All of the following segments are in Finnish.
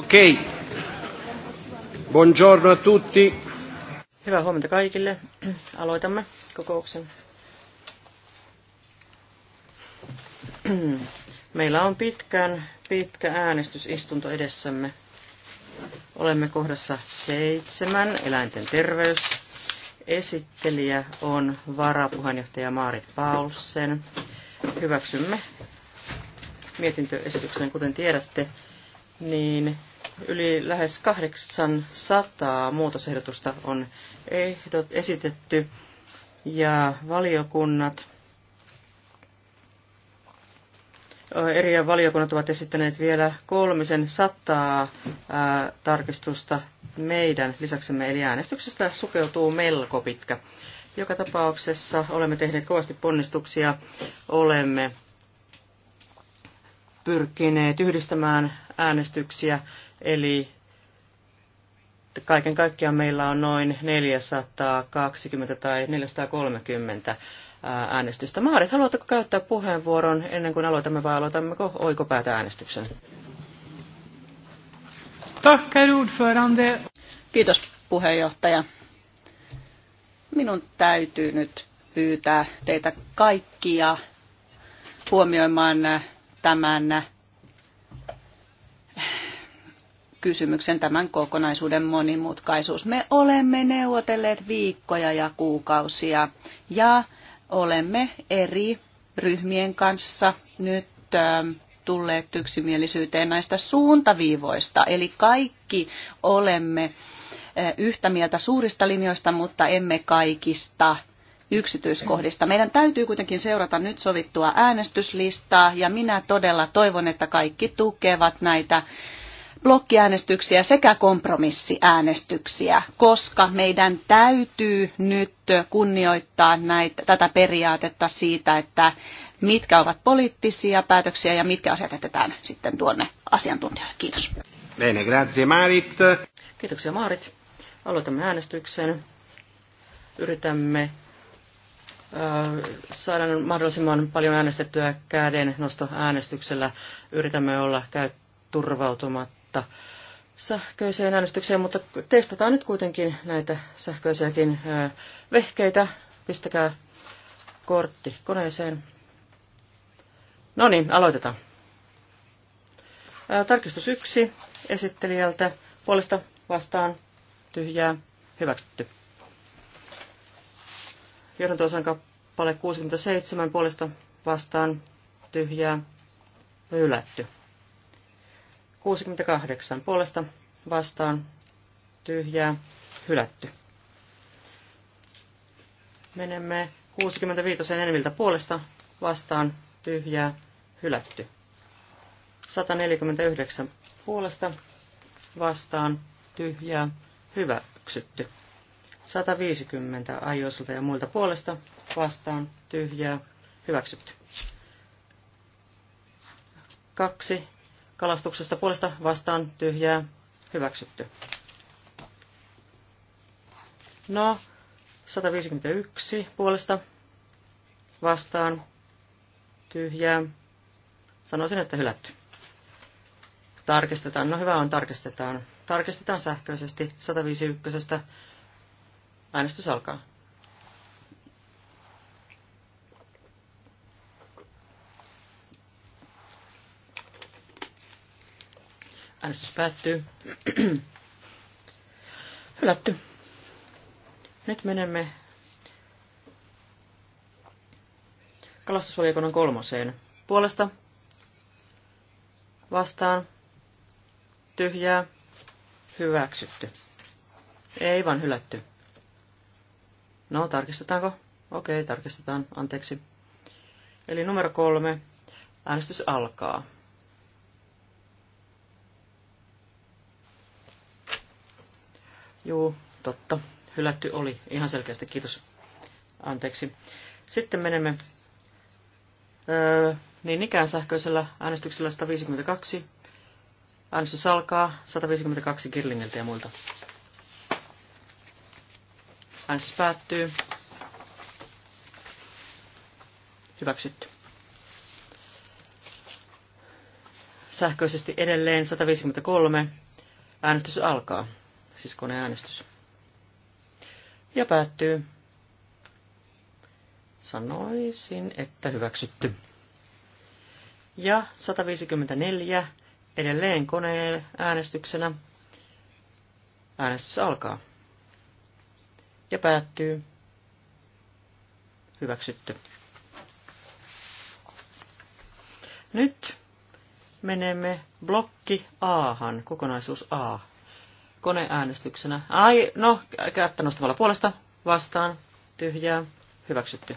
Okei. Buongiorno a tutti. Hyvää huomenta kaikille. Aloitamme kokouksen. Meillä on pitkän, pitkä äänestysistunto edessämme. Olemme kohdassa seitsemän, eläinten terveys. Esittelijä on varapuheenjohtaja Maarit Paulsen. Hyväksymme mietintöesityksen, kuten tiedätte, niin Yli lähes 800 muutosehdotusta on ehdot esitetty ja valiokunnat eri valiokunnat ovat esittäneet vielä kolmisen sataa tarkistusta meidän lisäksemme, eli äänestyksestä sukeutuu melko pitkä. Joka tapauksessa olemme tehneet kovasti ponnistuksia, olemme pyrkineet yhdistämään äänestyksiä Eli kaiken kaikkiaan meillä on noin 420 tai 430 äänestystä. Maarit, haluatteko käyttää puheenvuoron ennen kuin aloitamme vai aloitammeko oikopäätä äänestyksen? Tackar Kiitos puheenjohtaja. Minun täytyy nyt pyytää teitä kaikkia huomioimaan tämän kysymyksen tämän kokonaisuuden monimutkaisuus. Me olemme neuvotelleet viikkoja ja kuukausia ja olemme eri ryhmien kanssa nyt ähm, tulleet yksimielisyyteen näistä suuntaviivoista. Eli kaikki olemme äh, yhtä mieltä suurista linjoista, mutta emme kaikista yksityiskohdista. Meidän täytyy kuitenkin seurata nyt sovittua äänestyslistaa ja minä todella toivon, että kaikki tukevat näitä blokkiäänestyksiä sekä kompromissiäänestyksiä, koska meidän täytyy nyt kunnioittaa näitä, tätä periaatetta siitä, että mitkä ovat poliittisia päätöksiä ja mitkä asiat jätetään sitten tuonne asiantuntijalle. Kiitos. Bene, grazie Marit. Kiitoksia Marit. Aloitamme äänestyksen. Yritämme äh, saada mahdollisimman paljon äänestettyä käden nosto äänestyksellä. Yritämme olla käy turvautumatta 000 sähköiseen äänestykseen, mutta testataan nyt kuitenkin näitä sähköisiäkin vehkeitä. Pistäkää kortti koneeseen. No niin, aloitetaan. Tarkistus yksi esittelijältä. Puolesta vastaan tyhjää hyväksytty. johdanto kappale 67 puolesta vastaan tyhjää hylätty. 68 puolesta vastaan tyhjää hylätty. Menemme 65 enemmiltä puolesta vastaan tyhjää hylätty. 149 puolesta vastaan tyhjää hyväksytty. 150 aiosilta ja muilta puolesta vastaan tyhjää hyväksytty. 2 kalastuksesta puolesta vastaan tyhjää hyväksytty. No, 151 puolesta vastaan tyhjää. Sanoisin, että hylätty. Tarkistetaan. No hyvä on, tarkistetaan. Tarkistetaan sähköisesti 151. Äänestys alkaa. Äänestys päättyy. Hylätty. Nyt menemme kalastusvaliokunnan kolmoseen. Puolesta vastaan tyhjää hyväksytty. Ei vaan hylätty. No, tarkistetaanko? Okei, tarkistetaan. Anteeksi. Eli numero kolme. Äänestys alkaa. Juu, totta. Hylätty oli. Ihan selkeästi. Kiitos. Anteeksi. Sitten menemme öö, niin ikään sähköisellä äänestyksellä 152. Äänestys alkaa 152 Kirlingiltä ja muilta. Äänestys päättyy. Hyväksytty. Sähköisesti edelleen 153. Äänestys alkaa siis koneäänestys. Ja päättyy. Sanoisin, että hyväksytty. Ja 154 edelleen koneen äänestyksenä. Äänestys alkaa. Ja päättyy. Hyväksytty. Nyt menemme blokki Ahan, kokonaisuus A koneäänestyksenä. Ai, no, kättä nostamalla puolesta vastaan. Tyhjää. Hyväksytty.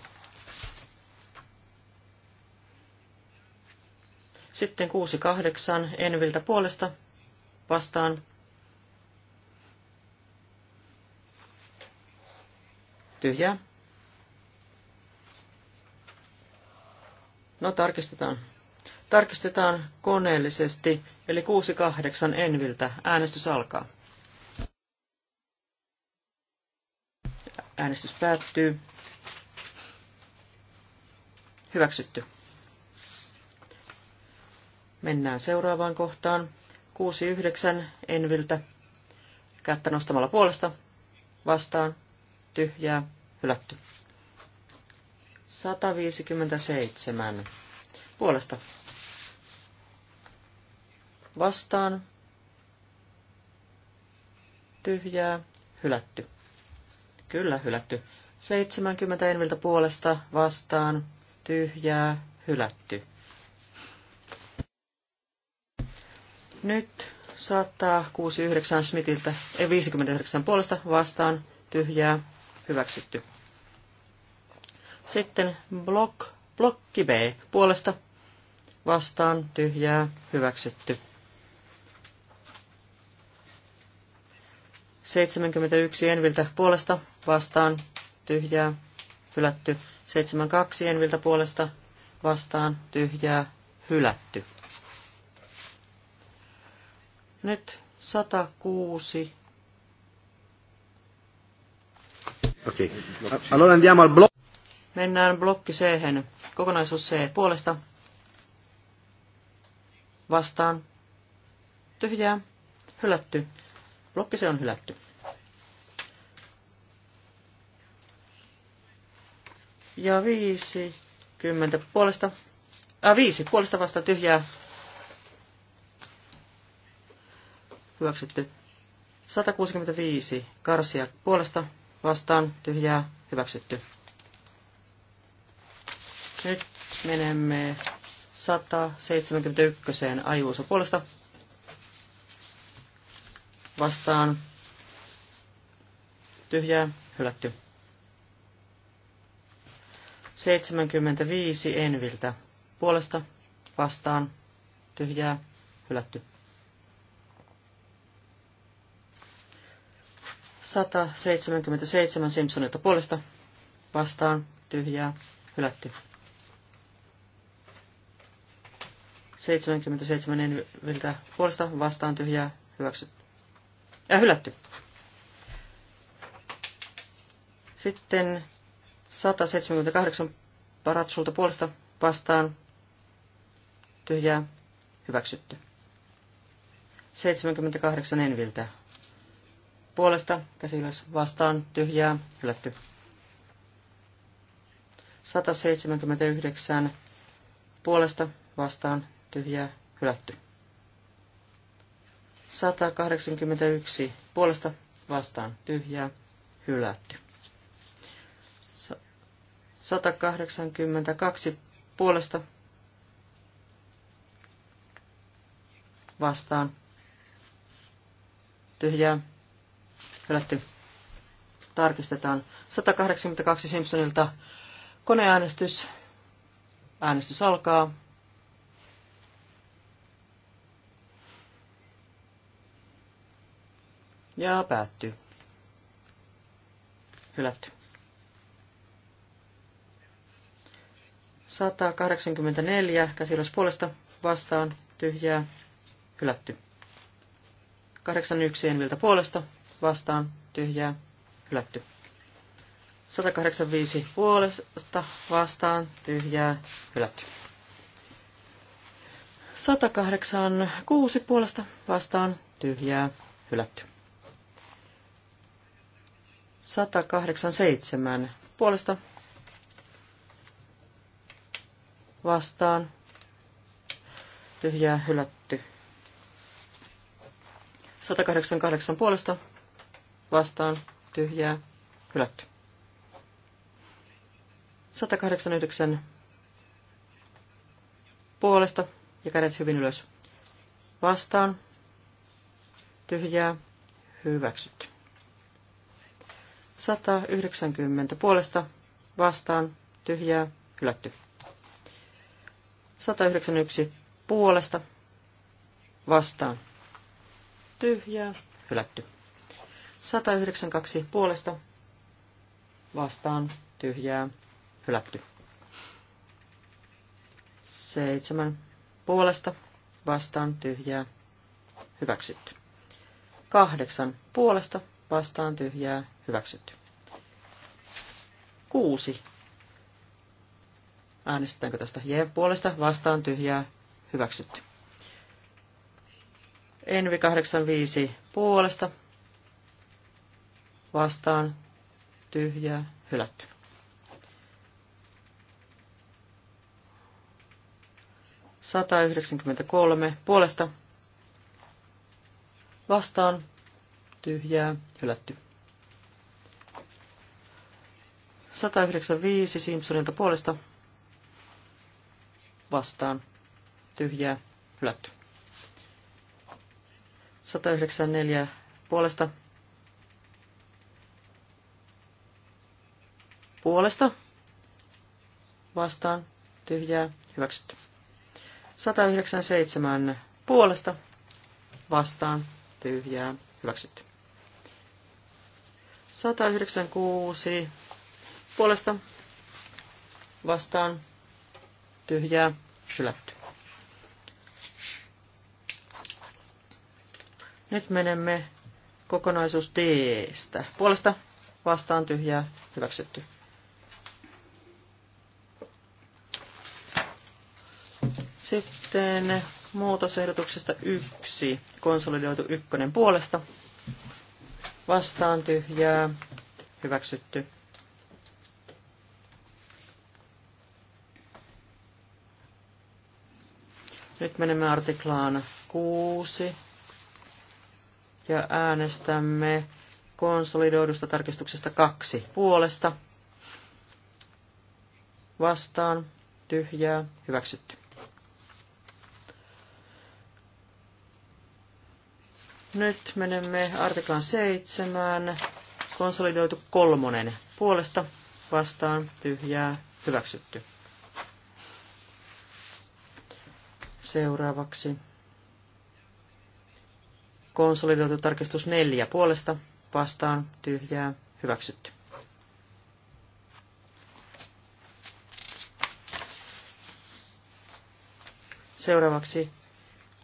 Sitten 6-8 Enviltä puolesta vastaan. Tyhjää. No tarkistetaan. Tarkistetaan koneellisesti, eli 6.8 Enviltä. Äänestys alkaa. Äänestys päättyy. Hyväksytty. Mennään seuraavaan kohtaan. 6.9. Enviltä. Kättä nostamalla puolesta. Vastaan. Tyhjää. Hylätty. 157. Puolesta. Vastaan. Tyhjää. Hylätty. Kyllä, hylätty. 70 Enviltä puolesta vastaan. Tyhjää, hylätty. Nyt saattaa 69 Smithiltä, ei 59 puolesta vastaan. Tyhjää, hyväksytty. Sitten blok, blokki B puolesta vastaan. Tyhjää, hyväksytty. 71 Enviltä puolesta vastaan, tyhjää, hylätty. 72 Enviltä puolesta vastaan, tyhjää, hylätty. Nyt 106. Okei. Okay. Allora andiamo al blocco. Mennään blokki c -hän. Kokonaisuus C puolesta. Vastaan. Tyhjää. Hylätty. Blokki C on hylätty. ja viisi kymmentä puolesta, äh, viisi puolesta vasta tyhjää. Hyväksytty. 165 karsia puolesta vastaan tyhjää hyväksytty. Nyt menemme 171 ajuusa puolesta vastaan tyhjää hylätty. 75 Enviltä. Puolesta, vastaan, tyhjää, hylätty. 177 Simpsonilta puolesta, vastaan, tyhjää, hylätty. 77 Enviltä puolesta, vastaan, tyhjää, hyväksytty. Ja äh, hylätty. Sitten 178 Paratsulta puolesta vastaan tyhjää hyväksytty. 78 Enviltä puolesta käsi ylös vastaan tyhjää hylätty. 179 puolesta vastaan tyhjää hylätty. 181 puolesta vastaan tyhjää hylätty. 182 puolesta vastaan. Tyhjää. Hylätty. Tarkistetaan. 182 Simpsonilta koneäänestys. Äänestys alkaa. Ja päättyy. Hylätty. 184 käsilös puolesta vastaan tyhjää hylätty. 81 enviltä puolesta vastaan tyhjää hylätty. 185 puolesta vastaan tyhjää hylätty. 186 puolesta vastaan tyhjää hylätty. 187 puolesta vastaan, tyhjää hylätty. 188 puolesta vastaan, tyhjää hylätty. 189 puolesta ja kädet hyvin ylös. Vastaan, tyhjää, hyväksytty. 190 puolesta, vastaan, tyhjää, hylätty. 191 puolesta vastaan. Tyhjää, hylätty. 192 puolesta vastaan, tyhjää, hylätty. 7 puolesta vastaan, tyhjää, hyväksytty. 8 puolesta vastaan, tyhjää, hyväksytty. 6 Äänestetäänkö tästä J puolesta? Vastaan tyhjää. Hyväksytty. Envi 85 puolesta. Vastaan tyhjää. Hylätty. Sata puolesta. Vastaan tyhjää. Hylätty. 195 Simpsonilta puolesta vastaan tyhjää hylätty. 194 puolesta. Puolesta vastaan tyhjää hyväksytty. 197 puolesta vastaan tyhjää hyväksytty. 196 puolesta vastaan tyhjää sylätty. Nyt menemme kokonaisuus D-stä. Puolesta vastaan tyhjää hyväksytty. Sitten muutosehdotuksesta yksi, konsolidoitu ykkönen puolesta. Vastaan tyhjää, hyväksytty. menemme artiklaan 6 ja äänestämme konsolidoidusta tarkistuksesta 2 puolesta. Vastaan, tyhjää, hyväksytty. Nyt menemme artiklan 7, konsolidoitu kolmonen puolesta, vastaan, tyhjää, hyväksytty. Seuraavaksi konsolidoitu tarkistus neljä puolesta vastaan tyhjää hyväksytty. Seuraavaksi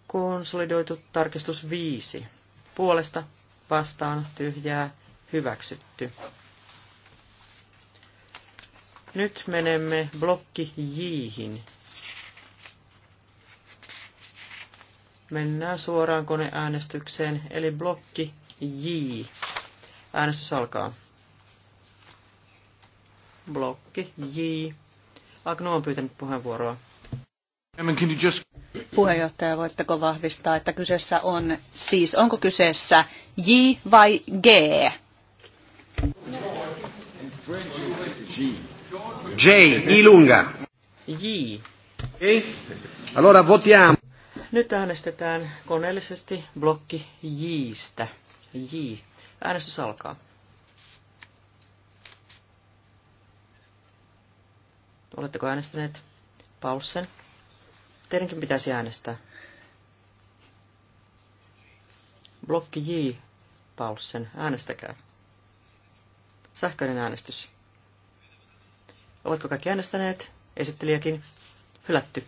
konsolidoitu tarkistus viisi puolesta vastaan tyhjää hyväksytty. Nyt menemme blokki Jihin Mennään suoraan koneäänestykseen, eli blokki J. Äänestys alkaa. Blokki J. Agno on pyytänyt puheenvuoroa. Puheenjohtaja, voitteko vahvistaa, että kyseessä on siis, onko kyseessä J vai G? J, Ilunga. J. Allora votiamo. Nyt äänestetään koneellisesti blokki Jistä. J. Äänestys alkaa. Oletteko äänestäneet? Paulsen. Teidänkin pitäisi äänestää. Blokki J. Paulsen. Äänestäkää. Sähköinen äänestys. Ovatko kaikki äänestäneet? Esittelijäkin. Hylätty.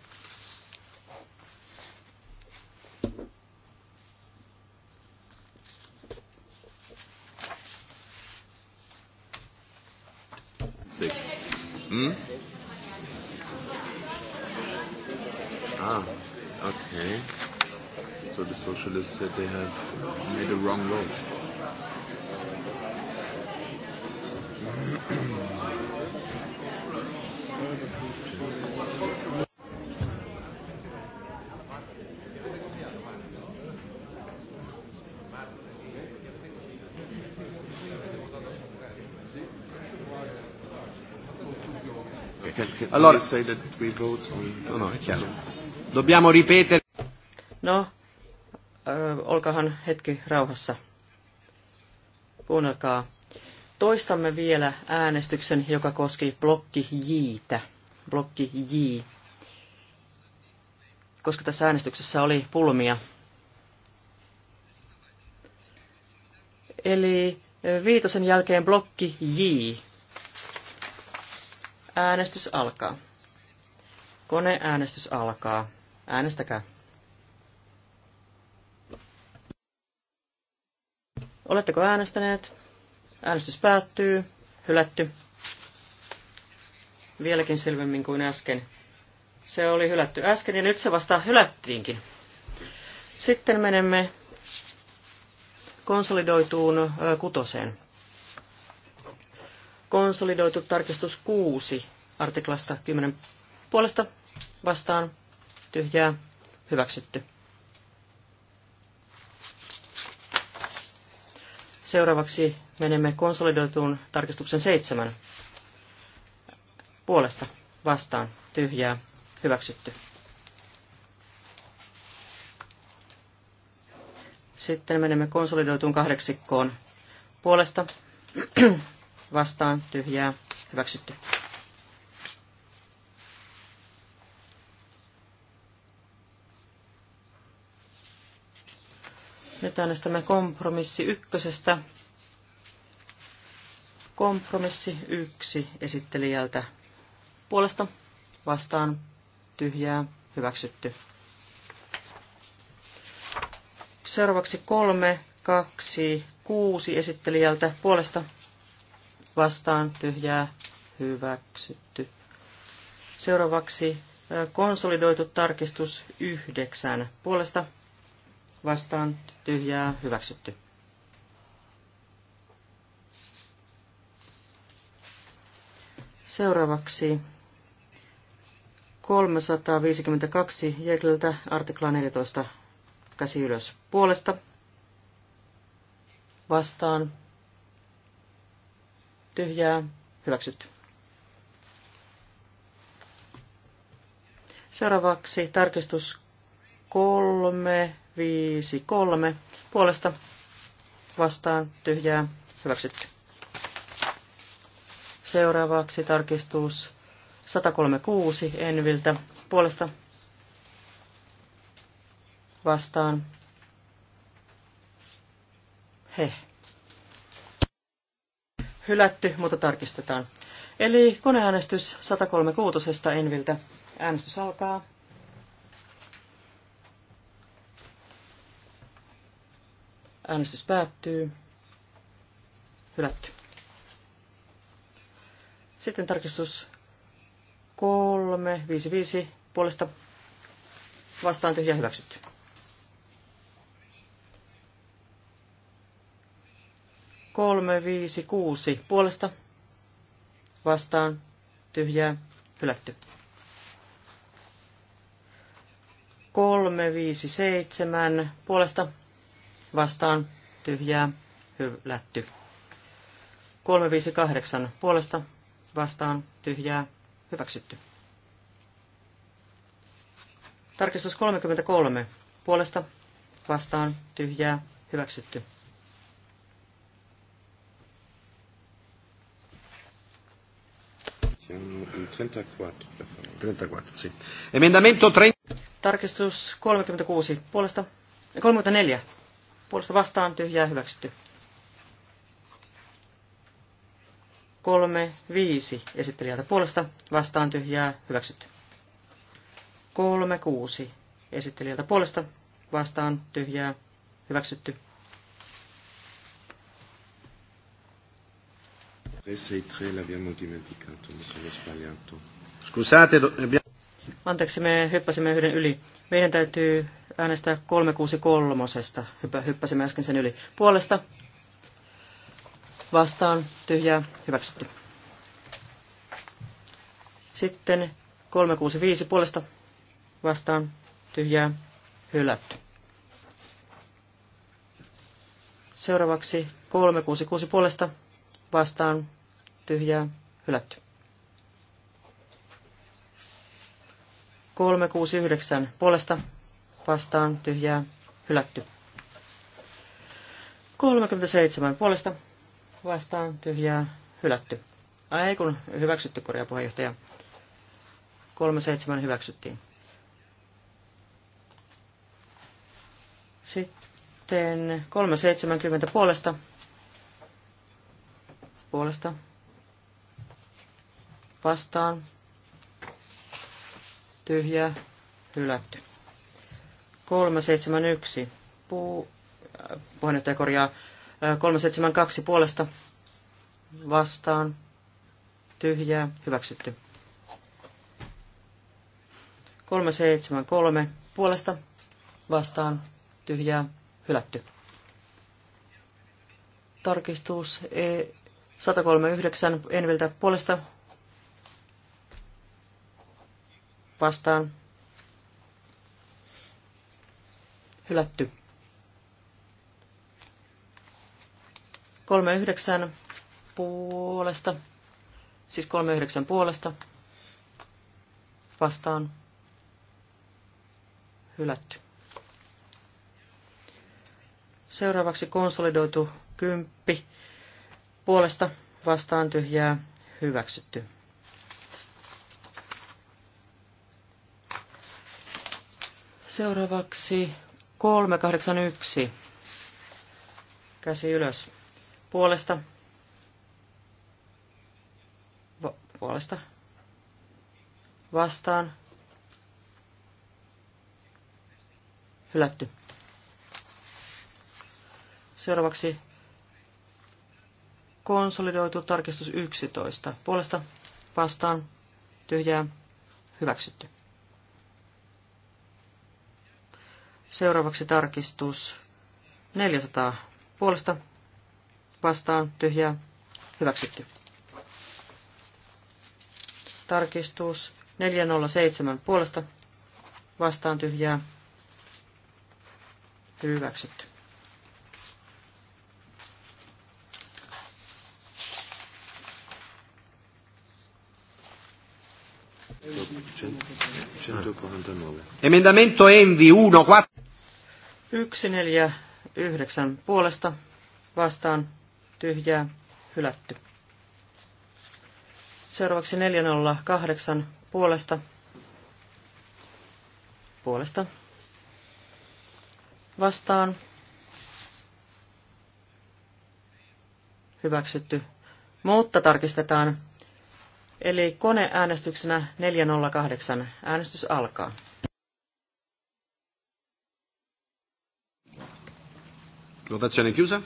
that they have made a wrong vote. Allora, say that we vote on... no, no, è chiaro. Dobbiamo ripetere. No, olkahan hetki rauhassa. Kuunnelkaa. Toistamme vielä äänestyksen, joka koski blokki Jitä. Blokki J. Koska tässä äänestyksessä oli pulmia. Eli viitosen jälkeen blokki J. Äänestys alkaa. Koneäänestys alkaa. Äänestäkää. Oletteko äänestäneet? Äänestys päättyy. Hylätty. Vieläkin selvemmin kuin äsken. Se oli hylätty äsken ja nyt se vasta hylättiinkin. Sitten menemme konsolidoituun kutoseen. Konsolidoitu tarkistus 6 artiklasta 10 puolesta vastaan tyhjää hyväksytty. Seuraavaksi menemme konsolidoituun tarkistuksen seitsemän. Puolesta vastaan tyhjää hyväksytty. Sitten menemme konsolidoituun kahdeksikkoon. Puolesta vastaan tyhjää hyväksytty. Nyt äänestämme kompromissi ykkösestä. Kompromissi yksi esittelijältä puolesta vastaan tyhjää hyväksytty. Seuraavaksi kolme, kaksi, kuusi esittelijältä puolesta vastaan tyhjää hyväksytty. Seuraavaksi konsolidoitu tarkistus yhdeksän puolesta vastaan tyhjää hyväksytty. Seuraavaksi 352 Jekliltä artikla 14 käsi ylös puolesta vastaan tyhjää hyväksytty. Seuraavaksi tarkistus Kolme viisi kolme puolesta vastaan tyhjää hyväksytty. Seuraavaksi tarkistus 136 Enviltä puolesta vastaan. He. Hylätty, mutta tarkistetaan. Eli koneäänestys 136 Enviltä. Äänestys alkaa. Äänestys päättyy. Hylätty. Sitten tarkistus 3, 5, 5 puolesta vastaan tyhjä hyväksytty. Kolme, viisi, kuusi puolesta vastaan tyhjää hylätty. Kolme, viisi, seitsemän puolesta vastaan tyhjää hylätty. 358 puolesta vastaan tyhjää hyväksytty. Tarkistus 33 puolesta vastaan tyhjää hyväksytty. Tarkistus 36 puolesta. 34 puolesta vastaan tyhjää hyväksytty. Kolme, viisi esittelijältä puolesta vastaan tyhjää hyväksytty. Kolme, kuusi esittelijältä puolesta vastaan tyhjää hyväksytty. Scusate, eh, Anteeksi, me hyppäsimme yhden yli. Meidän täytyy äänestää 363. Hyppä, hyppäsimme äsken sen yli. Puolesta vastaan tyhjää hyväksytty. Sitten 365 puolesta vastaan tyhjää hylätty. Seuraavaksi 366 puolesta vastaan tyhjää hylätty. 369 puolesta vastaan tyhjää hylätty. 37 puolesta vastaan tyhjää hylätty. Ai kun hyväksytty korjaa puheenjohtaja. 37 hyväksyttiin. Sitten 370 puolesta. Puolesta. Vastaan. Tyhjää. Hylätty. 371 puu, äh, puheenjohtaja korjaa 372 äh, puolesta vastaan tyhjää hyväksytty. 373 puolesta vastaan tyhjää hylätty. Tarkistus 139 e Enviltä puolesta vastaan hylätty. 39 puolesta, siis 39 puolesta vastaan hylätty. Seuraavaksi konsolidoitu kymppi puolesta vastaan tyhjää hyväksytty. Seuraavaksi 381. Käsi ylös. Puolesta. Va- puolesta. Vastaan. Hylätty. Seuraavaksi konsolidoitu tarkistus 11. Puolesta vastaan tyhjää hyväksytty. Seuraavaksi tarkistus 400 puolesta vastaan tyhjää hyväksytty. Tarkistus 407 puolesta vastaan tyhjää hyväksytty. Emendamento Envi 14. Yksi, neljä, yhdeksän puolesta vastaan tyhjää hylätty. Seuraavaksi 408 puolesta. Puolesta. Vastaan. Hyväksytty. Mutta tarkistetaan. Eli koneäänestyksenä 408. Äänestys alkaa. Votazione chiusa.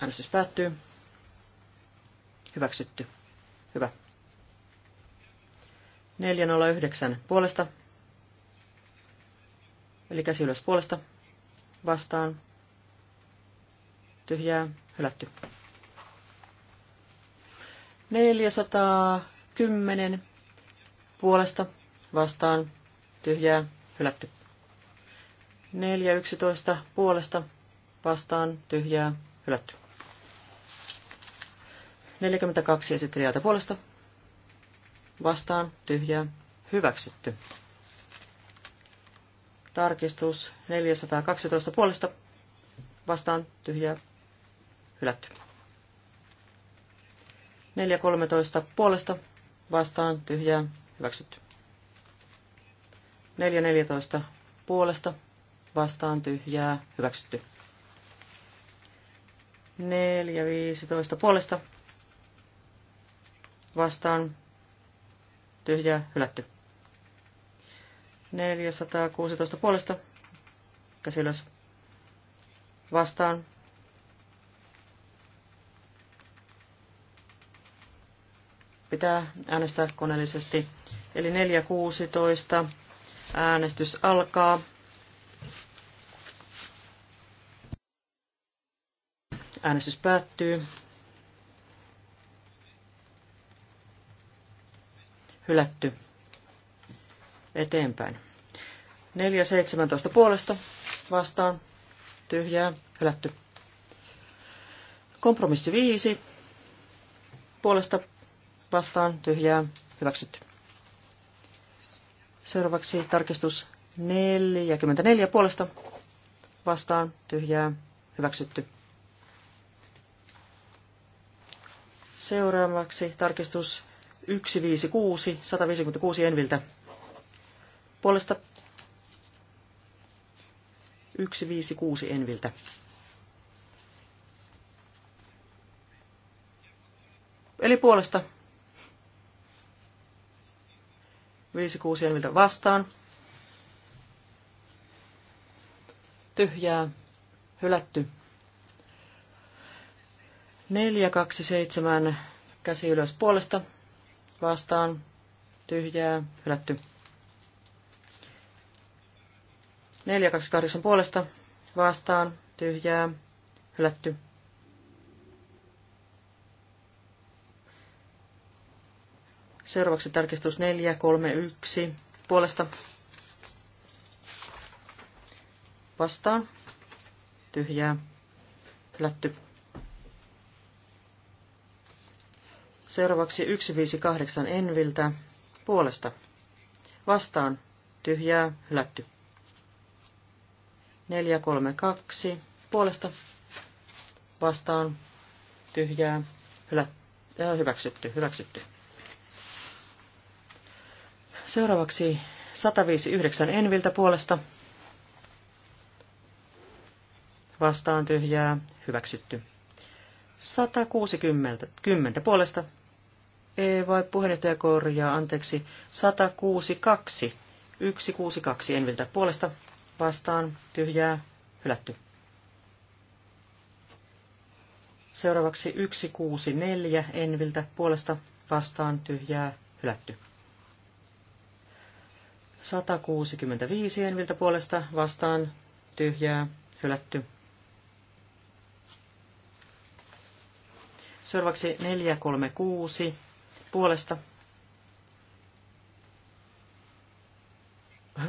Äänestys päättyy. Hyväksytty. Hyvä. 409 puolesta. Eli käsi ylös puolesta. Vastaan. Tyhjää. Hylätty. 410 puolesta. Vastaan. Tyhjää. Hylätty. 411 puolesta vastaan tyhjää hylätty. 42 esittelijältä puolesta vastaan tyhjää hyväksytty. Tarkistus 412 puolesta vastaan tyhjää hylätty. 4.13 puolesta vastaan tyhjää hyväksytty. 4.14 puolesta vastaan tyhjää hyväksytty. 4, 15 puolesta vastaan tyhjä hylätty. 416 puolesta käsi ylös vastaan pitää äänestää koneellisesti. Eli 4.16 äänestys alkaa. Äänestys päättyy. Hylätty. Eteenpäin. 4.17 puolesta vastaan. Tyhjää. Hylätty. Kompromissi 5. Puolesta vastaan. Tyhjää. Hyväksytty. Seuraavaksi tarkistus 44 puolesta vastaan. Tyhjää. Hyväksytty. Seuraavaksi tarkistus 156, 156 Enviltä. Puolesta 156 Enviltä. Eli puolesta 56 Enviltä vastaan. Tyhjää, hylätty. 427 käsi ylös puolesta vastaan tyhjää hylätty. 428 puolesta vastaan tyhjää hylätty. Seuraavaksi tarkistus 431 puolesta vastaan tyhjää hylätty. Seuraavaksi 158 Enviltä puolesta. Vastaan. Tyhjää. Hylätty. 432 puolesta. Vastaan. Tyhjää. Hylä, äh, hyväksytty. Hyväksytty. Seuraavaksi 159 Enviltä puolesta. Vastaan tyhjää. Hyväksytty. 160 10 puolesta E, vai puheenjohtaja korjaa, anteeksi, 162. 162 Enviltä puolesta vastaan tyhjää hylätty. Seuraavaksi 164 Enviltä puolesta vastaan tyhjää hylätty. 165 Enviltä puolesta vastaan tyhjää hylätty. Seuraavaksi 436 puolesta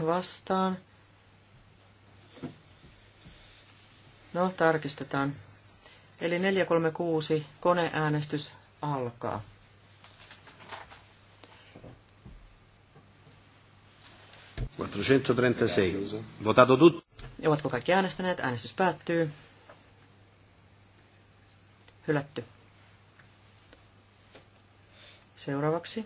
vastaan. No, tarkistetaan. Eli 436 koneäänestys alkaa. Votato tutti. Ovatko kaikki äänestäneet? Äänestys päättyy. Hylätty. Seuraavaksi.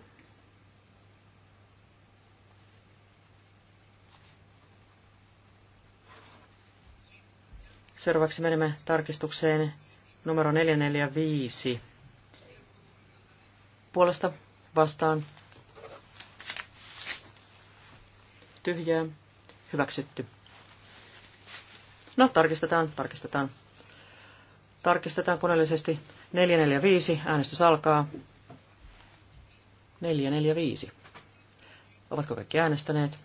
Seuraavaksi menemme tarkistukseen numero 445. Puolesta vastaan. Tyhjää. Hyväksytty. No, tarkistetaan, tarkistetaan. Tarkistetaan koneellisesti. 445. Äänestys alkaa. 445. Ovatko kaikki äänestäneet?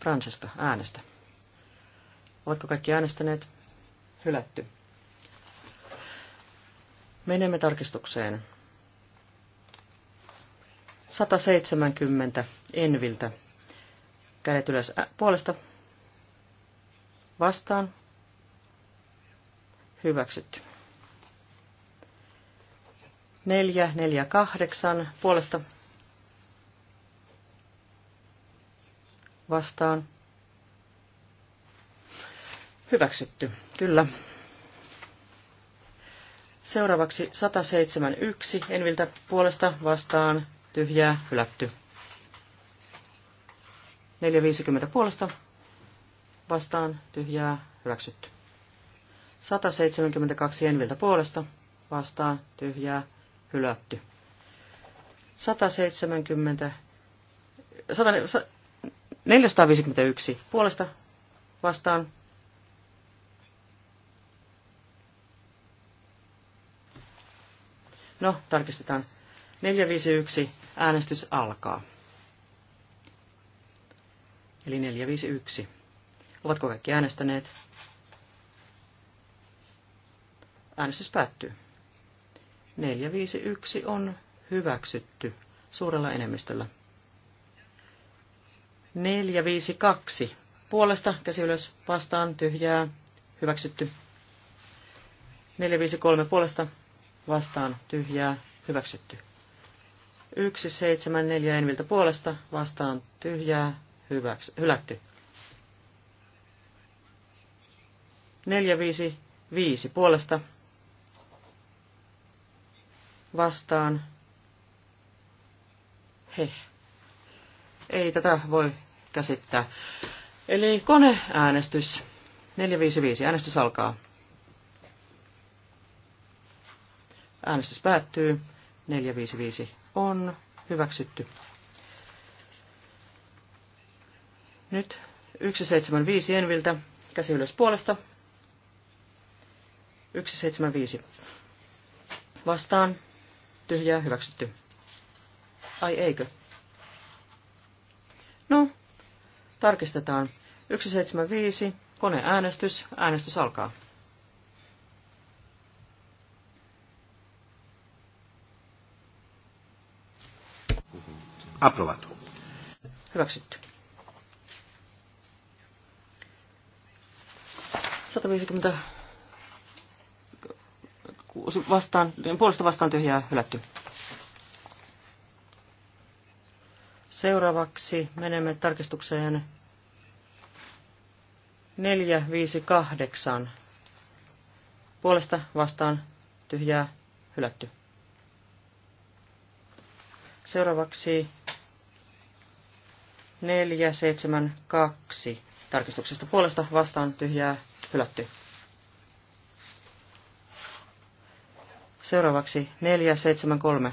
Francesca, äänestä. Ovatko kaikki äänestäneet? Hylätty. Menemme tarkistukseen. 170 Enviltä. Kädet ylös puolesta. Vastaan. Hyväksytty. 4, 4, 8 puolesta vastaan. Hyväksytty, kyllä. Seuraavaksi 171 Enviltä puolesta vastaan tyhjää hylätty. 450 puolesta vastaan tyhjää hyväksytty. 172 Enviltä puolesta vastaan tyhjää hylätty. 170, 100, 451 puolesta vastaan. No, tarkistetaan. 451 äänestys alkaa. Eli 451. Ovatko kaikki äänestäneet? Äänestys päättyy. 451 on hyväksytty suurella enemmistöllä. 452 puolesta käsi ylös vastaan tyhjää hyväksytty. 453 puolesta vastaan tyhjää hyväksytty. 174 Enviltä puolesta vastaan tyhjää hyväks, hylätty. 455 puolesta vastaan. He. Ei tätä voi käsittää. Eli koneäänestys. 455. Äänestys alkaa. Äänestys päättyy. 455 on hyväksytty. Nyt 175 Enviltä. Käsi ylös puolesta. 175. Vastaan tyhjää hyväksytty. Ai eikö? No, tarkistetaan. 175, koneäänestys, äänestys alkaa. Aprovato. Hyväksytty. 150 vastaan, puolesta vastaan tyhjää hylätty. Seuraavaksi menemme tarkistukseen 458. Puolesta vastaan tyhjää hylätty. Seuraavaksi 472. Tarkistuksesta puolesta vastaan tyhjää hylätty. Seuraavaksi 473.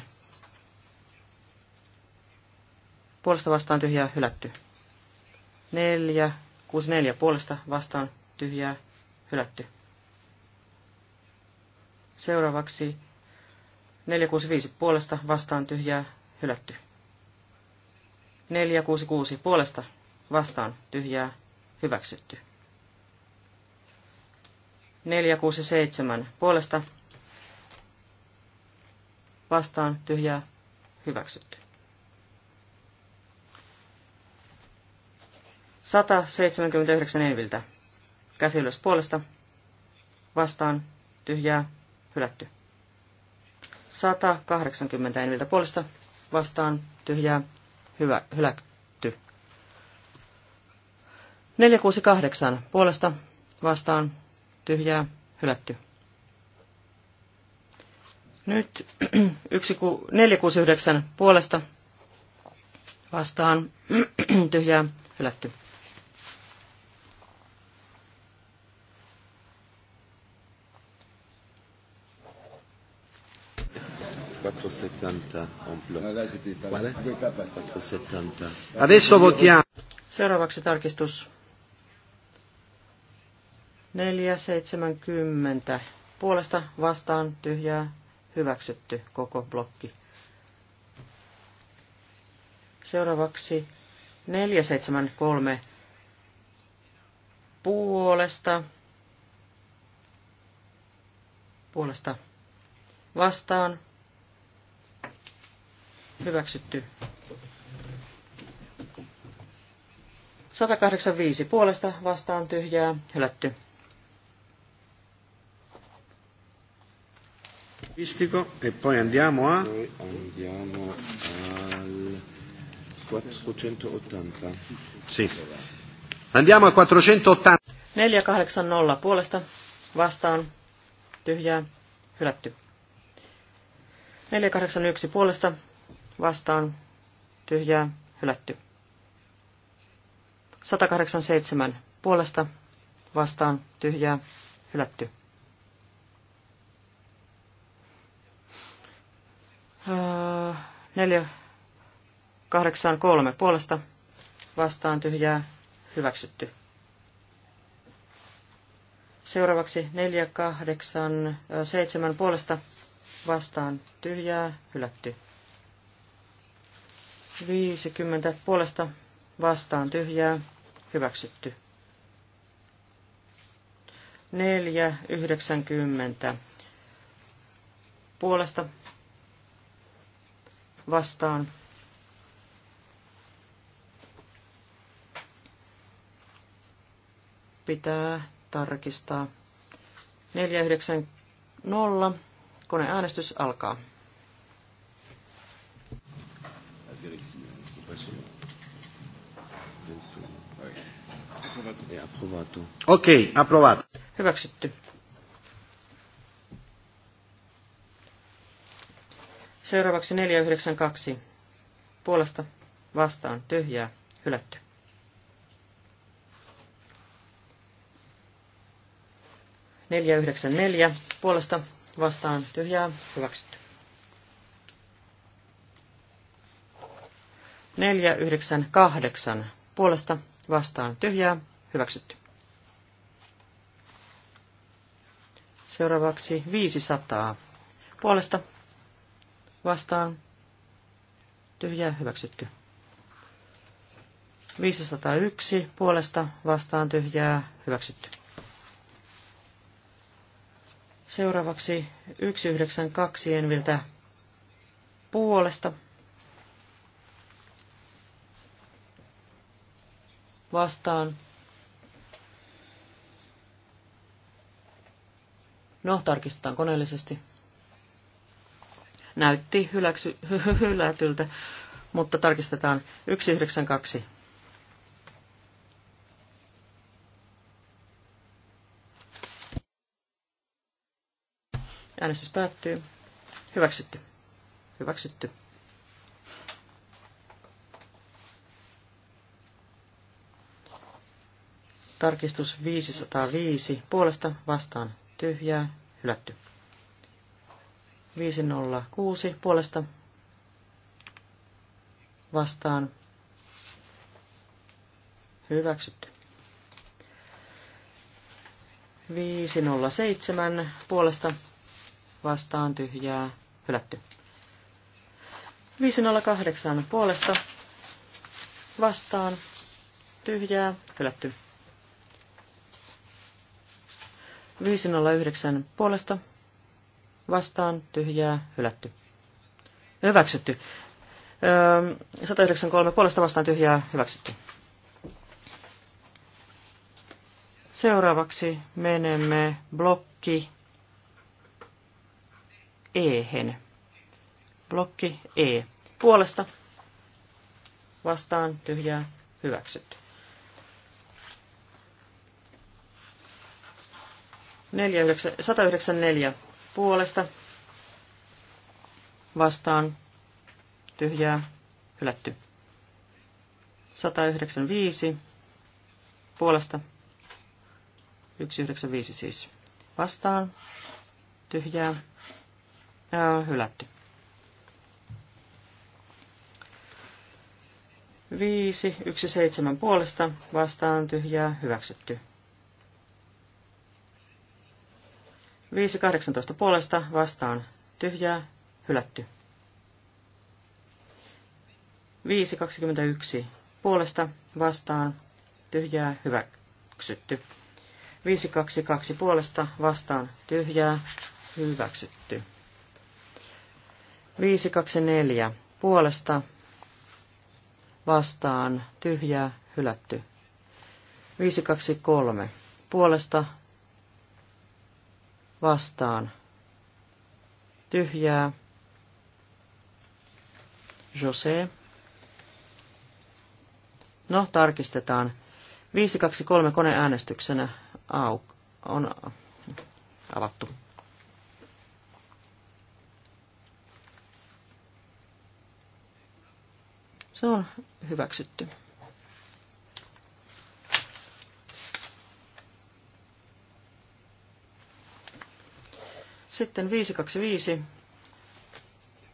Puolesta vastaan tyhjää hylätty. 464 puolesta vastaan tyhjää hylätty. Seuraavaksi 465 puolesta vastaan tyhjää hylätty. 466 puolesta vastaan tyhjää hyväksytty. 467 puolesta vastaan tyhjää hyväksytty. 179 Enviltä. Käsi ylös puolesta. Vastaan tyhjää hylätty. 180 Enviltä puolesta. Vastaan tyhjää hyvä, hylätty. 468 puolesta. Vastaan tyhjää hylätty. Nyt 469 puolesta vastaan tyhjää hylätty. Adesso votiamo. Seuraavaksi tarkistus 470 puolesta vastaan tyhjää hyväksytty koko blokki. Seuraavaksi 473 puolesta, puolesta vastaan, hyväksytty 185 puolesta vastaan tyhjää, hylätty artistico e poi andiamo a... Noi andiamo al 480. Sì. Andiamo a 480. 480 puolesta vastaan tyhjää hylätty. 481 puolesta vastaan tyhjää hylätty. 187 puolesta vastaan tyhjää hylätty. 4, 8, 3 puolesta vastaan tyhjää hyväksytty. Seuraavaksi 4, 8, 7 puolesta vastaan tyhjää hylätty. 50 puolesta vastaan tyhjää hyväksytty. 4, 90 puolesta vastaan. Pitää tarkistaa. 490. Koneäänestys alkaa. Okei, okay, approvato. Hyväksytty. Seuraavaksi 492. Puolesta vastaan tyhjää hylätty. Neljä yhdeksän neljä. Puolesta vastaan tyhjää hyväksytty. Neljä yhdeksän kahdeksan. Puolesta vastaan tyhjää hyväksytty. Seuraavaksi 500. Puolesta vastaan tyhjää hyväksytty. 501 puolesta vastaan tyhjää hyväksytty. Seuraavaksi 192 Enviltä puolesta vastaan. No, tarkistetaan koneellisesti näytti hyläksy, hylätyltä, mutta tarkistetaan 192. Äänestys päättyy. Hyväksytty. Hyväksytty. Tarkistus 505. Puolesta vastaan tyhjää. Hylätty. 506 puolesta vastaan hyväksytty. 507 puolesta vastaan tyhjää hylätty. 508 puolesta vastaan tyhjää hylätty. 509 puolesta vastaan tyhjää hylätty. Hyväksytty. 193 öö, puolesta vastaan tyhjää hyväksytty. Seuraavaksi menemme blokki E-hen. Blokki E. Puolesta vastaan tyhjää hyväksytty. 194 puolesta vastaan tyhjää hylätty. 195 puolesta 195 siis vastaan tyhjää ja hylätty. 5, 1, 7 puolesta vastaan tyhjää hyväksytty. 5.18 puolesta vastaan tyhjää, hylätty. 5.21 puolesta vastaan tyhjää, hyväksytty. 5.22 puolesta vastaan tyhjää, hyväksytty. 5.24 puolesta vastaan tyhjää, hylätty. 5.23 puolesta vastaan tyhjää. Jose. No, tarkistetaan. 523 koneäänestyksenä au, on avattu. Se on hyväksytty. Sitten 525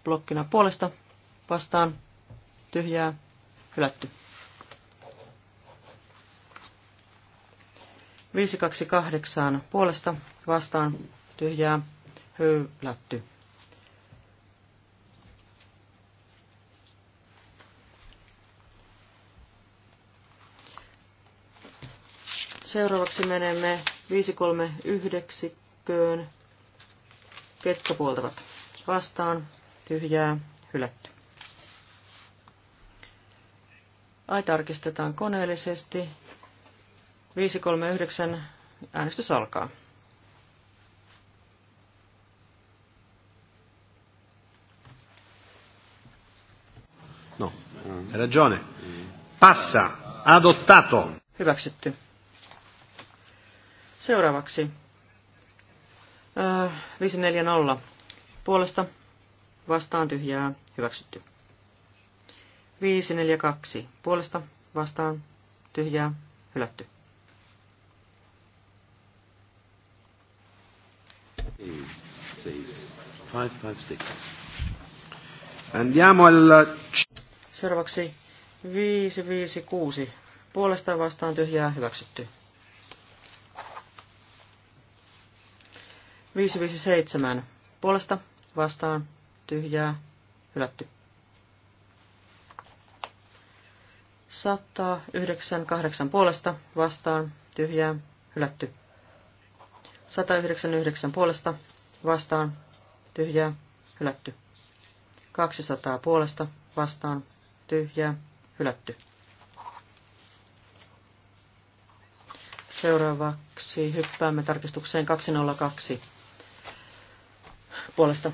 blokkina puolesta vastaan tyhjää hylätty. 528 puolesta vastaan tyhjää hylätty. Seuraavaksi menemme 539 ketkä puoltavat vastaan, tyhjää, hylätty. Ai tarkistetaan koneellisesti. 539 äänestys alkaa. No, ragione. Passa, adottato. Hyväksytty. Seuraavaksi 540 äh, puolesta vastaan tyhjää hyväksytty. 542 puolesta vastaan tyhjää hylätty. Andiamo al... Seuraavaksi 556. Puolesta vastaan tyhjää hyväksytty. 557 puolesta vastaan tyhjää hylätty. 198 puolesta vastaan tyhjää hylätty. 199 puolesta vastaan tyhjää hylätty. 200 puolesta vastaan tyhjää hylätty. Seuraavaksi hyppäämme tarkistukseen 202 puolesta.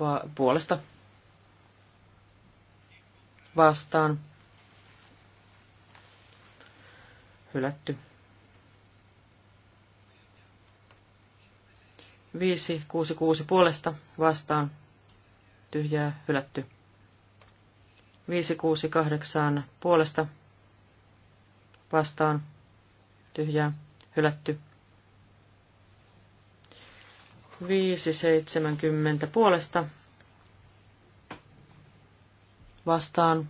Va- puolesta. Vastaan. Hylätty. Viisi, kuusi, kuusi puolesta. Vastaan. Tyhjää. Hylätty. Viisi, kuusi, kahdeksan puolesta. Vastaan. Tyhjää. Hylätty. 570 puolesta vastaan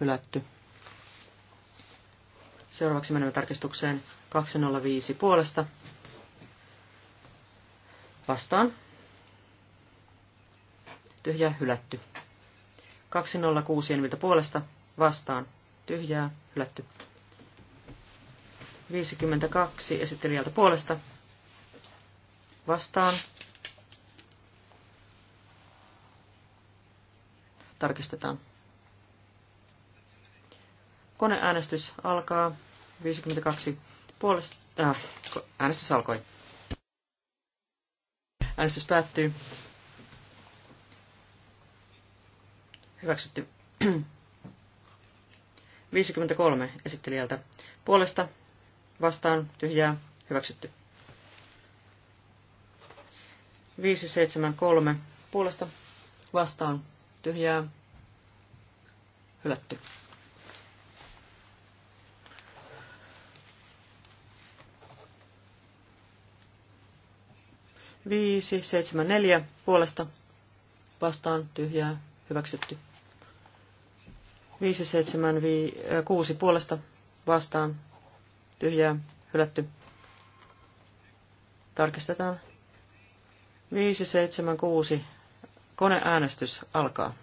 hylätty. Seuraavaksi menemme tarkistukseen 205 puolesta vastaan tyhjää hylätty. 206 puolesta vastaan tyhjää hylätty. 52 esittelijältä puolesta vastaan. Tarkistetaan. Koneäänestys alkaa. 52 puolesta. Äh, äänestys alkoi. Äänestys päättyy. Hyväksytty. 53 esittelijältä puolesta vastaan tyhjää hyväksytty. 573 puolesta vastaan tyhjää hylätty. Viisi, seitsemän, neljä puolesta vastaan tyhjää hyväksytty. Viisi seitsemän kuusi puolesta vastaan tyhjää, hylätty. Tarkistetaan. 6. Koneäänestys alkaa.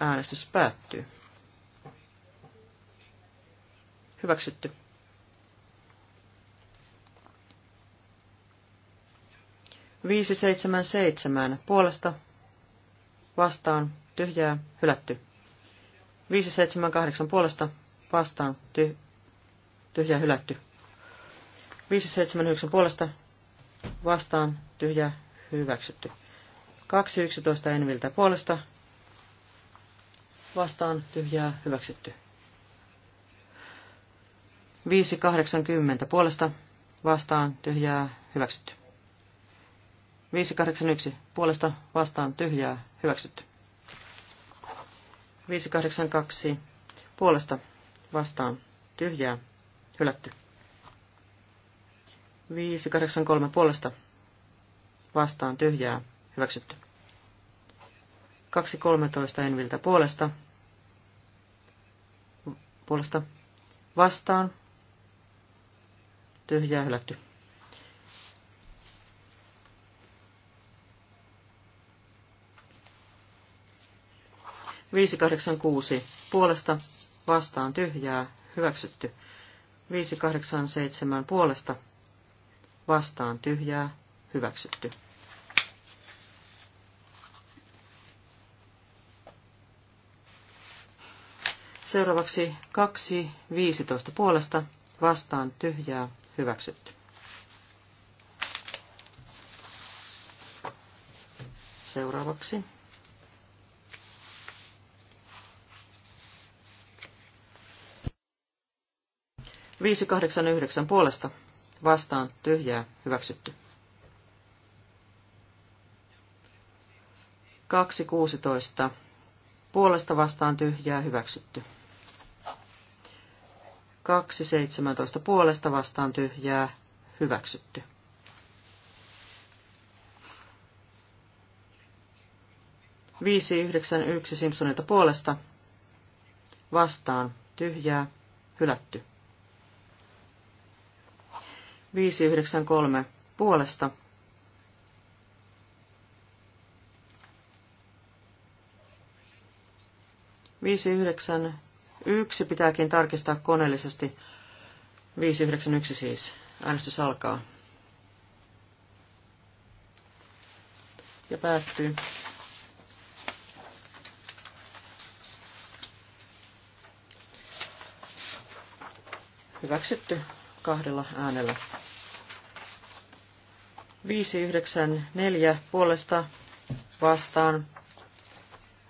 Äänestys päättyy. Hyväksytty. Viisi seitsemän seitsemän puolesta vastaan tyhjää hylätty. 578 puolesta vastaan ty, tyhjä hylätty. 579 puolesta vastaan tyhjä hyväksytty. 211 Enviltä puolesta vastaan tyhjää hyväksytty. 580 puolesta vastaan tyhjää hyväksytty. 581 puolesta vastaan tyhjää hyväksytty. 582 puolesta vastaan tyhjää hylätty. 583 puolesta vastaan tyhjää hyväksytty. 213 Enviltä puolesta puolesta vastaan tyhjää hylätty. 586 puolesta vastaan tyhjää hyväksytty. 587 puolesta vastaan tyhjää hyväksytty. Seuraavaksi 2.15 puolesta vastaan tyhjää hyväksytty. Seuraavaksi 589 puolesta vastaan tyhjää hyväksytty. 216 puolesta vastaan tyhjää hyväksytty. 217 puolesta vastaan tyhjää hyväksytty. Viisi yhdeksän yksi Simpsonilta puolesta vastaan tyhjää hylätty. 593 puolesta. Viisi yhdeksän yksi pitääkin tarkistaa koneellisesti. yksi siis. Äänestys alkaa. Ja päättyy. Hyväksytty kahdella äänellä. 594 puolesta vastaan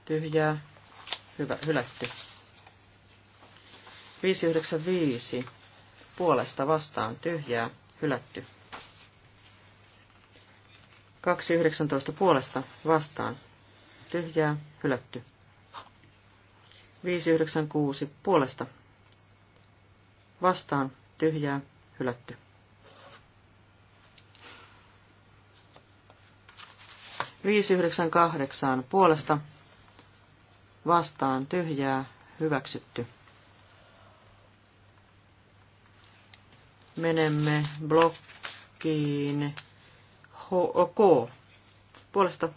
tyhjää hyvä, hylätty. 595 puolesta vastaan tyhjää hylätty. 219 puolesta vastaan tyhjää hylätty. 596 puolesta vastaan tyhjää, hylätty. Viisi yhdeksän kahdeksan puolesta vastaan tyhjää, hyväksytty. Menemme blokkiin H-O-K. Puolesta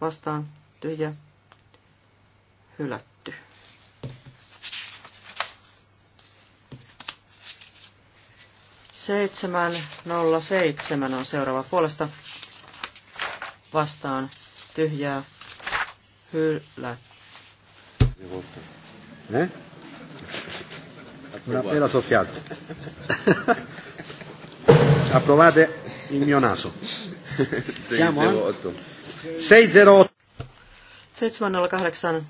vastaan tyhjä hylätty. 707 on seuraava puolesta. Vastaan tyhjää hyllä. Eh? Una pela soffiata. Approvate il mio naso. Siamo a 608. 708.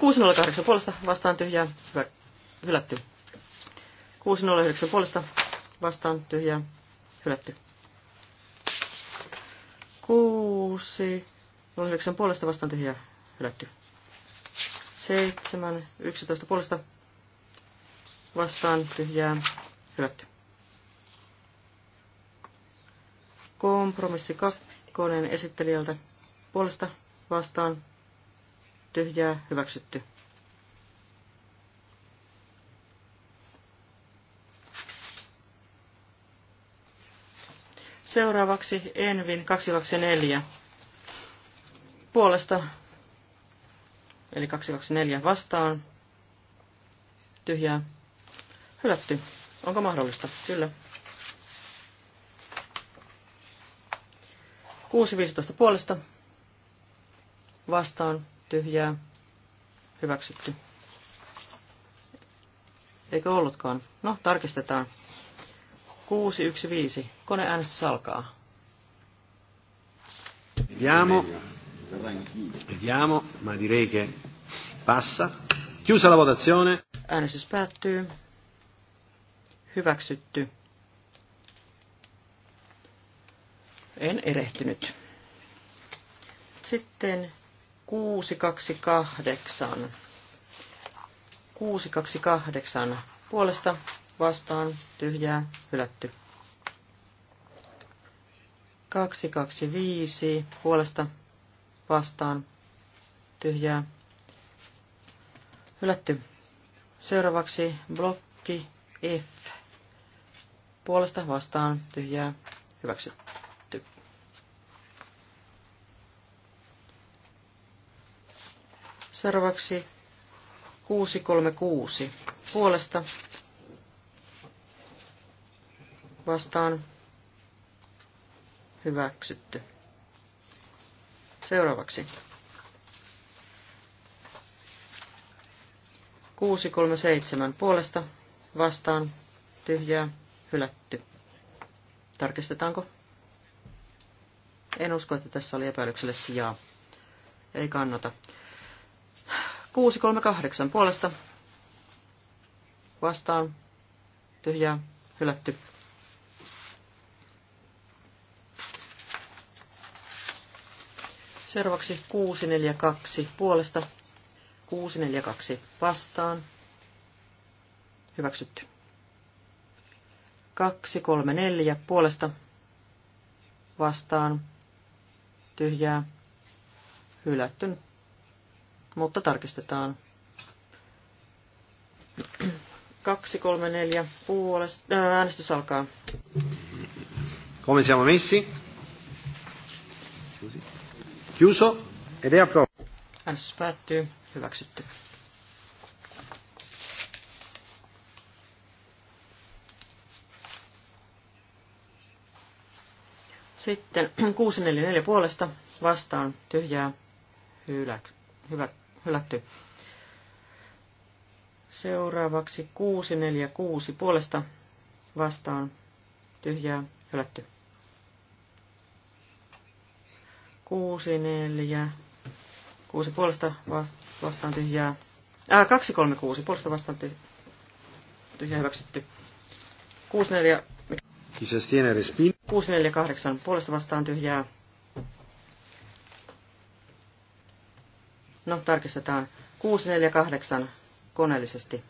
608 puolesta vastaan tyhjää. Hyvä. Hylätty. 609 puolesta vastaan tyhjää hylätty. Kuusi, noin yhdeksän puolesta vastaan tyhjää hylätty. Seitsemän, yksitoista puolesta vastaan tyhjää hylätty. Kompromissi kakkonen esittelijältä puolesta vastaan tyhjää hyväksytty. Seuraavaksi Envin 224 puolesta, eli 224 vastaan, tyhjää, hylätty. Onko mahdollista? Kyllä. 6.15 puolesta, vastaan, tyhjää, hyväksytty. Eikö ollutkaan? No, tarkistetaan. 615. Koneäänestys alkaa. Vediamo. Vediamo, ma direi che passa. Chiusa la votazione. Äänestys päättyy. Hyväksytty. En erehtynyt. Sitten 628. 628 puolesta vastaan tyhjää hylätty. 225 puolesta vastaan tyhjää hylätty. Seuraavaksi blokki F puolesta vastaan tyhjää hyväksytty. Seuraavaksi 636 puolesta vastaan hyväksytty. Seuraavaksi. 637 puolesta vastaan tyhjää hylätty. Tarkistetaanko? En usko, että tässä oli epäilykselle sijaa. Ei kannata. 638 puolesta vastaan tyhjää hylätty. Seuraavaksi 642 puolesta. 642 vastaan. Hyväksytty. 234 puolesta. Vastaan. Tyhjää. Hylätty. Mutta tarkistetaan. 234 puolesta. Äänestys alkaa. Komissio missi. messi? Così. Chiuso. Ed è approvato. Äänestys päättyy. Hyväksytty. Sitten 644 puolesta vastaan tyhjää hylä, hyvä, hylätty. Seuraavaksi 646 puolesta vastaan tyhjää hylätty. 6, 4, 6 puolesta vastaan tyhjää. Ää, 2, 3, 6 puolesta vastaan tyhjää, tyhjää hyväksytty. 6, 4, 6, 4, 8 puolesta vastaan tyhjää. No, tarkistetaan. 6, 4, 8 koneellisesti.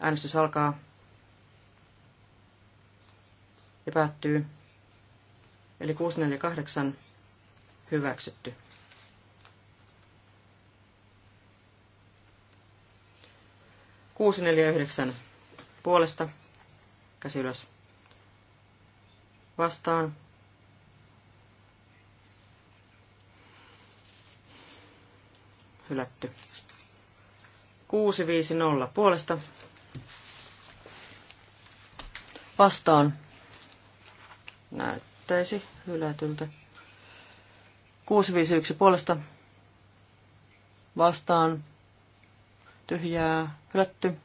Äänestys alkaa. Ja päättyy. Eli 648 hyväksytty. Kuusi neljä yhdeksän puolesta, käsi ylös. Vastaan. Hylätty. nolla puolesta. Vastaan. Näyttäisi hylätyltä. 651 puolesta vastaan tyhjää hylätty.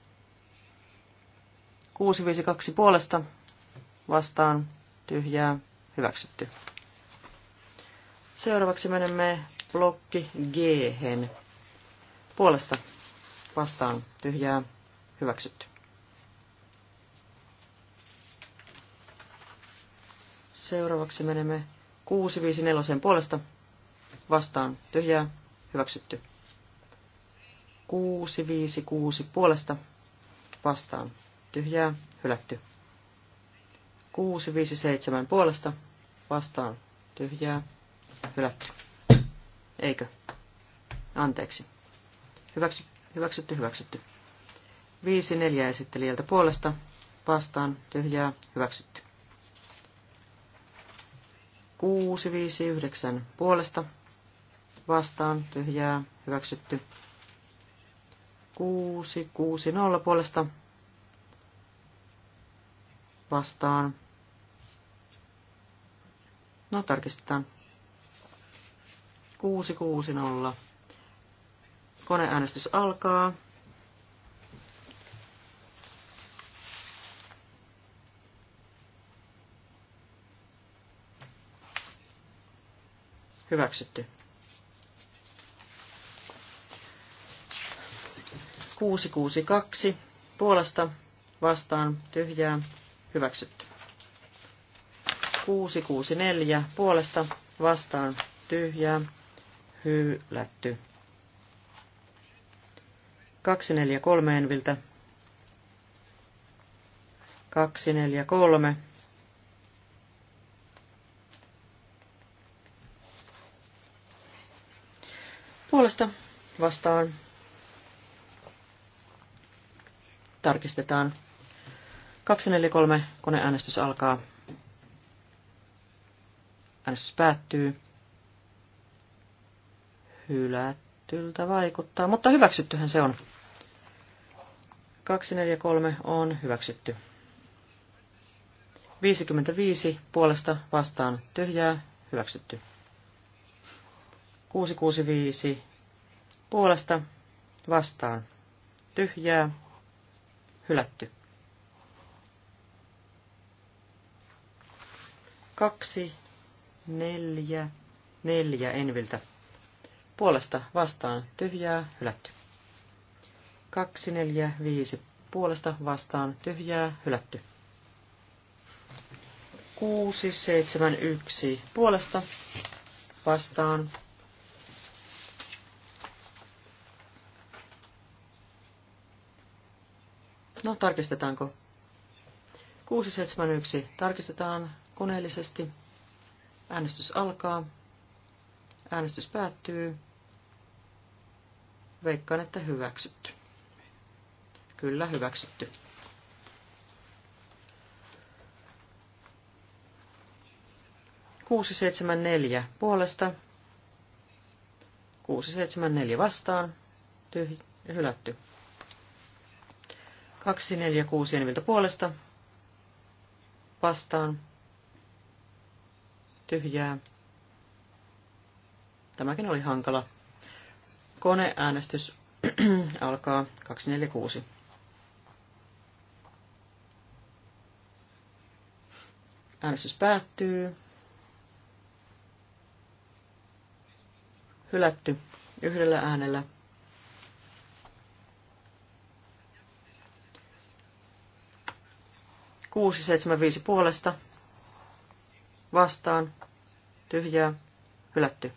652 puolesta vastaan tyhjää hyväksytty. Seuraavaksi menemme blokki g -hen. Puolesta vastaan tyhjää hyväksytty. Seuraavaksi menemme 654 puolesta vastaan tyhjää, hyväksytty. 6, 5, 6 puolesta vastaan tyhjää, hylätty. 6, 5, 7 puolesta vastaan tyhjää, hylätty. Eikö? Anteeksi. Hyväksy, hyväksytty, hyväksytty. 5-4 esittelijältä puolesta vastaan tyhjää, hyväksytty. 6, 5, 9 puolesta vastaan tyhjää hyväksytty. 6, 6, 0 puolesta vastaan. No tarkistetaan. 6, 6, 0. Koneäänestys alkaa. Hyväksytty. 662 puolesta vastaan tyhjää hyväksytty. 664 puolesta vastaan tyhjää hylätty. 243 Enviltä. 243. Puolesta vastaan tarkistetaan. 243 koneäänestys alkaa. Äänestys päättyy. Hylättyltä vaikuttaa, mutta hyväksyttyhän se on. 243 on hyväksytty. 55 puolesta vastaan tyhjää hyväksytty. 665 puolesta vastaan tyhjää hylätty. Kaksi, neljä, neljä Enviltä. Puolesta vastaan tyhjää, hylätty. Kaksi, neljä, viisi. Puolesta vastaan tyhjää, hylätty. kuusi seitsemän yksi puolesta vastaan No, tarkistetaanko? 671. Tarkistetaan koneellisesti. Äänestys alkaa. Äänestys päättyy. Veikkaan, että hyväksytty. Kyllä, hyväksytty. Kuusi seitsemän neljä puolesta. Kuusi seitsemän neljä vastaan. Tyhjä, hylätty. 2, 4, 6 eniviltä puolesta. Vastaan. Tyhjää. Tämäkin oli hankala. Koneäänestys alkaa 246. Äänestys päättyy. Hylätty yhdellä äänellä. 675 puolesta vastaan tyhjää hylätty.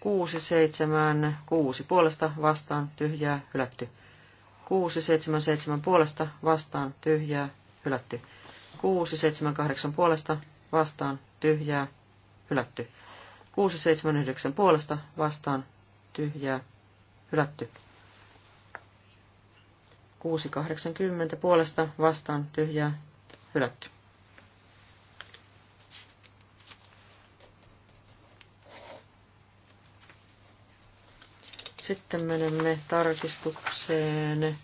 676 puolesta vastaan tyhjää hylätty. 677 puolesta vastaan tyhjää hylätty. 678 puolesta vastaan tyhjää hylätty. 679 puolesta vastaan tyhjää hylätty. 680 puolesta vastaan tyhjää hylätty. Sitten menemme tarkistukseen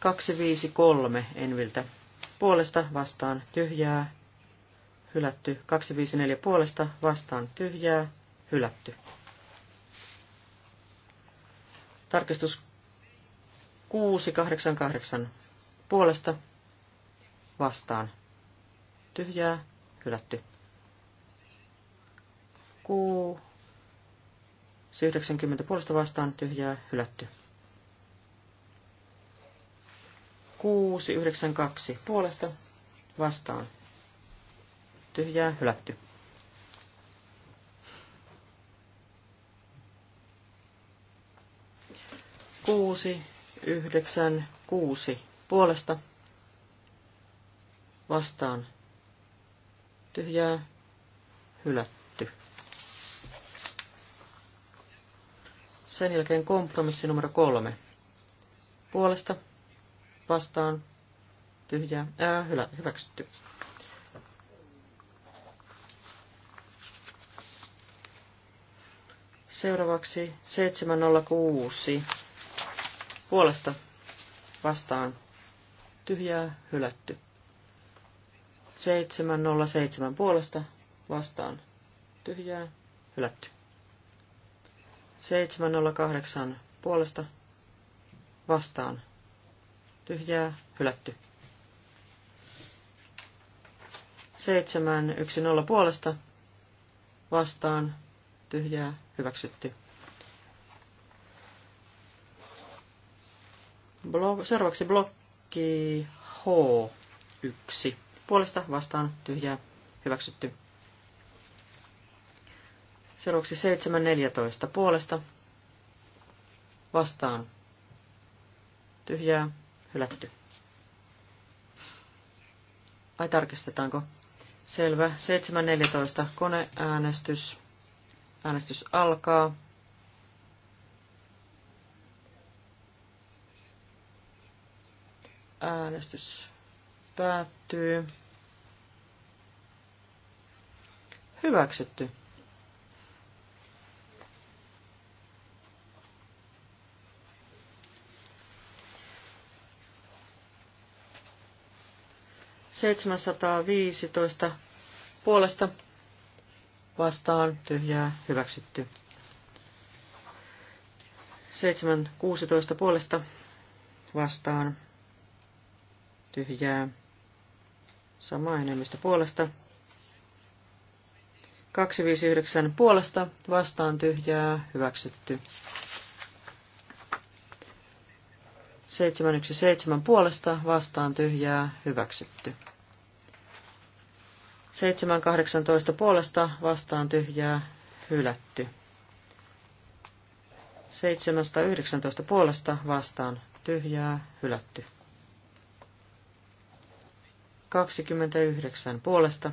253 Enviltä. Puolesta vastaan tyhjää, hylätty. 254 puolesta vastaan tyhjää, hylätty. Tarkistus 688 puolesta vastaan. Tyhjää, hylätty. Q 90 puolesta vastaan, tyhjää, hylätty. 692 puolesta vastaan. Tyhjää, hylätty. Kuusi, yhdeksän kuusi puolesta vastaan tyhjää hylätty. Sen jälkeen kompromissi numero kolme. Puolesta vastaan tyhjää ää, hylä, hyväksytty. Seuraavaksi 706 puolesta vastaan tyhjää hylätty. 707 puolesta vastaan tyhjää hylätty. 708 puolesta vastaan tyhjää hylätty. 710 puolesta vastaan tyhjää hyväksytty. Blo- seuraavaksi blokki H1. Puolesta vastaan tyhjää hyväksytty. Seuraavaksi 7.14. Puolesta vastaan tyhjää hylätty. Ai tarkistetaanko? Selvä. 7.14. Koneäänestys. Äänestys alkaa. Äänestys päättyy. Hyväksytty. viisitoista puolesta vastaan tyhjää hyväksytty. Seitsemän kuusitoista puolesta vastaan tyhjää, sama enemmistö puolesta. 259 puolesta, vastaan tyhjää, hyväksytty. 717 puolesta, vastaan tyhjää, hyväksytty. 718 puolesta, vastaan tyhjää, hylätty. 719 puolesta, vastaan tyhjää, hylätty. 29 puolesta,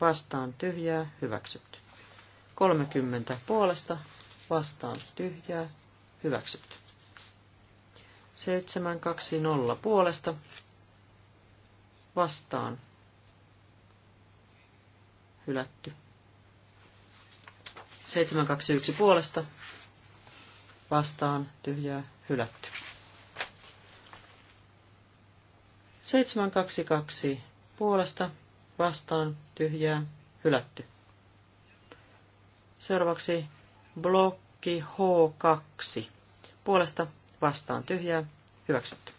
vastaan tyhjää, hyväksytty. 30 puolesta, vastaan tyhjää, hyväksytty. 720 puolesta, vastaan, hylätty. 721 puolesta, vastaan, tyhjää, hylätty. 722 puolesta vastaan tyhjää hylätty. Seuraavaksi blokki H2 puolesta vastaan tyhjää hyväksytty.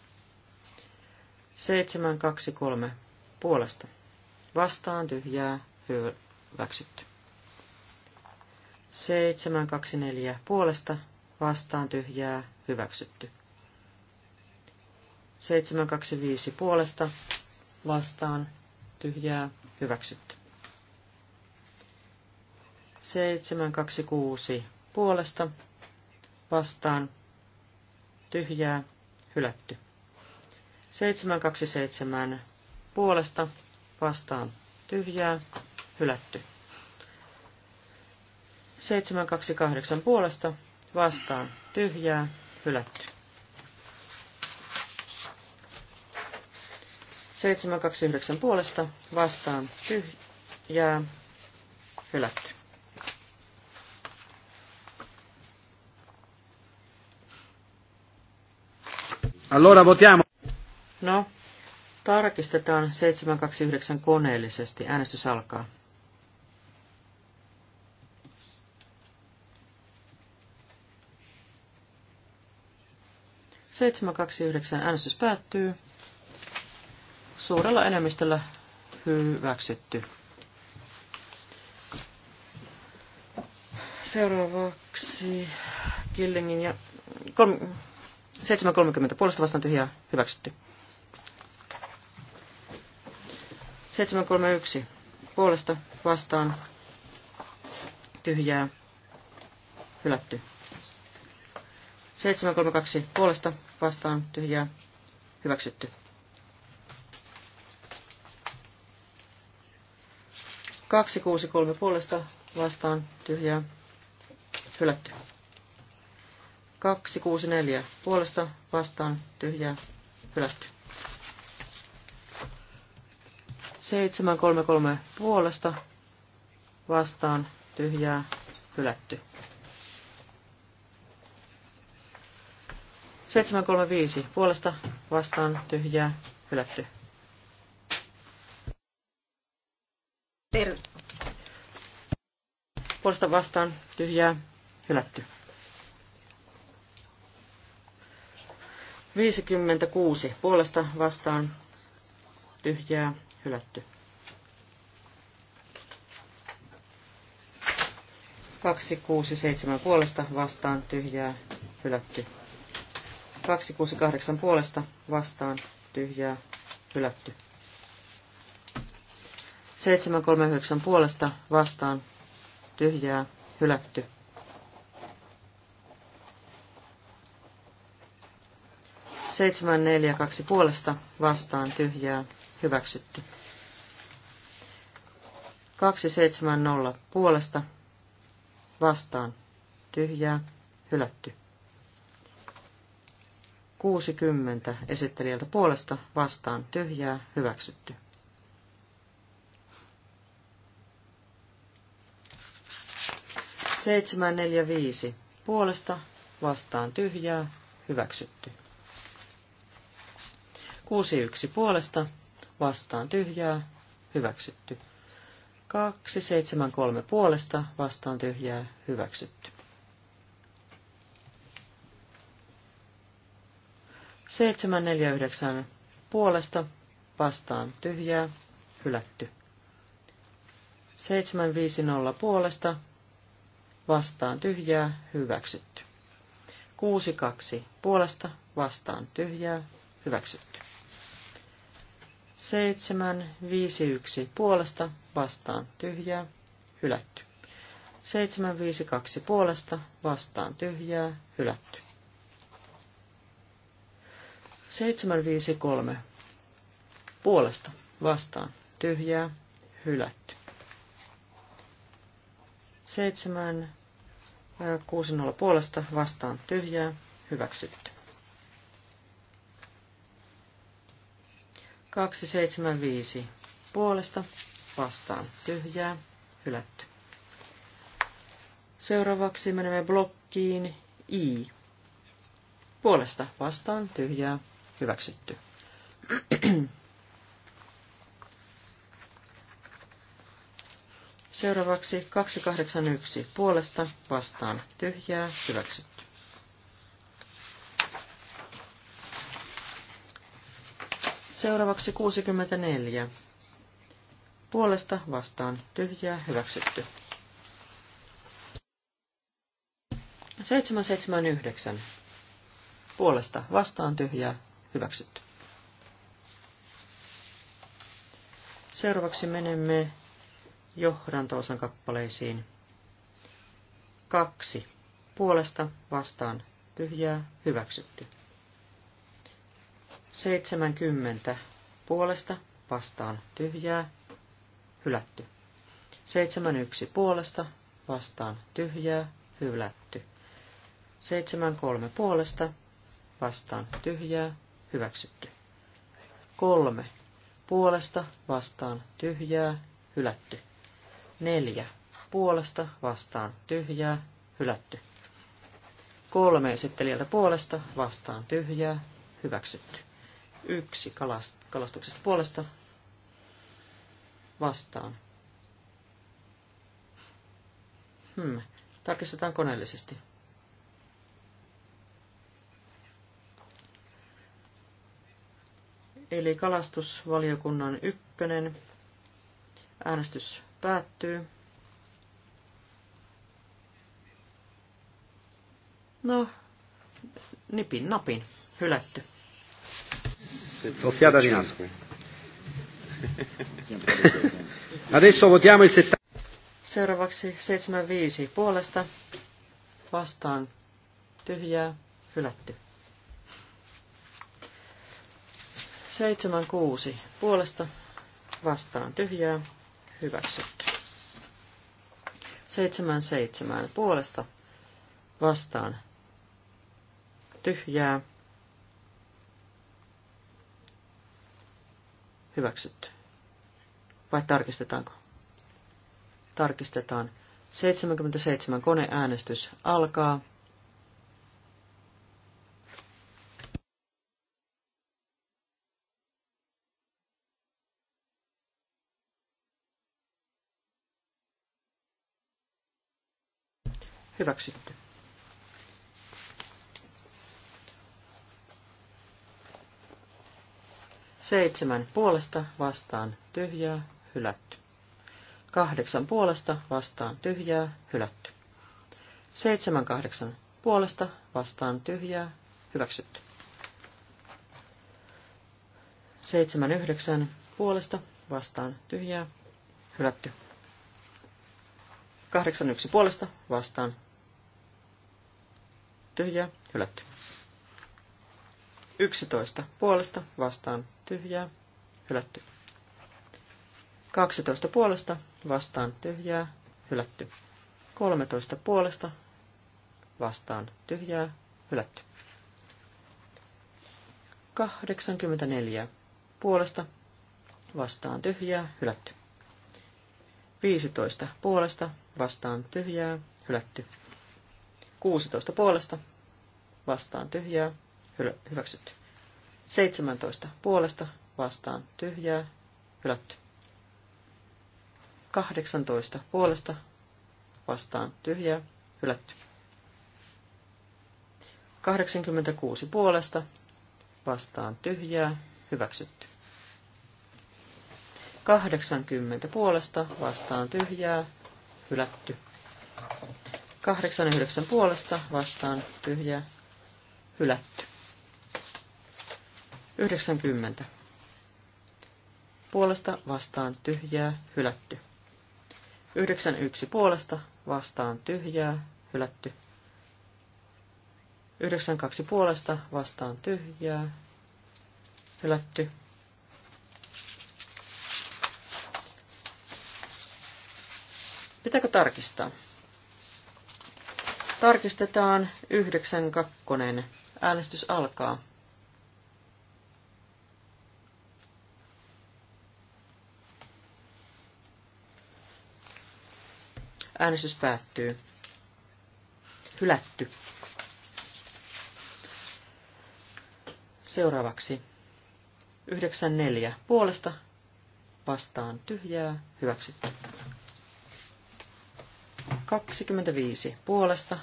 723 puolesta vastaan tyhjää hyväksytty. 724 puolesta vastaan tyhjää hyväksytty. 725 puolesta vastaan tyhjää hyväksytty. 726 puolesta vastaan tyhjää hylätty. 727 puolesta vastaan tyhjää hylätty. 728 puolesta vastaan tyhjää hylätty. 729 puolesta vastaan tyhjää hylätty. Allora votiamo. No, tarkistetaan 729 koneellisesti. Äänestys alkaa. Seitsemän kaksi yhdeksän äänestys päättyy suurella enemmistöllä hyväksytty. Seuraavaksi Killingin ja 7.30 puolesta vastaan tyhjää hyväksytty. 7.31 puolesta vastaan tyhjää hylätty. 7.32 puolesta vastaan tyhjää hyväksytty. 263 puolesta vastaan tyhjää hylätty. 264 puolesta vastaan tyhjää hylätty. 733 puolesta vastaan tyhjää hylätty. 735 puolesta vastaan tyhjää hylätty. puolesta vastaan tyhjää hylätty. 56 puolesta vastaan tyhjää hylätty. 267 puolesta vastaan tyhjää hylätty. 268 puolesta vastaan tyhjää hylätty. 739 puolesta vastaan tyhjää, hylätty. Seitsemän neljä kaksi puolesta vastaan tyhjää, hyväksytty. Kaksi seitsemän nolla puolesta vastaan tyhjää, hylätty. 60 esittelijältä puolesta vastaan tyhjää, hyväksytty. 745. Puolesta vastaan tyhjää, hyväksytty. 61. Puolesta vastaan tyhjää, hyväksytty. 273. Puolesta vastaan tyhjää, hyväksytty. 749. Puolesta vastaan tyhjää, hylätty. 750 puolesta vastaan tyhjää, hyväksytty. 6.2. Puolesta vastaan tyhjää, hyväksytty. 7.5.1. Puolesta vastaan tyhjää, hylätty. 7.5.2. Puolesta vastaan tyhjää, hylätty. 7.5.3. Puolesta vastaan tyhjää, hylätty. 7, 6.0 äh, puolesta vastaan tyhjää, hyväksytty. 275 puolesta vastaan tyhjää, hylätty. Seuraavaksi menemme blokkiin I. Puolesta vastaan tyhjää, hyväksytty. Seuraavaksi 281. Puolesta vastaan tyhjää hyväksytty. Seuraavaksi 64. Puolesta vastaan tyhjää hyväksytty. 779. Puolesta vastaan tyhjää hyväksytty. Seuraavaksi menemme johdantoosan kappaleisiin. Kaksi. Puolesta vastaan tyhjää hyväksytty. 70. Puolesta vastaan tyhjää hylätty. 71. Puolesta vastaan tyhjää hylätty. 73. Puolesta vastaan tyhjää hyväksytty. 3. Puolesta vastaan tyhjää hylätty. Neljä. Puolesta vastaan tyhjää, hylätty. Kolme esittelijältä puolesta vastaan tyhjää, hyväksytty. Yksi kalastuksesta puolesta vastaan. Hmm. Tarkistetaan koneellisesti. Eli kalastusvaliokunnan ykkönen. Äänestys päättyy. No, nipin napin, hylätty. Soffiata di Nasco. Adesso votiamo il 70. Seuraavaksi 75 puolesta vastaan tyhjää hylätty. 76 puolesta vastaan tyhjää Hyväksytty. 77 puolesta vastaan tyhjää. Hyväksytty. Vai tarkistetaanko? Tarkistetaan. 77 koneäänestys alkaa. Hyväksytty. Seitsemän puolesta vastaan tyhjää, hylätty. Kahdeksan puolesta vastaan tyhjää, hylätty. Seitsemän kahdeksan puolesta vastaan tyhjää, hyväksytty. Seitsemän yhdeksän puolesta vastaan tyhjää, hylätty. Kahdeksan yksi puolesta vastaan tyhjää, hylätty. 11 puolesta vastaan tyhjää, hylätty. 12 puolesta vastaan tyhjää, hylätty. 13 puolesta vastaan tyhjää, hylätty. 84 puolesta vastaan tyhjää, hylätty. 15 puolesta vastaan tyhjää, hylätty. 16 puolesta vastaan tyhjää, hyväksytty. 17 puolesta vastaan tyhjää, hylätty. 18 puolesta vastaan tyhjää, hylätty. 86 puolesta vastaan tyhjää, hyväksytty. 80 puolesta vastaan tyhjää, hylätty kahdeksan yhdeksän puolesta vastaan tyhjää hylätty. 90. Puolesta vastaan tyhjää hylätty. 91 puolesta vastaan tyhjää hylätty. 92 puolesta vastaan tyhjää hylätty. Pitääkö tarkistaa? Tarkistetaan 9.2. Äänestys alkaa. Äänestys päättyy. Hylätty. Seuraavaksi. 94. Puolesta vastaan tyhjää. Hyväksytty. 25 puolesta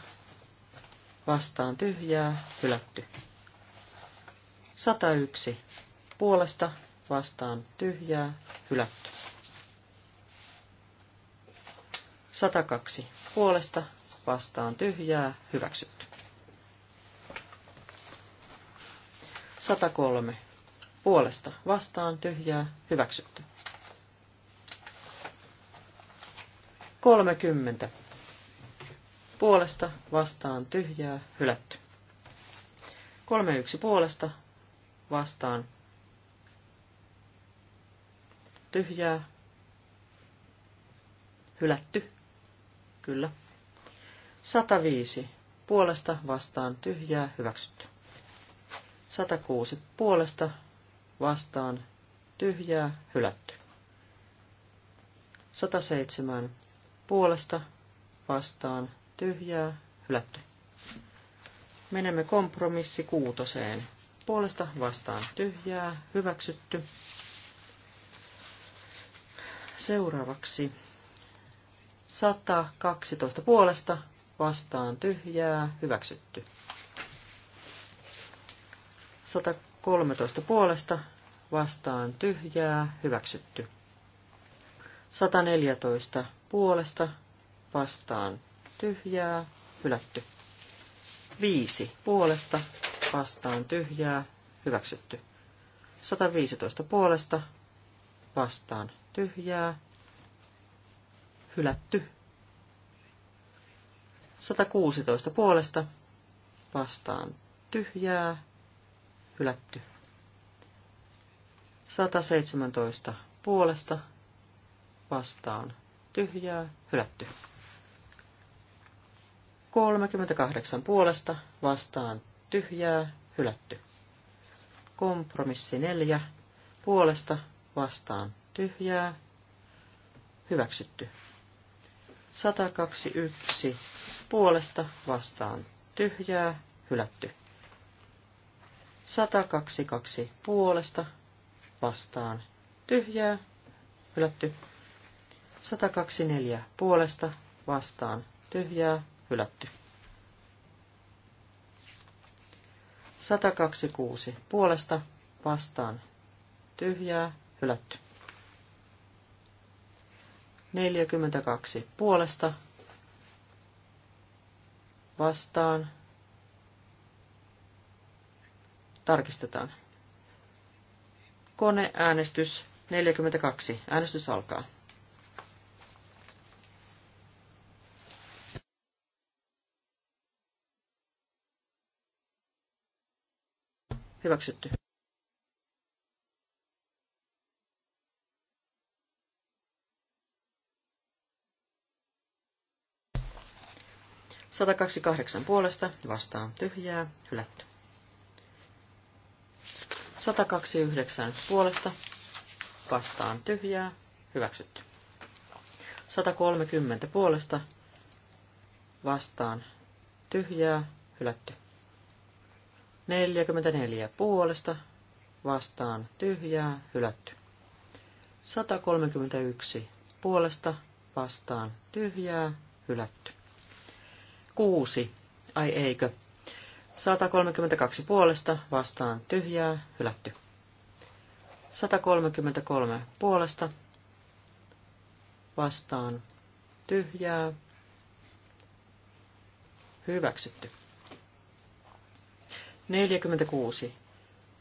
vastaan tyhjää, hylätty. 101 puolesta vastaan tyhjää, hylätty. 102 puolesta vastaan tyhjää, hyväksytty. 103 puolesta vastaan tyhjää, hyväksytty. 30 puolesta vastaan tyhjää hylätty. 31 puolesta vastaan tyhjää hylätty. Kyllä. 105 puolesta vastaan tyhjää hyväksytty. 106 puolesta vastaan tyhjää hylätty. 107 puolesta vastaan tyhjää, hylätty. Menemme kompromissi kuutoseen. Puolesta vastaan tyhjää, hyväksytty. Seuraavaksi 112 puolesta vastaan tyhjää, hyväksytty. 113 puolesta vastaan tyhjää, hyväksytty. 114 puolesta vastaan tyhjää, hylätty. Viisi puolesta, vastaan tyhjää, hyväksytty. 115 puolesta, vastaan tyhjää, hylätty. 116 puolesta, vastaan tyhjää, hylätty. 117 puolesta, vastaan tyhjää, hylätty. 38 puolesta vastaan tyhjää, hylätty. Kompromissi 4 puolesta vastaan tyhjää, hyväksytty. 121 puolesta vastaan tyhjää, hylätty. 122 puolesta vastaan tyhjää, hylätty. 124 puolesta vastaan tyhjää, hylätty. 126. Puolesta vastaan tyhjää hylätty. 42. Puolesta vastaan tarkistetaan. Koneäänestys 42. Äänestys alkaa. Hyväksytty. kahdeksan puolesta vastaan tyhjää, hylätty. 129 puolesta vastaan tyhjää, hyväksytty. 130 puolesta vastaan tyhjää, hylätty. 44 puolesta, vastaan tyhjää, hylätty. 131 puolesta, vastaan tyhjää, hylätty. 6. Ai eikö. 132 puolesta, vastaan tyhjää, hylätty. 133 puolesta, vastaan tyhjää, hyväksytty. 46.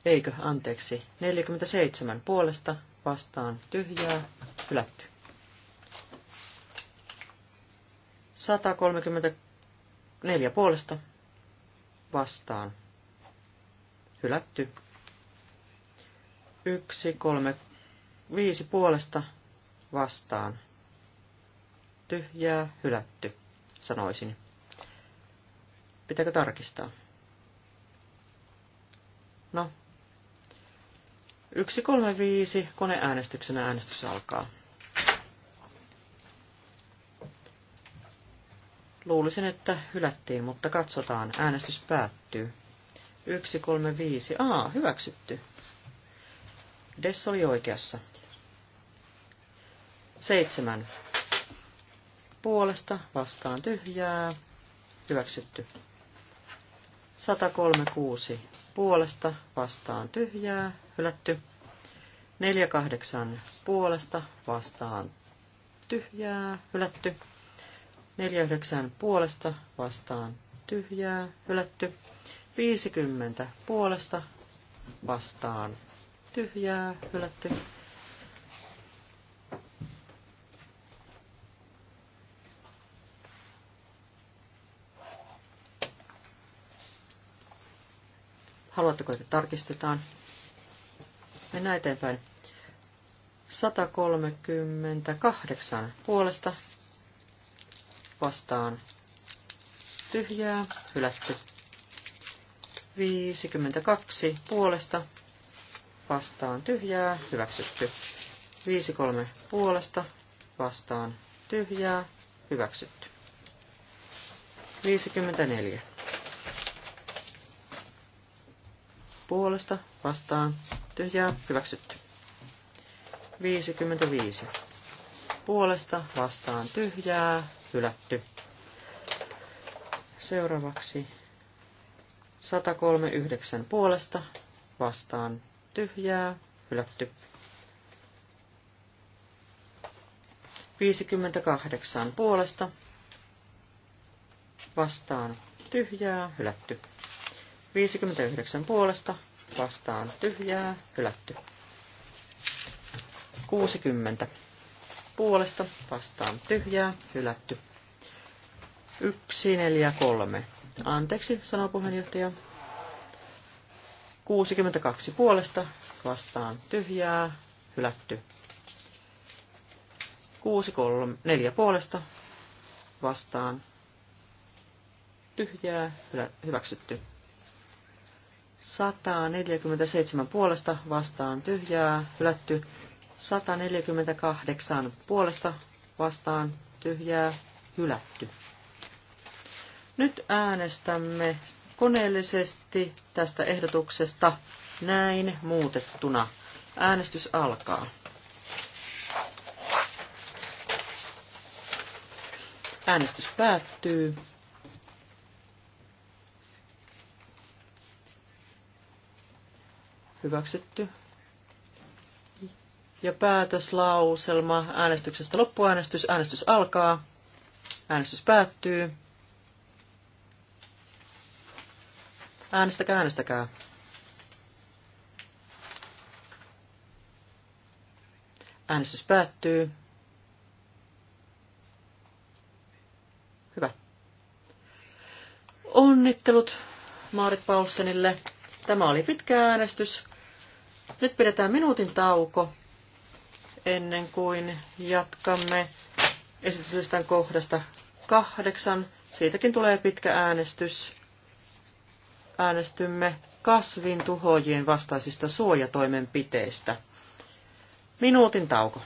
Eikö, anteeksi. 47 puolesta vastaan tyhjää, hylätty. 134 puolesta vastaan hylätty. 135 puolesta vastaan tyhjää, hylätty, sanoisin. Pitääkö tarkistaa? No, 135 koneäänestyksenä äänestys alkaa. Luulisin, että hylättiin, mutta katsotaan. Äänestys päättyy. 135. Aa, hyväksytty. Dess oli oikeassa. Seitsemän. Puolesta vastaan tyhjää. Hyväksytty. 136 puolesta vastaan tyhjää, hylätty. 48 puolesta vastaan tyhjää, hylätty. 49 puolesta vastaan tyhjää, hylätty. 50 puolesta vastaan tyhjää, hylätty. Ratifiointikohta tarkistetaan. Mennään eteenpäin. 138 puolesta vastaan tyhjää, hylätty. 52 puolesta vastaan tyhjää, hyväksytty. 53 puolesta vastaan tyhjää, hyväksytty. 54 puolesta vastaan tyhjää hyväksytty. 55 puolesta vastaan tyhjää hylätty. Seuraavaksi 139 puolesta vastaan tyhjää hylätty. 58 puolesta vastaan tyhjää hylätty. 59 puolesta vastaan tyhjää, hylätty. 60 puolesta vastaan tyhjää, hylätty. 1, 4, 3. Anteeksi, sanoo puheenjohtaja. 62 puolesta vastaan tyhjää, hylätty. 6, 3, 4 puolesta vastaan tyhjää, hyväksytty. 147 puolesta vastaan tyhjää, hylätty. 148 puolesta vastaan tyhjää, hylätty. Nyt äänestämme koneellisesti tästä ehdotuksesta näin muutettuna. Äänestys alkaa. Äänestys päättyy. Hyväksytty. Ja päätöslauselma äänestyksestä loppuäänestys. Äänestys alkaa. Äänestys päättyy. Äänestäkää, äänestäkää. Äänestys päättyy. Hyvä. Onnittelut Maarit Paulsenille. Tämä oli pitkä äänestys. Nyt pidetään minuutin tauko ennen kuin jatkamme esityslistan kohdasta kahdeksan. Siitäkin tulee pitkä äänestys. Äänestymme tuhojien vastaisista suojatoimenpiteistä. Minuutin tauko.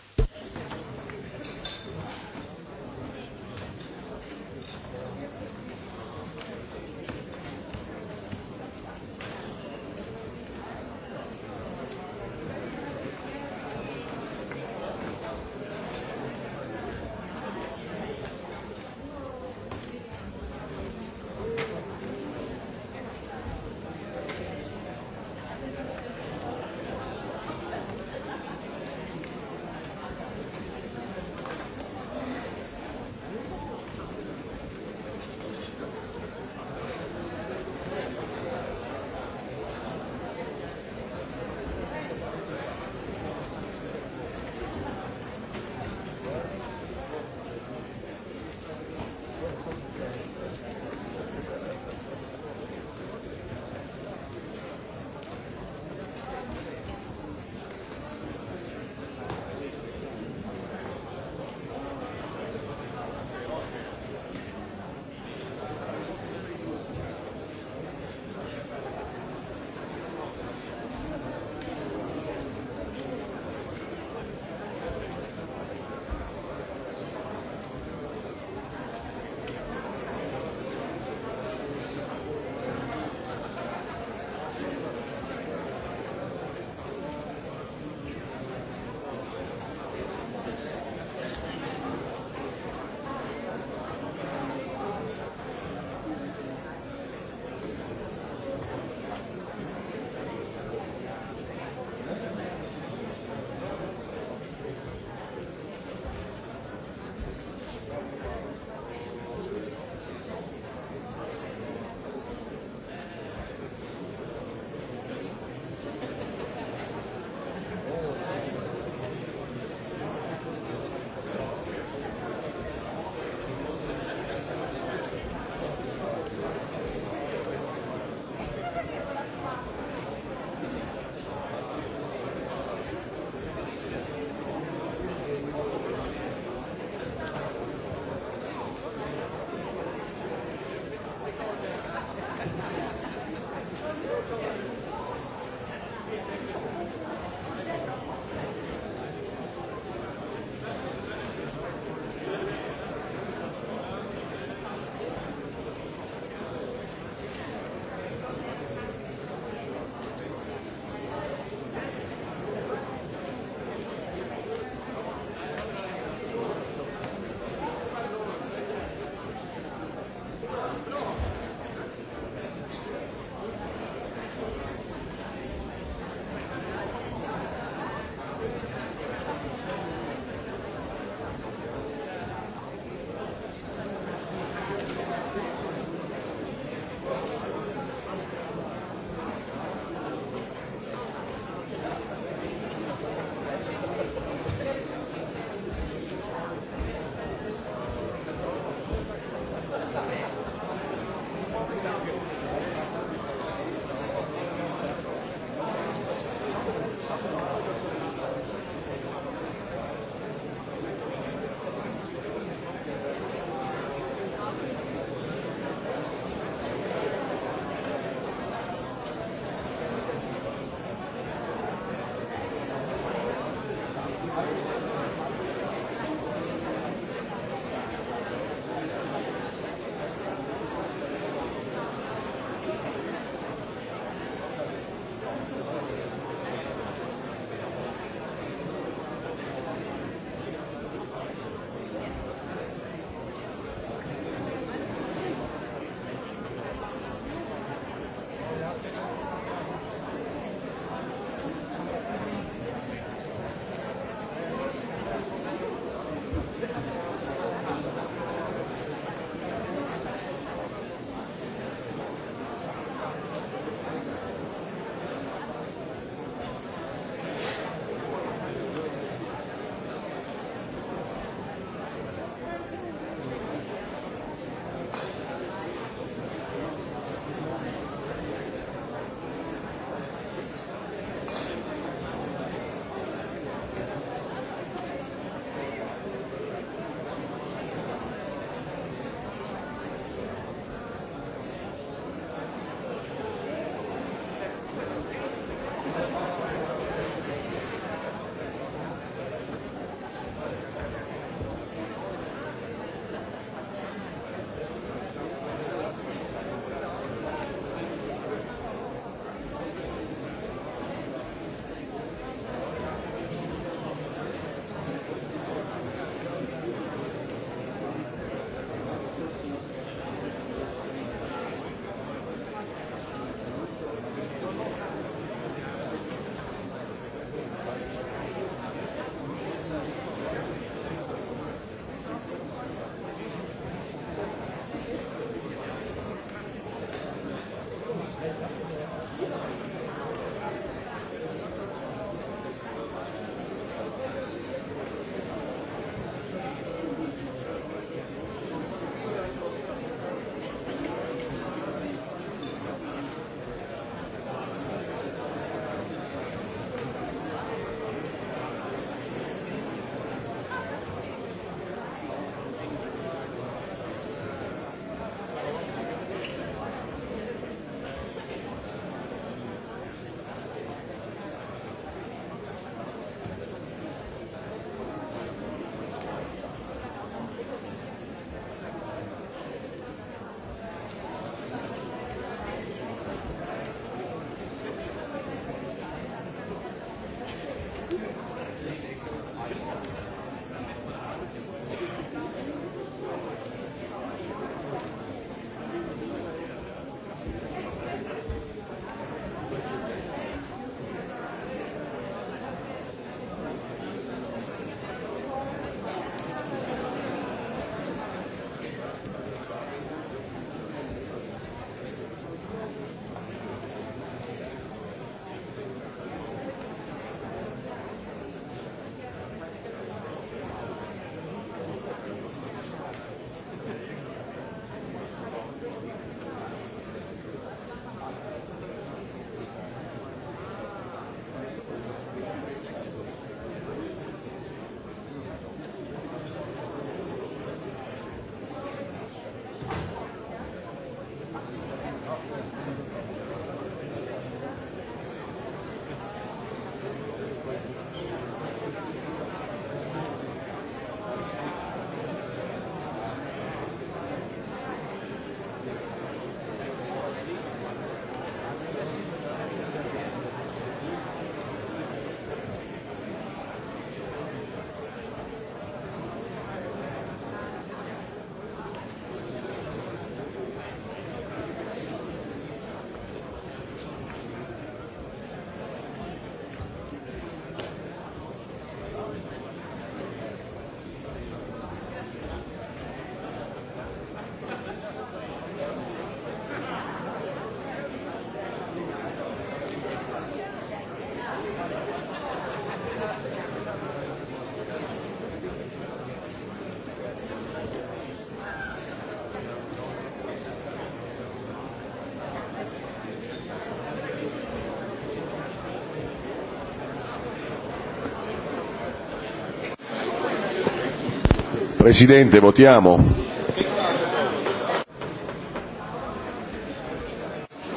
Presidente, votiamo.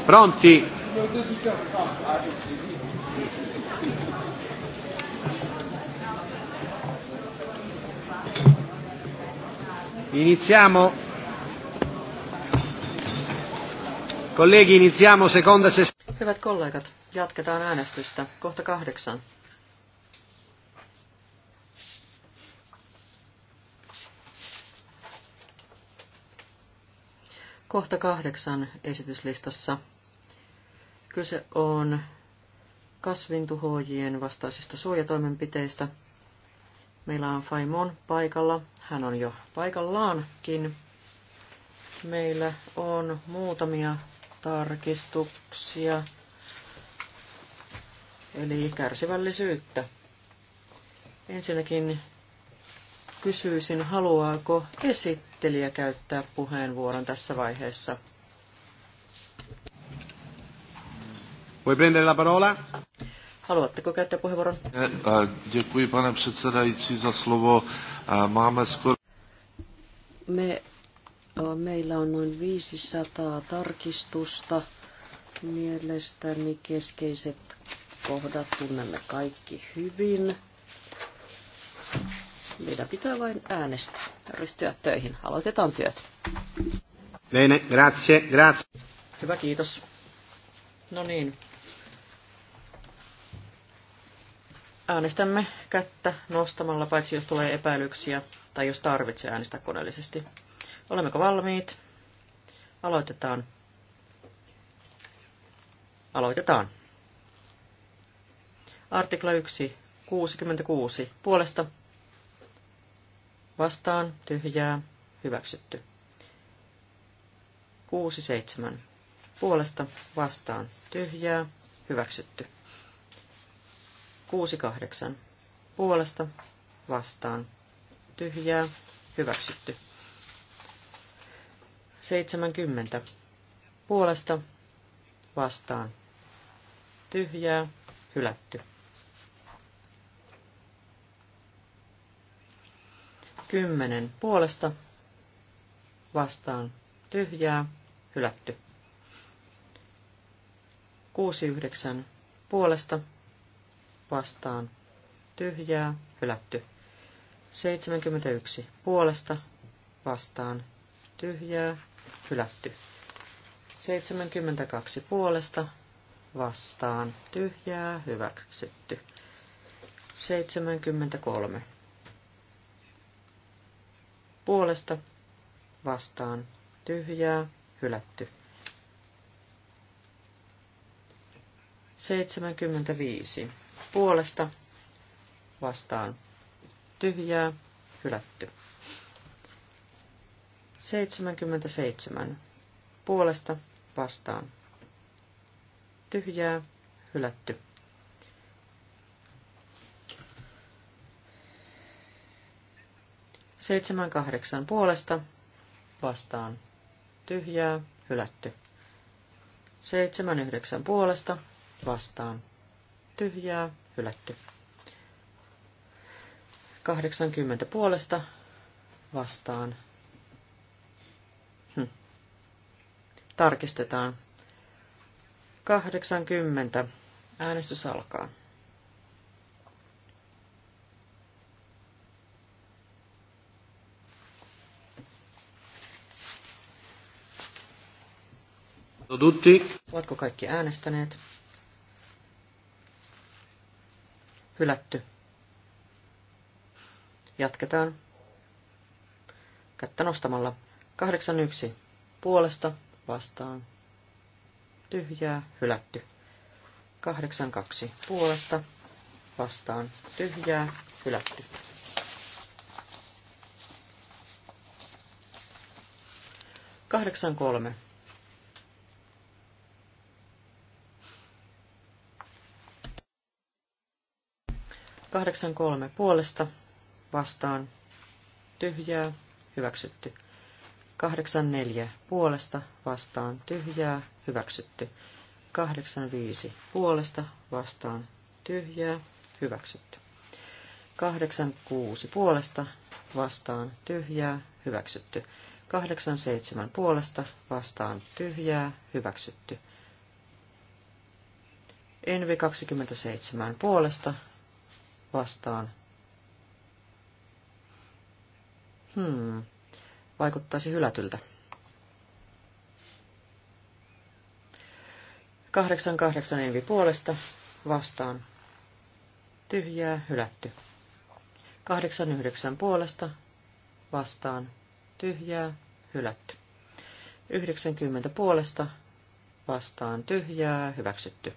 Pronti? Iniziamo. Colleghi, iniziamo seconda sessione. Hyvät kollegat, jatketaan äänestystä. Kohta kahdeksan. Kohta kahdeksan esityslistassa. Kyse on kasvintuhoojien vastaisista suojatoimenpiteistä. Meillä on Faimon paikalla. Hän on jo paikallaankin. Meillä on muutamia tarkistuksia, eli kärsivällisyyttä. Ensinnäkin kysyisin, haluaako esittää esittelijä käyttää puheenvuoron tässä vaiheessa. Voi prendere la parola? Haluatteko käyttää puheenvuoron? Eh, eh, děkuji, pane předsedající, za slovo. Eh, máme skoro... Me, meillä on noin 500 tarkistusta. Mielestäni keskeiset kohdat tunnemme kaikki hyvin. Meidän pitää vain äänestää, ryhtyä töihin. Aloitetaan työt. Leine, grazie, grazie. Hyvä, kiitos. No niin. Äänestämme kättä nostamalla, paitsi jos tulee epäilyksiä tai jos tarvitsee äänestää koneellisesti. Olemmeko valmiit? Aloitetaan. Aloitetaan. Artikla 1, 66. Puolesta Vastaan tyhjää hyväksytty. 6, 7. Puolesta vastaan tyhjää hyväksytty. 6, 8. Puolesta vastaan tyhjää hyväksytty. 70. Puolesta vastaan tyhjää hylätty. Kymmenen puolesta vastaan tyhjää, hylätty. 69 puolesta vastaan tyhjää, hylätty. 71 puolesta vastaan tyhjää, hylätty. 72 puolesta vastaan tyhjää, hyväksytty. 73 puolesta vastaan tyhjää hylätty. 75 puolesta vastaan tyhjää hylätty. 77 puolesta vastaan tyhjää hylätty. Seitsemän kahdeksan puolesta vastaan tyhjää, hylätty. Seitsemän yhdeksän puolesta vastaan tyhjää, hylätty. 80 puolesta vastaan. Hm. Tarkistetaan. 80. Äänestys alkaa. Tutti. Ovatko kaikki äänestäneet? Hylätty. Jatketaan. Kättä nostamalla. 81. Puolesta vastaan. Tyhjää. Hylätty. 82. Puolesta vastaan. Tyhjää. Hylätty. Kahdeksan kolme 83 puolesta vastaan tyhjää, hyväksytty. 84 puolesta vastaan tyhjää, hyväksytty. 85 puolesta vastaan tyhjää, hyväksytty. 86 puolesta vastaan tyhjää, hyväksytty. 87 puolesta vastaan tyhjää, hyväksytty. Envi 27 puolesta vastaan. Hmm, vaikuttaisi hylätyltä. 88 envi puolesta vastaan. Tyhjää, hylätty. 89 puolesta vastaan. Tyhjää, hylätty. 90 puolesta vastaan tyhjää, hyväksytty.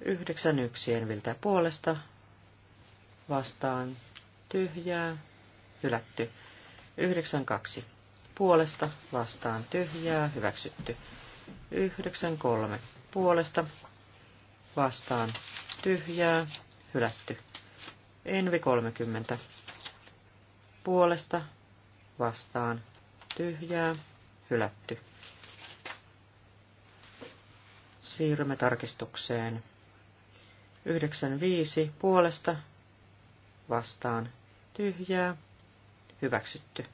91 enviltä puolesta vastaan tyhjää, hylätty. 92 puolesta vastaan tyhjää, hyväksytty. 93 puolesta vastaan tyhjää, hylätty. Envi 30 puolesta vastaan tyhjää, hylätty. Siirrymme tarkistukseen. 95 puolesta vastaan tyhjää, hyväksytty.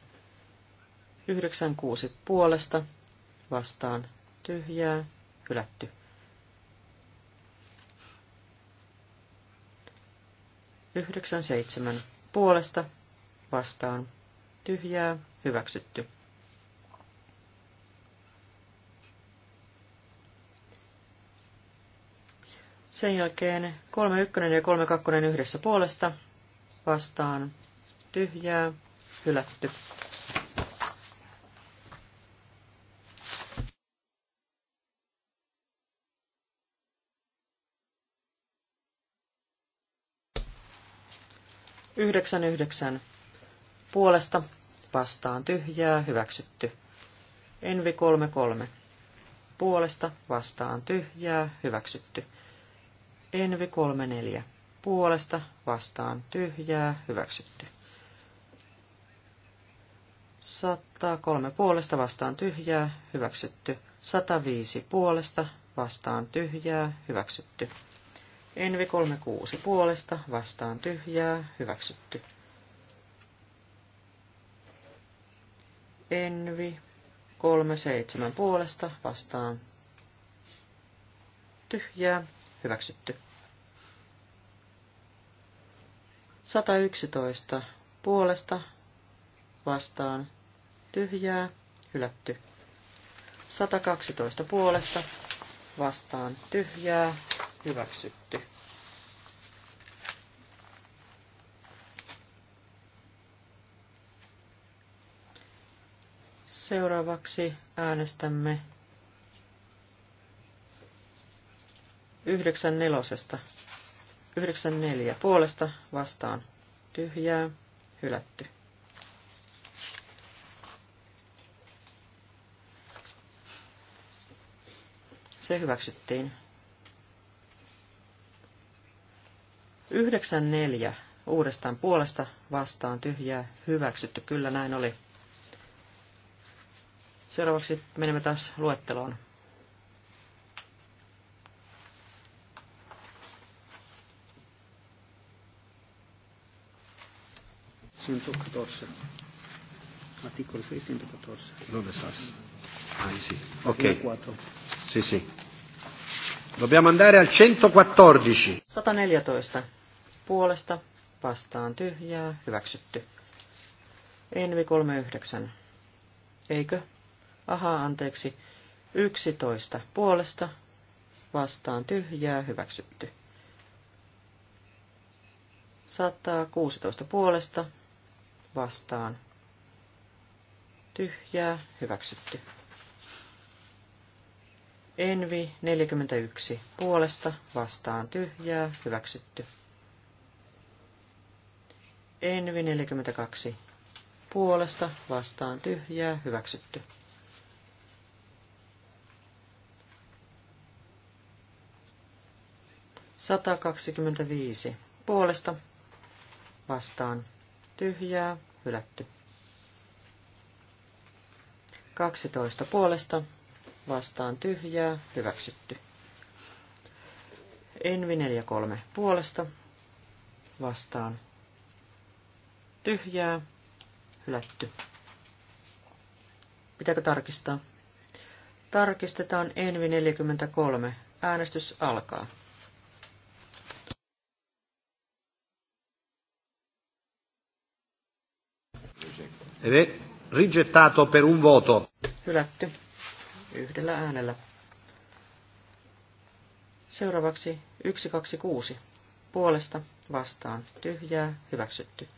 96 puolesta vastaan tyhjää, hylätty. Yhdeksän seitsemän puolesta vastaan tyhjää, hyväksytty. Sen jälkeen ykkönen ja 3.2 yhdessä puolesta vastaan tyhjää, hylätty. Yhdeksän yhdeksän. Puolesta vastaan tyhjää, hyväksytty. Envi kolme kolme. Puolesta vastaan tyhjää, hyväksytty. Envi kolme neljä puolesta vastaan tyhjää hyväksytty. 103 puolesta vastaan tyhjää hyväksytty. 105 puolesta vastaan tyhjää hyväksytty. Envi 36 puolesta vastaan tyhjää hyväksytty. Envi 37 puolesta vastaan tyhjää hyväksytty. 111 puolesta vastaan tyhjää hylätty. 112 puolesta vastaan tyhjää hyväksytty. Seuraavaksi äänestämme yhdeksän nelosesta 94 puolesta vastaan tyhjää, hylätty. Se hyväksyttiin. 94 uudestaan puolesta vastaan tyhjää, hyväksytty, kyllä näin oli. Seuraavaksi menemme taas luetteloon. 114. Articolo 6, 114. Dove stas? Ah, sì. Ok. 4. Sì, sì. Dobbiamo andare al 114. 114. Puolesta vastaan tyhjää, hyväksytty. Envi 39. Eikö? Aha, anteeksi. 11. Puolesta vastaan tyhjää, hyväksytty. 116 puolesta vastaan tyhjää hyväksytty. Envi 41 puolesta vastaan tyhjää hyväksytty. Envi 42 puolesta vastaan tyhjää hyväksytty. Sata viisi. puolesta vastaan tyhjää, hylätty. 12 puolesta, vastaan tyhjää, hyväksytty. Envi 43 puolesta, vastaan tyhjää, hylätty. Pitääkö tarkistaa? Tarkistetaan Envi 43. Äänestys alkaa. Ed è rigettato per un voto. Hylätty. Yhdellä äänellä. Seuraavaksi 126. Puolesta vastaan. Tyhjää. Hyväksytty.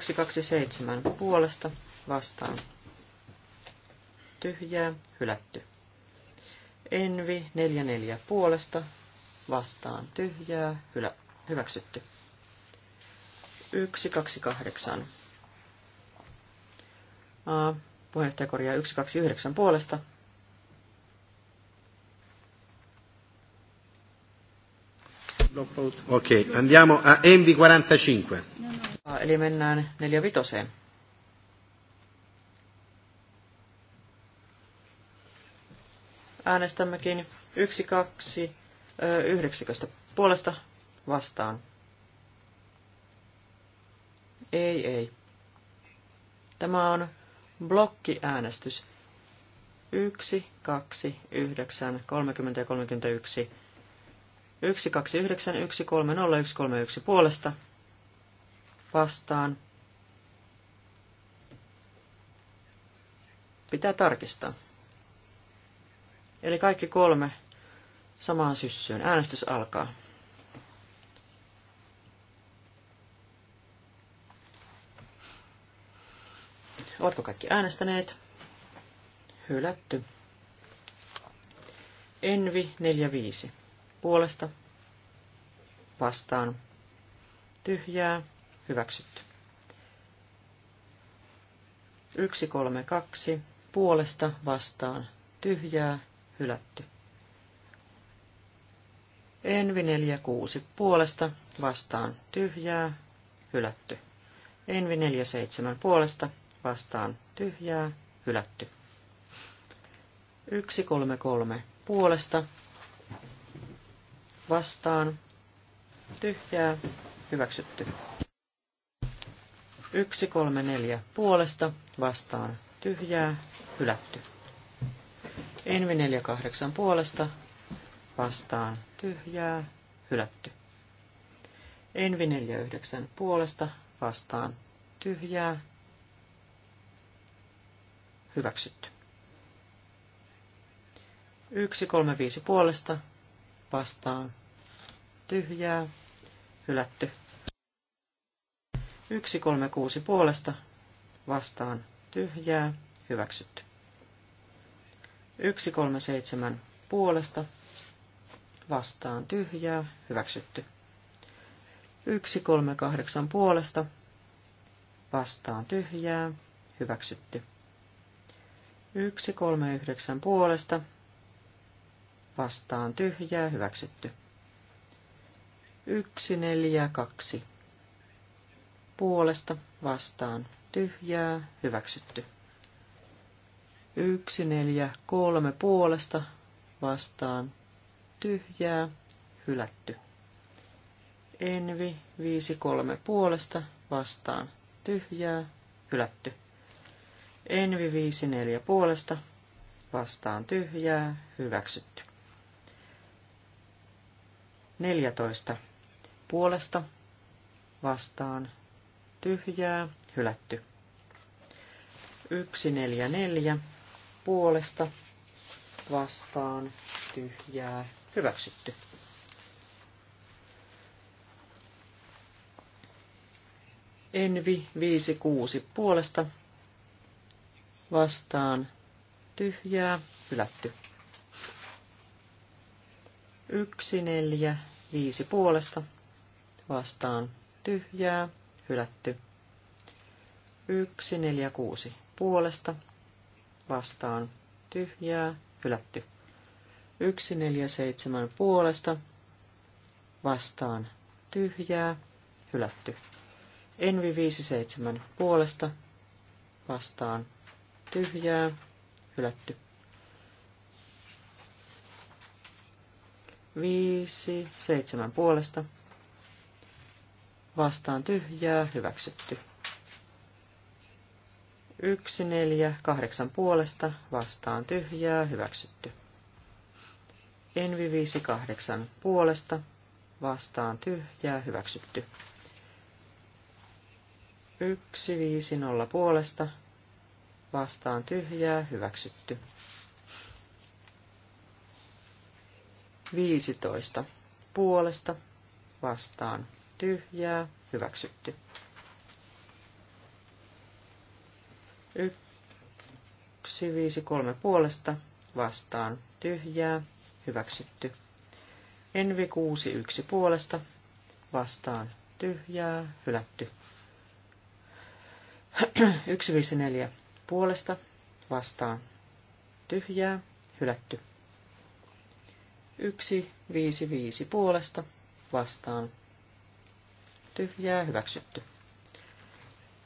127. Puolesta vastaan. Tyhjää. Hylätty. Envi 44. Puolesta vastaan. Tyhjää. Hylä, hyväksytty. 128 Puheenjohtaja korjaa 129 puolesta. Okei, okay, andiamo a Envi 45. Eli mennään 45. Äänestämmekin 1, 2, 90 puolesta vastaan. Ei, ei. Tämä on Blokkiäänestys. 1, 2, 9, 30 ja 31. 1, 2, 9, 1, 3, 0, 1, 3, 1 puolesta. Vastaan. Pitää tarkistaa. Eli kaikki kolme samaan syssyyn. Äänestys alkaa. Ovatko kaikki äänestäneet? Hylätty. Envi 45. Puolesta. Vastaan. Tyhjää. Hyväksytty. 132. Puolesta vastaan. Tyhjää. Hylätty. Envi 46. Puolesta vastaan. Tyhjää. Hylätty. Envi 47. Puolesta vastaan tyhjää, hylätty. 133 puolesta vastaan tyhjää, hyväksytty. 134 puolesta vastaan tyhjää, hylätty. Envi 48 puolesta vastaan tyhjää, hylätty. Envi 49 puolesta vastaan tyhjää, Hyväksytty. 135 puolesta vastaan. Tyhjää. Hylätty. 136 puolesta vastaan. Tyhjää. Hyväksytty. 137 puolesta vastaan. Tyhjää. Hyväksytty. 138 puolesta vastaan. Tyhjää. Hyväksytty. Yksi, kolme, yhdeksän puolesta. Vastaan tyhjää, hyväksytty. Yksi, neljä, kaksi. Puolesta, vastaan tyhjää, hyväksytty. Yksi, neljä, kolme puolesta, vastaan tyhjää, hylätty. Envi, viisi, kolme puolesta, vastaan tyhjää, hylätty. Envi 54 puolesta, vastaan tyhjää, hyväksytty. 14 puolesta, vastaan tyhjää, hylätty. 144 puolesta, vastaan tyhjää, hyväksytty. Envi 56 puolesta vastaan tyhjää, hylätty. Yksi, neljä, viisi puolesta, vastaan tyhjää, hylätty. Yksi, neljä, kuusi puolesta, vastaan tyhjää, hylätty. Yksi, neljä, seitsemän puolesta, vastaan tyhjää, hylätty. Envi 57 puolesta, vastaan tyhjää, hylätty. Viisi, seitsemän puolesta. Vastaan tyhjää, hyväksytty. Yksi, neljä, kahdeksan puolesta. Vastaan tyhjää, hyväksytty. Envi viisi, kahdeksan puolesta. Vastaan tyhjää, hyväksytty. Yksi, viisi, nolla puolesta vastaan tyhjää, hyväksytty. 15. Puolesta vastaan tyhjää, hyväksytty. Yksi, viisi, kolme puolesta vastaan tyhjää, hyväksytty. Envi kuusi yksi puolesta vastaan tyhjää, hylätty. 4. puolesta vastaan tyhjää hylätty. 155 puolesta vastaan tyhjää hyväksytty.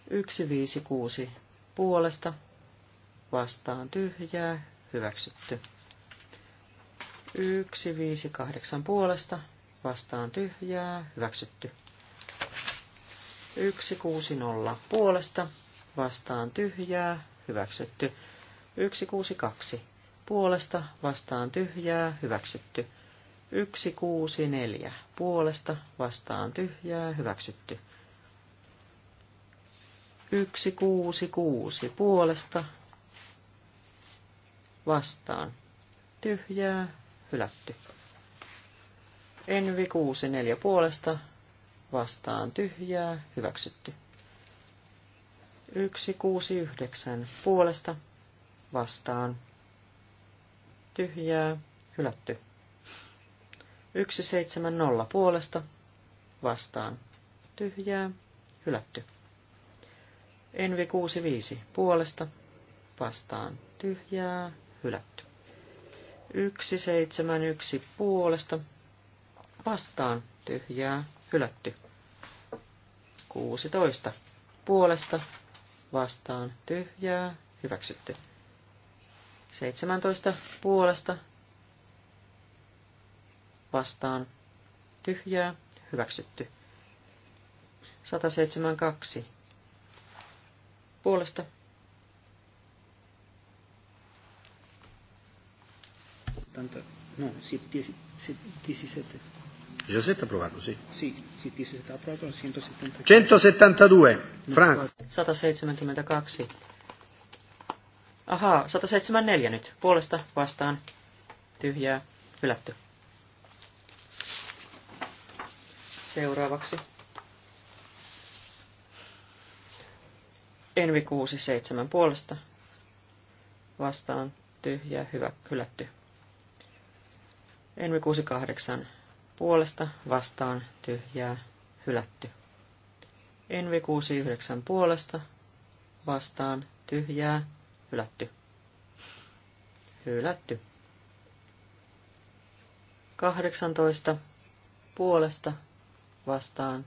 156 puolesta vastaan tyhjää hyväksytty. 158 puolesta vastaan tyhjää hyväksytty. 160 puolesta vastaan tyhjää hyväksytty. 162 puolesta vastaan tyhjää, hyväksytty. 164 puolesta vastaan tyhjää, hyväksytty. 166 puolesta vastaan tyhjää, hylätty. Envi 64 puolesta vastaan tyhjää, hyväksytty. 169 puolesta vastaan. Tyhjää, hylätty. 170 puolesta vastaan. Tyhjää, hylätty. Envi 65 puolesta vastaan. Tyhjää, hylätty. 171 puolesta vastaan. Tyhjää, hylätty. 16 puolesta vastaan tyhjää, hyväksytty. 17 puolesta vastaan tyhjää, hyväksytty. 172 puolesta No, 17. 17 approvato, sì. Sì, sì, 17 approvato, 172. 172, Franco. 172. Ahaa, 174 nyt. Puolesta vastaan. Tyhjää. Hylätty. Seuraavaksi. Envi 67 puolesta. Vastaan. Tyhjää. Hyvä. Hylätty. Envi 68 puolesta vastaan tyhjää hylätty. Envi 69 puolesta vastaan tyhjää hylätty. Hylätty. 18 puolesta vastaan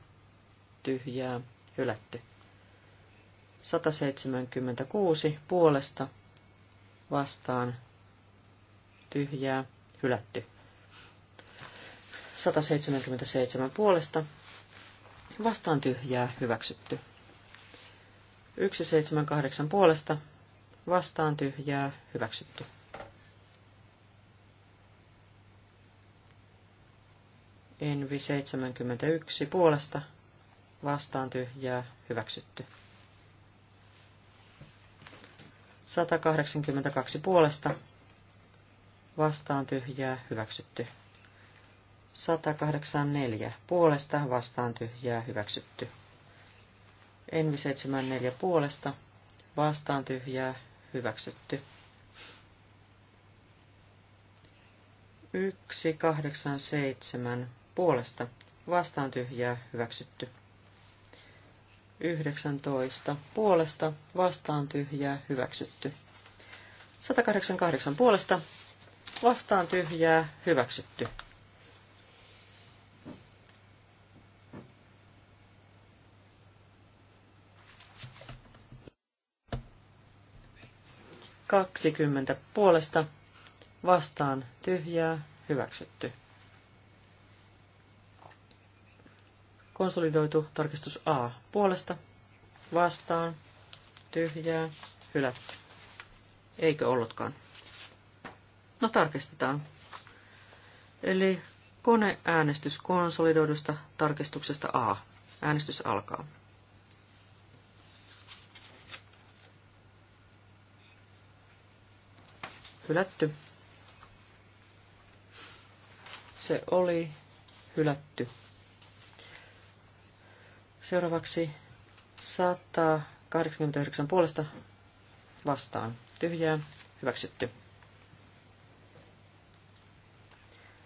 tyhjää hylätty. 176 puolesta vastaan tyhjää hylätty. 177 puolesta. Vastaan tyhjää hyväksytty. 178 puolesta. Vastaan tyhjää hyväksytty. Envi 71 puolesta. Vastaan tyhjää hyväksytty. 182 puolesta. Vastaan tyhjää hyväksytty. 184 puolesta vastaan tyhjää hyväksytty. Envi 74 puolesta vastaan tyhjää hyväksytty. 187 puolesta vastaan tyhjää hyväksytty. 19 puolesta vastaan tyhjää hyväksytty. 188 puolesta vastaan tyhjää hyväksytty. 20 puolesta vastaan tyhjää hyväksytty. Konsolidoitu tarkistus A puolesta vastaan tyhjää hylätty. Eikö ollutkaan? No tarkistetaan. Eli koneäänestys konsolidoidusta tarkistuksesta A. Äänestys alkaa. hylätty. Se oli hylätty. Seuraavaksi 189 puolesta vastaan. Tyhjää, hyväksytty.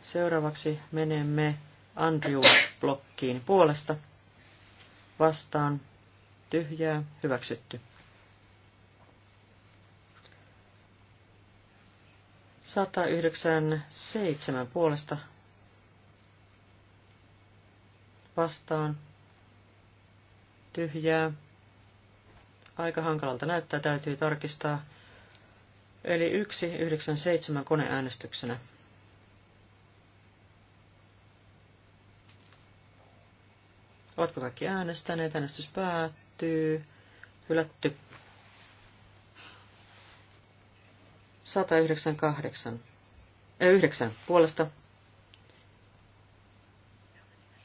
Seuraavaksi menemme Andrew-blokkiin puolesta. Vastaan, tyhjää, hyväksytty. 197 puolesta vastaan tyhjää. Aika hankalalta näyttää, täytyy tarkistaa. Eli 197 koneäänestyksenä. Ovatko kaikki äänestäneet? Äänestys päättyy. Hylätty. 198. Äh, 9 puolesta.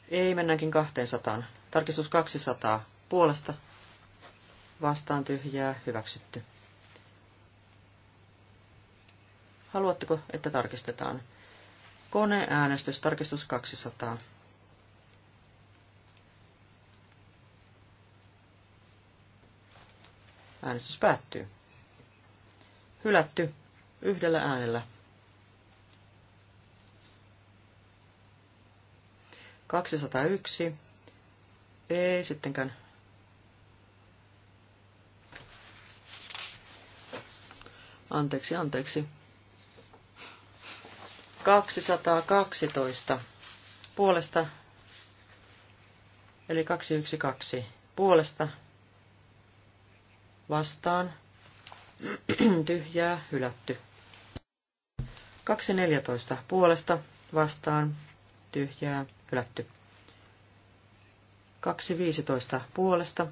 Ei, mennäänkin 200. Tarkistus 200 puolesta. Vastaan tyhjää, hyväksytty. Haluatteko, että tarkistetaan? Koneäänestys, tarkistus 200. Äänestys päättyy. Hylätty yhdellä äänellä. yksi. Ei sittenkään. Anteeksi, anteeksi. 212 puolesta, eli 212 puolesta vastaan tyhjää, hylätty. 2.14 puolesta, vastaan, tyhjää, hylätty. 2.15 puolesta,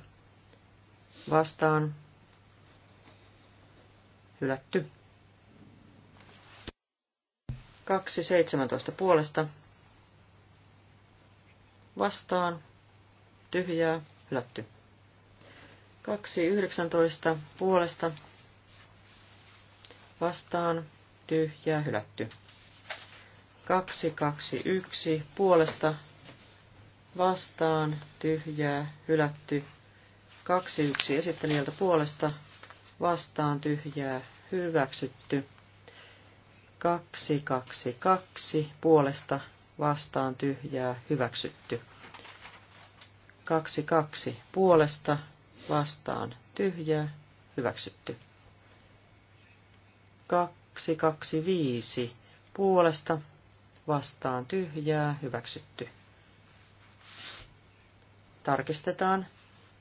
vastaan, hylätty. 2.17 puolesta, vastaan, tyhjää, hylätty. 2.19 puolesta, vastaan, tyhjää, hylätty. 1, puolesta vastaan, tyhjää, hylätty. 1, esittelijältä puolesta vastaan, tyhjää, hyväksytty. 2, puolesta vastaan, tyhjää, hyväksytty. 2, puolesta vastaan, tyhjää, hyväksytty. 225 puolesta vastaan tyhjää hyväksytty. Tarkistetaan,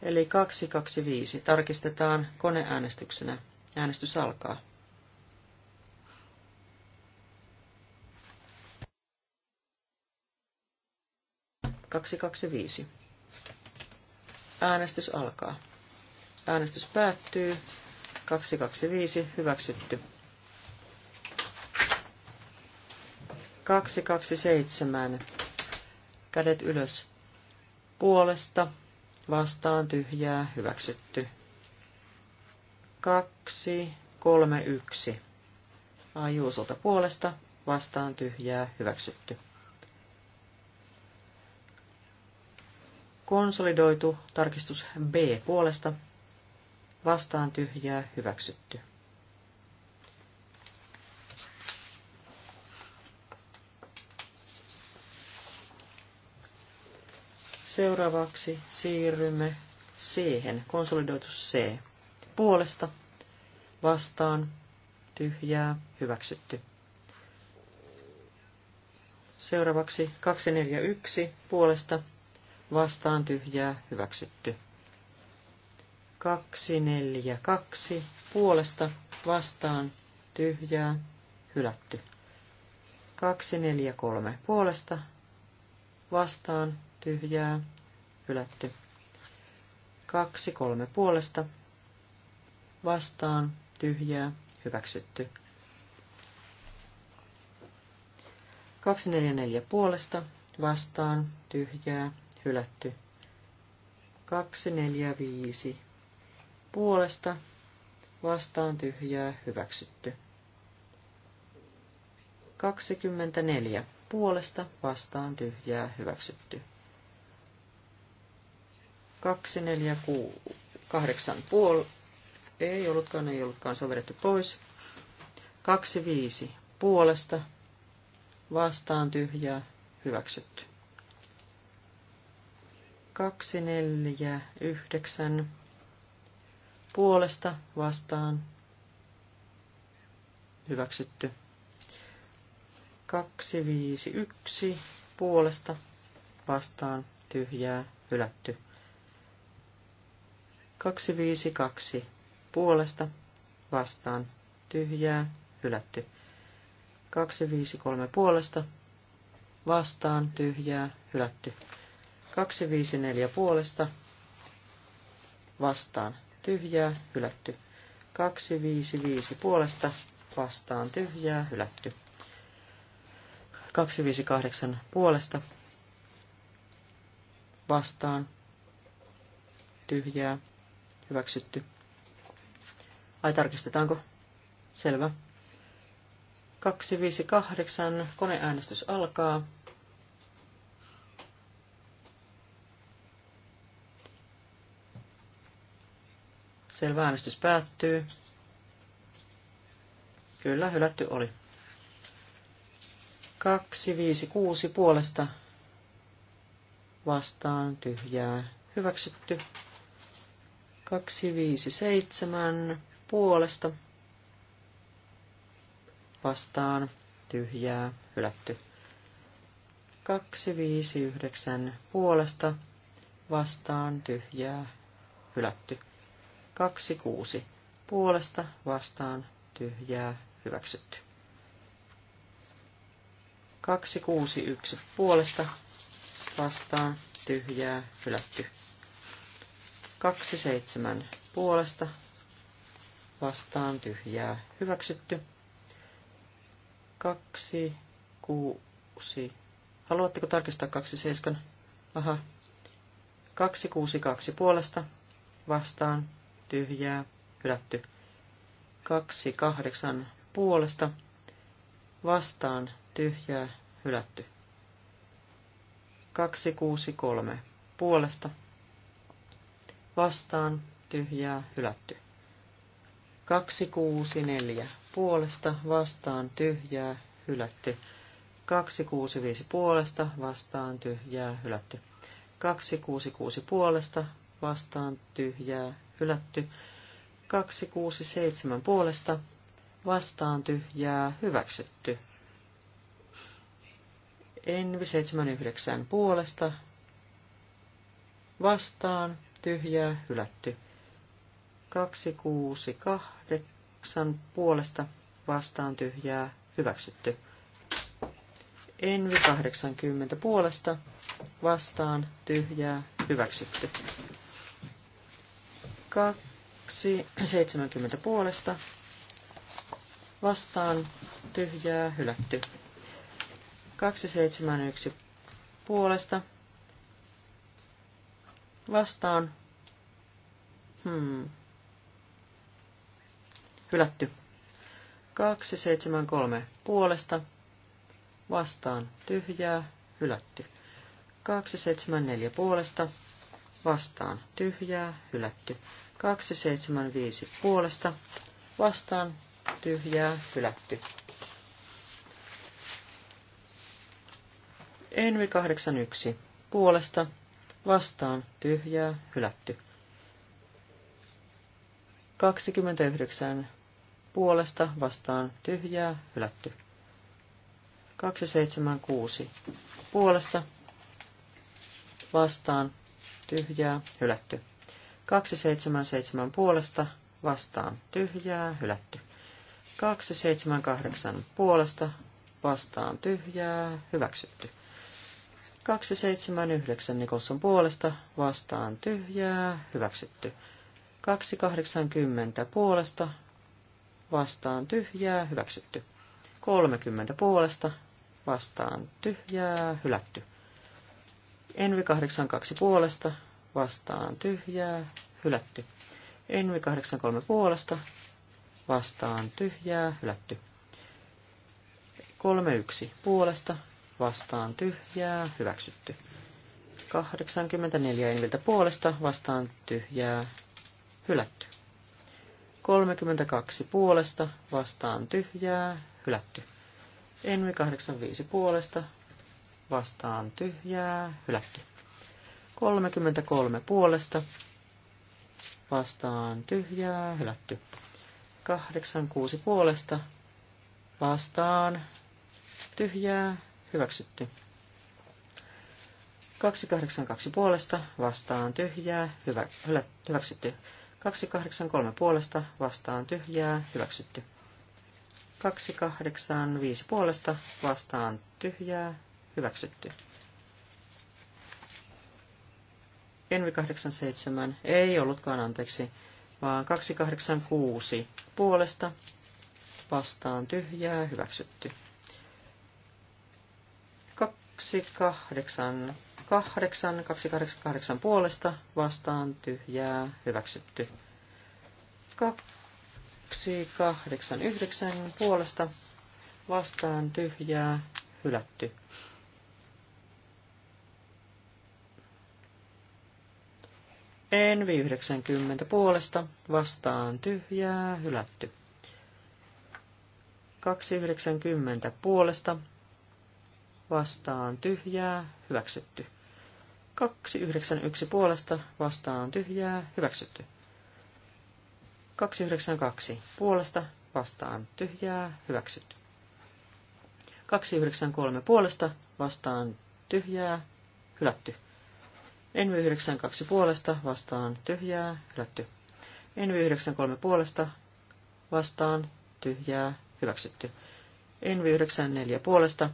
eli 225 tarkistetaan koneäänestyksenä. Äänestys alkaa. Kaksi kaksi viisi. Äänestys alkaa. Äänestys päättyy. 225 hyväksytty. 227. Kädet ylös. Puolesta. Vastaan tyhjää. Hyväksytty. 2, 3, 1. Ajuusolta puolesta. Vastaan tyhjää. Hyväksytty. Konsolidoitu tarkistus B puolesta. Vastaan tyhjää. Hyväksytty. Seuraavaksi siirrymme c konsolidoitu C. Puolesta, vastaan, tyhjää, hyväksytty. Seuraavaksi 241, puolesta, vastaan, tyhjää, hyväksytty. 242, puolesta, vastaan, tyhjää, hylätty. 243, puolesta, vastaan, tyhjää, hylätty. Kaksi kolme puolesta, vastaan, tyhjää, hyväksytty. neljä puolesta, vastaan, tyhjää, hylätty. viisi puolesta, vastaan, tyhjää, hyväksytty. 24 puolesta, vastaan, tyhjää, hyväksytty. 2, 4, 6, 8 puol. Ei ollutkaan, ei ollutkaan, sovellettu pois. 2, 5 puolesta. Vastaan tyhjää. Hyväksytty. 2, 4, 9 puolesta vastaan. Hyväksytty. 2, 5, 1, puolesta vastaan tyhjää hylätty. 252 puolesta vastaan tyhjää hylätty. 253 puolesta vastaan tyhjää hylätty. 254 puolesta vastaan tyhjää hylätty. 255 puolesta vastaan tyhjää hylätty. 258 puolesta vastaan tyhjää Hyväksytty. Ai tarkistetaanko? Selvä. 258. Koneäänestys alkaa. Selvä äänestys päättyy. Kyllä, hylätty oli. 256 puolesta vastaan tyhjää hyväksytty. 257 puolesta vastaan tyhjää hylätty. 259 puolesta vastaan tyhjää hylätty. 26 puolesta vastaan tyhjää hyväksytty. 261 puolesta vastaan tyhjää hylätty. 27 puolesta vastaan tyhjää hyväksytty. 2, 6. Haluatteko tarkistaa 27? Aha. 262 puolesta vastaan tyhjää hylätty. 28 puolesta vastaan tyhjää hylätty. 263 puolesta vastaan, tyhjää, hylätty. 264 puolesta, vastaan, tyhjää, hylätty. 265 puolesta, vastaan, tyhjää, hylätty. 266 puolesta, vastaan, tyhjää, hylätty. 267 puolesta, vastaan, tyhjää, hyväksytty. Envi 79 puolesta, vastaan, tyhjää, hylätty. Kaksi kuusi kahdeksan puolesta vastaan tyhjää, hyväksytty. Envi 80 puolesta vastaan tyhjää, hyväksytty. 270 puolesta vastaan tyhjää, hylätty. 271 puolesta vastaan. Hmm. Hylätty. 273 puolesta vastaan tyhjää, hylätty. 274 puolesta vastaan tyhjää, hylätty. 275 puolesta vastaan tyhjää, hylätty. Envi 81 puolesta vastaan tyhjää hylätty. 29 puolesta vastaan tyhjää hylätty. 276 puolesta vastaan tyhjää hylätty. 277 puolesta vastaan tyhjää hylätty. 278 puolesta vastaan tyhjää hyväksytty. 279 Nikolson puolesta vastaan tyhjää, hyväksytty. 280 puolesta vastaan tyhjää, hyväksytty. 30 puolesta vastaan tyhjää, hylätty. Envi 82 puolesta vastaan tyhjää, hylätty. Envi 83 puolesta vastaan tyhjää, hylätty. 31 puolesta vastaan tyhjää, hyväksytty. 84 Enviltä puolesta vastaan tyhjää, hylätty. 32 puolesta vastaan tyhjää, hylätty. Envi 85 puolesta vastaan tyhjää, hylätty. 33 puolesta vastaan tyhjää, hylätty. 86 puolesta vastaan tyhjää, Hyväksytty. 282 puolesta vastaan tyhjää, hyvä, hylä, hyväksytty. 283 puolesta vastaan tyhjää, hyväksytty. 285 puolesta vastaan tyhjää, hyväksytty. Envi 87 ei ollutkaan anteeksi, vaan 286 puolesta vastaan tyhjää, hyväksytty. 28, 8, 288 puolesta vastaan tyhjää hyväksytty. 289 puolesta vastaan tyhjää hylätty. Envi 90 puolesta vastaan tyhjää hylätty. 290 puolesta vastaan tyhjää, hyväksytty. 291 puolesta vastaan tyhjää, hyväksytty. 292 puolesta vastaan tyhjää, hyväksytty. 293 puolesta vastaan tyhjää, hylätty. Envy 92 puolesta vastaan tyhjää, hylätty. Envy 93 puolesta vastaan tyhjää, hyväksytty. Envy 94 puolesta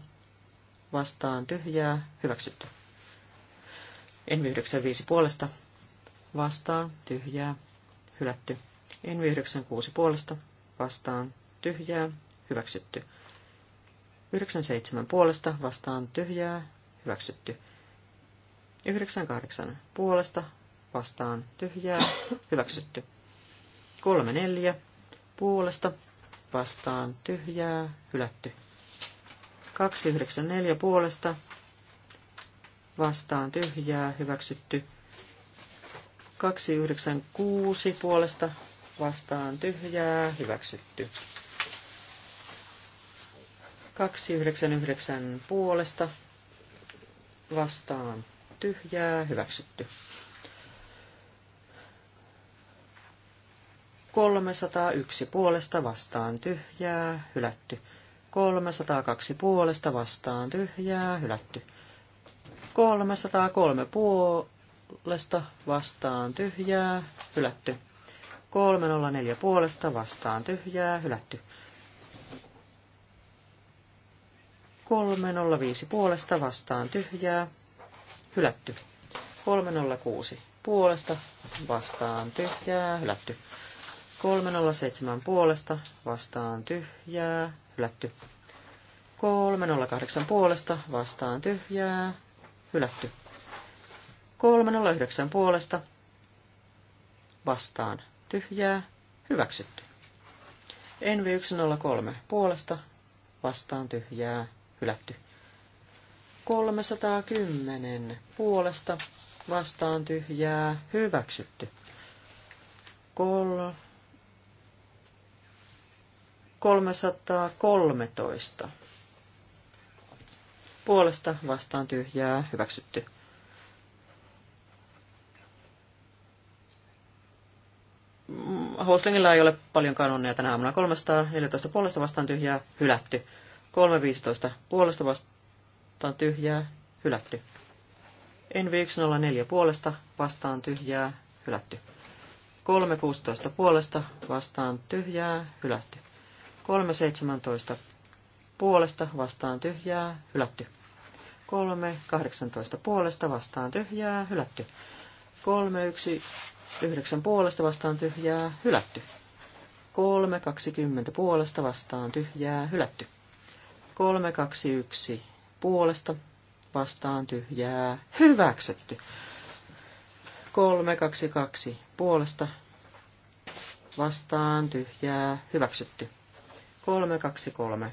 vastaan tyhjää, hyväksytty. Envi 95 puolesta, vastaan tyhjää, hylätty. Envi 96 puolesta, vastaan tyhjää, hyväksytty. 97 puolesta, vastaan tyhjää, hyväksytty. 98 puolesta, vastaan tyhjää, hyväksytty. 34 puolesta, vastaan tyhjää, hylätty. 294 puolesta vastaan tyhjää hyväksytty. 296 puolesta vastaan tyhjää hyväksytty. 299 puolesta vastaan tyhjää hyväksytty. 301 puolesta vastaan tyhjää hylätty. 302 puolesta vastaan tyhjää, hylätty. 303 puolesta vastaan tyhjää, hylätty. 304 puolesta vastaan tyhjää, hylätty. 305 puolesta vastaan tyhjää, hylätty. 306 puolesta vastaan tyhjää, hylätty. 307 puolesta vastaan tyhjää, hylätty. 308 puolesta vastaan tyhjää, hylätty. 309 puolesta vastaan tyhjää, hyväksytty. nv 103 puolesta vastaan tyhjää, hylätty. 310 puolesta vastaan tyhjää, hyväksytty. 3 313. Puolesta vastaan tyhjää hyväksytty. Mm, Hoslingilla ei ole paljonkaan onnea tänä aamuna. 314 puolesta vastaan tyhjää hylätty. 315 puolesta vastaan tyhjää hylätty. Envi 104 puolesta vastaan tyhjää hylätty. 316 puolesta vastaan tyhjää hylätty. 3.17 puolesta vastaan tyhjää, hylätty. 3.18 puolesta vastaan tyhjää, hylätty. 3.19 puolesta vastaan tyhjää, hylätty. 3.20 puolesta vastaan tyhjää, hylätty. 3.21 puolesta vastaan tyhjää, hyväksytty. 322 puolesta vastaan tyhjää hyväksytty. 323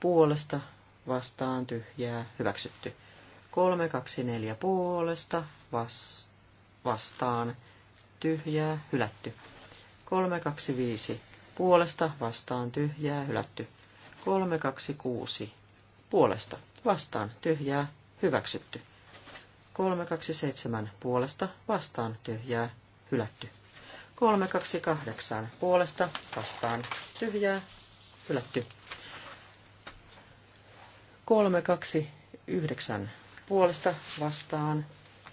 puolesta vastaan tyhjää hyväksytty. 324 puolesta vas, vastaan tyhjää hylätty. 325 puolesta vastaan tyhjää hylätty. 326 puolesta vastaan tyhjää hyväksytty. 327 puolesta vastaan tyhjää hylätty. 328 puolesta vastaan tyhjää hylätty. 329 puolesta vastaan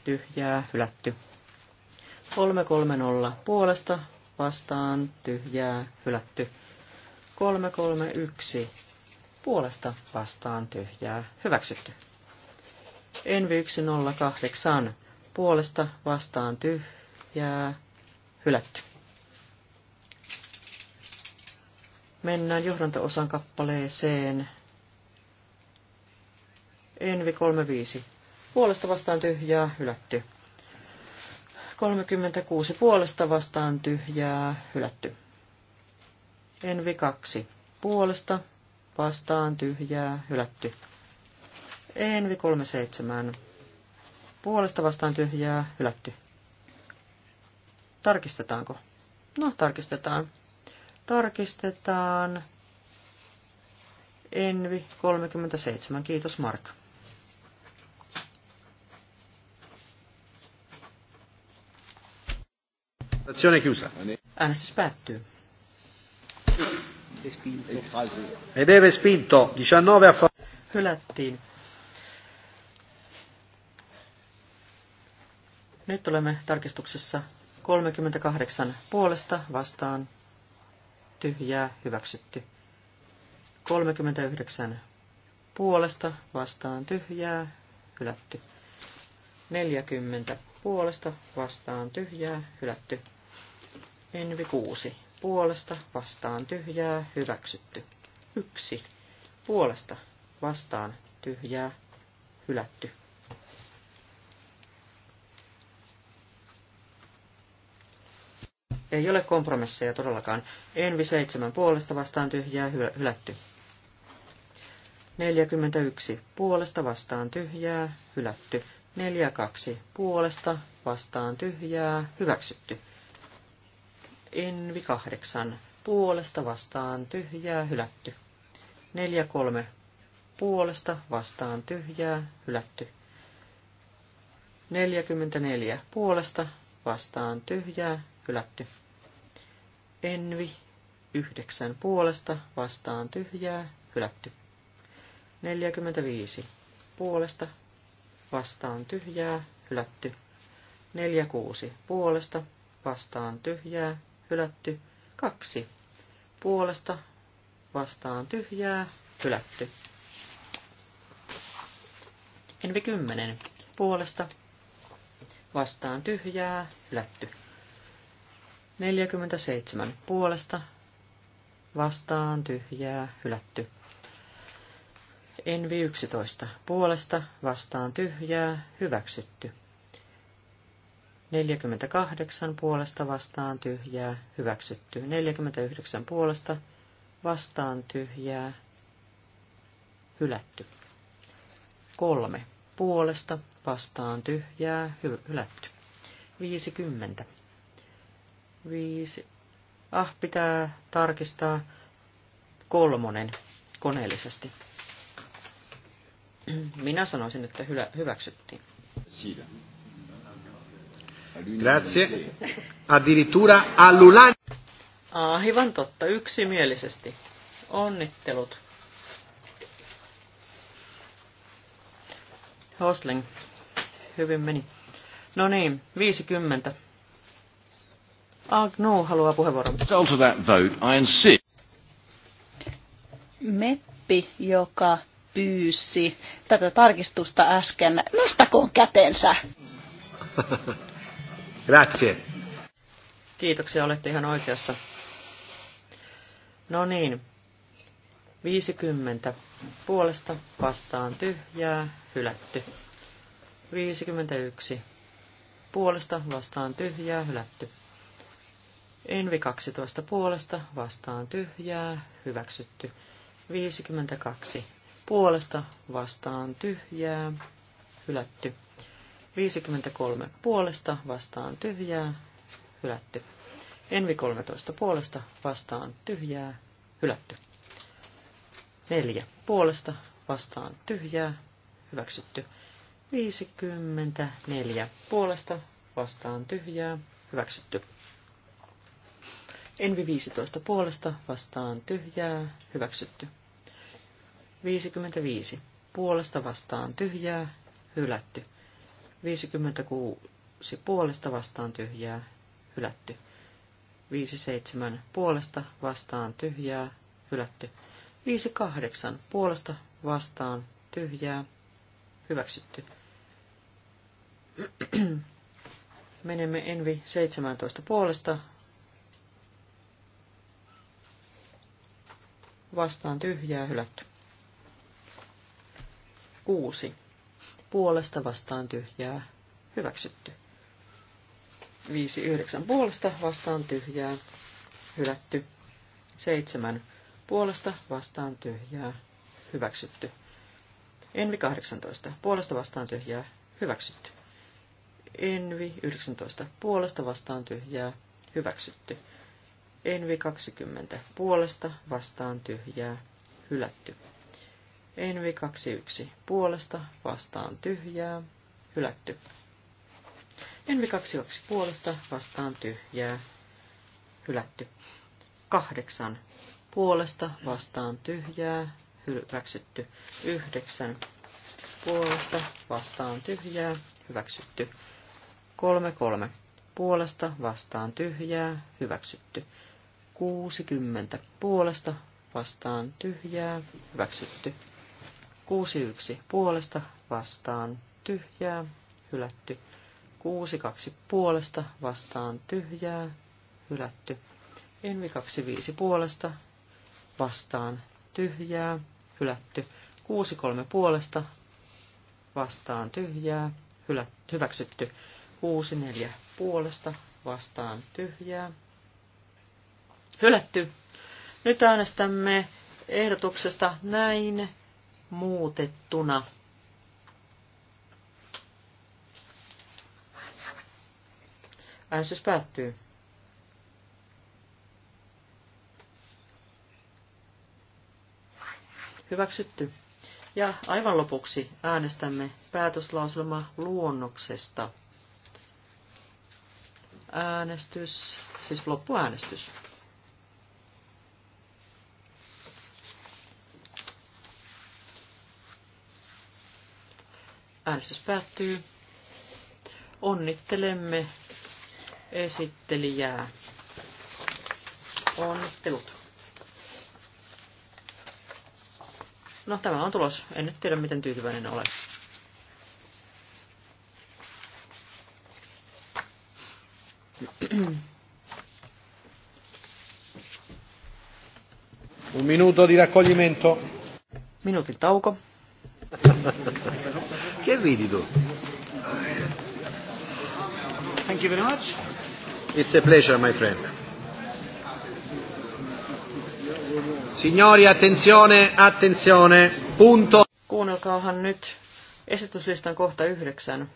tyhjää hylätty. 330 puolesta vastaan tyhjää hylätty. 331 puolesta vastaan tyhjää hyväksytty. Envy 108 puolesta vastaan tyhjää hylätty. Mennään johdanto kappaleeseen. Envi 35. Puolesta vastaan tyhjää, hylätty. 36. Puolesta vastaan tyhjää, hylätty. Envi 2. Puolesta vastaan tyhjää, hylätty. Envi 37. Puolesta vastaan tyhjää, hylätty. Tarkistetaanko? No, tarkistetaan. Tarkistetaan Envi 37. Kiitos Mark. Äänestys päättyy. Ed è 19 a Hylättiin. Nyt olemme tarkistuksessa 38 puolesta vastaan hylätty tyhjää, hyväksytty. 39 puolesta, vastaan tyhjää, hylätty. 40 puolesta, vastaan tyhjää, hylätty. Envi 6 puolesta, vastaan tyhjää, hyväksytty. 1 puolesta, vastaan tyhjää, hylätty. Ei ole kompromisseja todellakaan. Envi seitsemän puolesta vastaan tyhjää hylätty. 41 puolesta vastaan tyhjää hylätty. 42 puolesta vastaan tyhjää hyväksytty. Envi kahdeksan. puolesta vastaan tyhjää hylätty. 43 puolesta vastaan tyhjää hylätty. 44 puolesta vastaan tyhjää hylätty. Envi yhdeksän puolesta vastaan tyhjää, hylätty. 45 puolesta vastaan tyhjää, hylätty. 46 puolesta vastaan tyhjää, hylätty. 2 puolesta vastaan tyhjää, hylätty. Envi 10 puolesta vastaan tyhjää, hylätty. 47 puolesta vastaan tyhjää hylätty. Envi 11 puolesta vastaan tyhjää hyväksytty. 48 puolesta vastaan tyhjää hyväksytty. 49 puolesta vastaan tyhjää hylätty. 3 puolesta vastaan tyhjää hylätty. 50 viisi. Ah, pitää tarkistaa kolmonen koneellisesti. Minä sanoisin, että hylä, hyväksyttiin. Siinä. Grazie. Addirittura all'ulan. Aivan totta, yksimielisesti. Onnittelut. Hosling, hyvin meni. No niin, 50. Agnew haluaa puheenvuoron. Meppi, joka pyysi tätä tarkistusta äsken, nostakoon kätensä. Grazie. Kiitoksia, olette ihan oikeassa. No niin, 50 puolesta vastaan tyhjää, hylätty. 51 puolesta vastaan tyhjää, hylätty. Envi 12 puolesta vastaan tyhjää, hyväksytty. 52 puolesta vastaan tyhjää, hylätty. 53 puolesta vastaan tyhjää, hylätty. Envi 13 puolesta vastaan tyhjää, hylätty. 4 puolesta vastaan tyhjää, hyväksytty. 54 puolesta vastaan tyhjää, hyväksytty. Envi 15 puolesta vastaan tyhjää, hyväksytty. 55 puolesta vastaan tyhjää, hylätty. 56 puolesta vastaan tyhjää, hylätty. 57 puolesta vastaan tyhjää, hylätty. 58 puolesta vastaan tyhjää, hyväksytty. Menemme Envi 17 puolesta vastaan tyhjää hylätty. Kuusi puolesta vastaan tyhjää hyväksytty. Viisi yhdeksän puolesta vastaan tyhjää hylätty. Seitsemän puolesta vastaan tyhjää hyväksytty. Envi 18. Puolesta vastaan tyhjää. Hyväksytty. Envi 19. Puolesta vastaan tyhjää. Hyväksytty. Envi 20 puolesta vastaan tyhjää, hylätty. Envi 21 puolesta vastaan tyhjää, hylätty. Envi 22 puolesta vastaan tyhjää, hylätty. Kahdeksan puolesta vastaan tyhjää, hyväksytty. Yhdeksän puolesta vastaan tyhjää, hyväksytty. Kolme kolme puolesta vastaan tyhjää, hyväksytty. 60 puolesta vastaan tyhjää, hyväksytty. 61 puolesta vastaan tyhjää, hylätty. 62 puolesta vastaan tyhjää, hylätty. Envi 25 puolesta vastaan tyhjää, hylätty. 63 puolesta vastaan tyhjää, hylätty. hyväksytty. 64 puolesta vastaan tyhjää, Hylätty. Nyt äänestämme ehdotuksesta näin muutettuna. Äänestys päättyy. Hyväksytty. Ja aivan lopuksi äänestämme päätöslauselma luonnoksesta. Äänestys, siis loppuäänestys. Äänestys päättyy. Onnittelemme esittelijää. Onnittelut. No tämä on tulos. En nyt tiedä miten tyytyväinen olen. Un minuto di raccoglimento. Minuutin tauko. Che ridi tu? Thank you very much. It's a pleasure, my friend. Signori, attenzione, attenzione. Punto. Kuunnelkaahan nyt esityslistan kohta yhdeksän.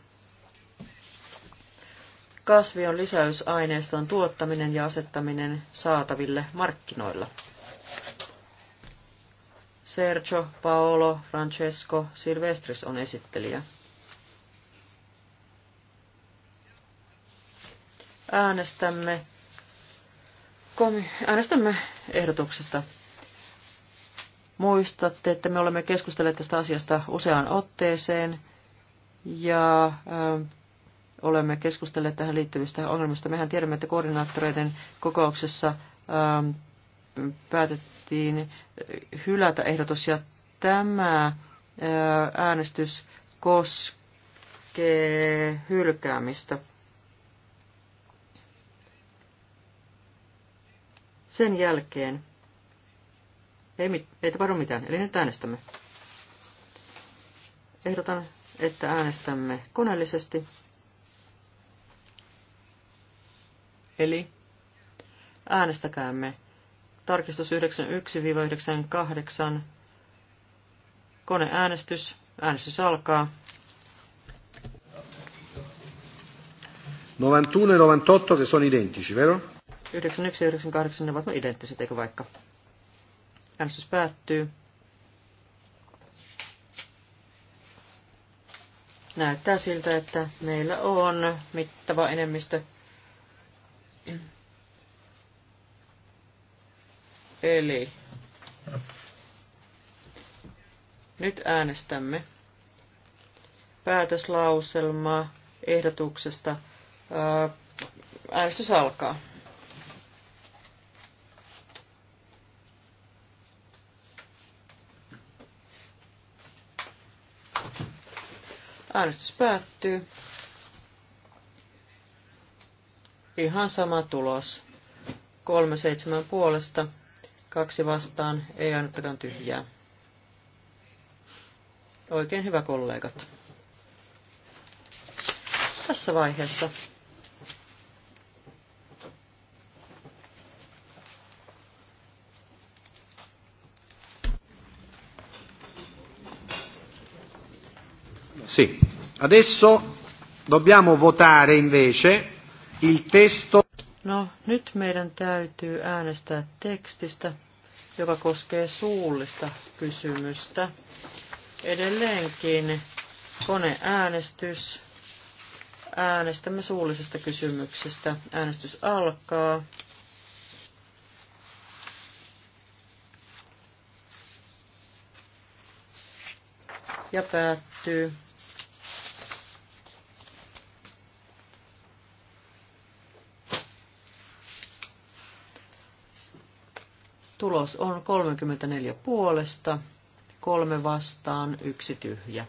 Kasvion lisäysaineiston tuottaminen ja asettaminen saataville markkinoilla. Sergio Paolo Francesco Silvestris on esittelijä. Äänestämme, komi, äänestämme ehdotuksesta. Muistatte, että me olemme keskustelleet tästä asiasta useaan otteeseen ja ö, ähm, olemme keskustelleet tähän liittyvistä ongelmista. Mehän tiedämme, että koordinaattoreiden kokouksessa ö, ähm, päätettiin hylätä ehdotus ja tämä äänestys koskee hylkäämistä. Sen jälkeen ei, mit, ei tapahdu mitään, eli nyt äänestämme. Ehdotan, että äänestämme koneellisesti. Eli äänestäkäämme Tarkistus 91-98. Koneäänestys. Äänestys alkaa. 91 ja 98 che sono identici, vero? 91 ja 98 ne ovat no identtiset, eikö vaikka? Äänestys päättyy. Näyttää siltä, että meillä on mittava enemmistö Eli nyt äänestämme päätöslauselmaa ehdotuksesta. Äänestys alkaa. Äänestys päättyy. Ihan sama tulos. 37 puolesta, Kaksi vastaan, ei ainuttakaan tyhjää. Oikein hyvä kollegat. Tässä vaiheessa Sì. Adesso dobbiamo votare invece il testo No, nyt meidän täytyy äänestää tekstistä, joka koskee suullista kysymystä. Edelleenkin koneäänestys. Äänestämme suullisesta kysymyksestä. Äänestys alkaa. Ja päättyy. Tulos on 34 puolesta, kolme vastaan, yksi tyhjä.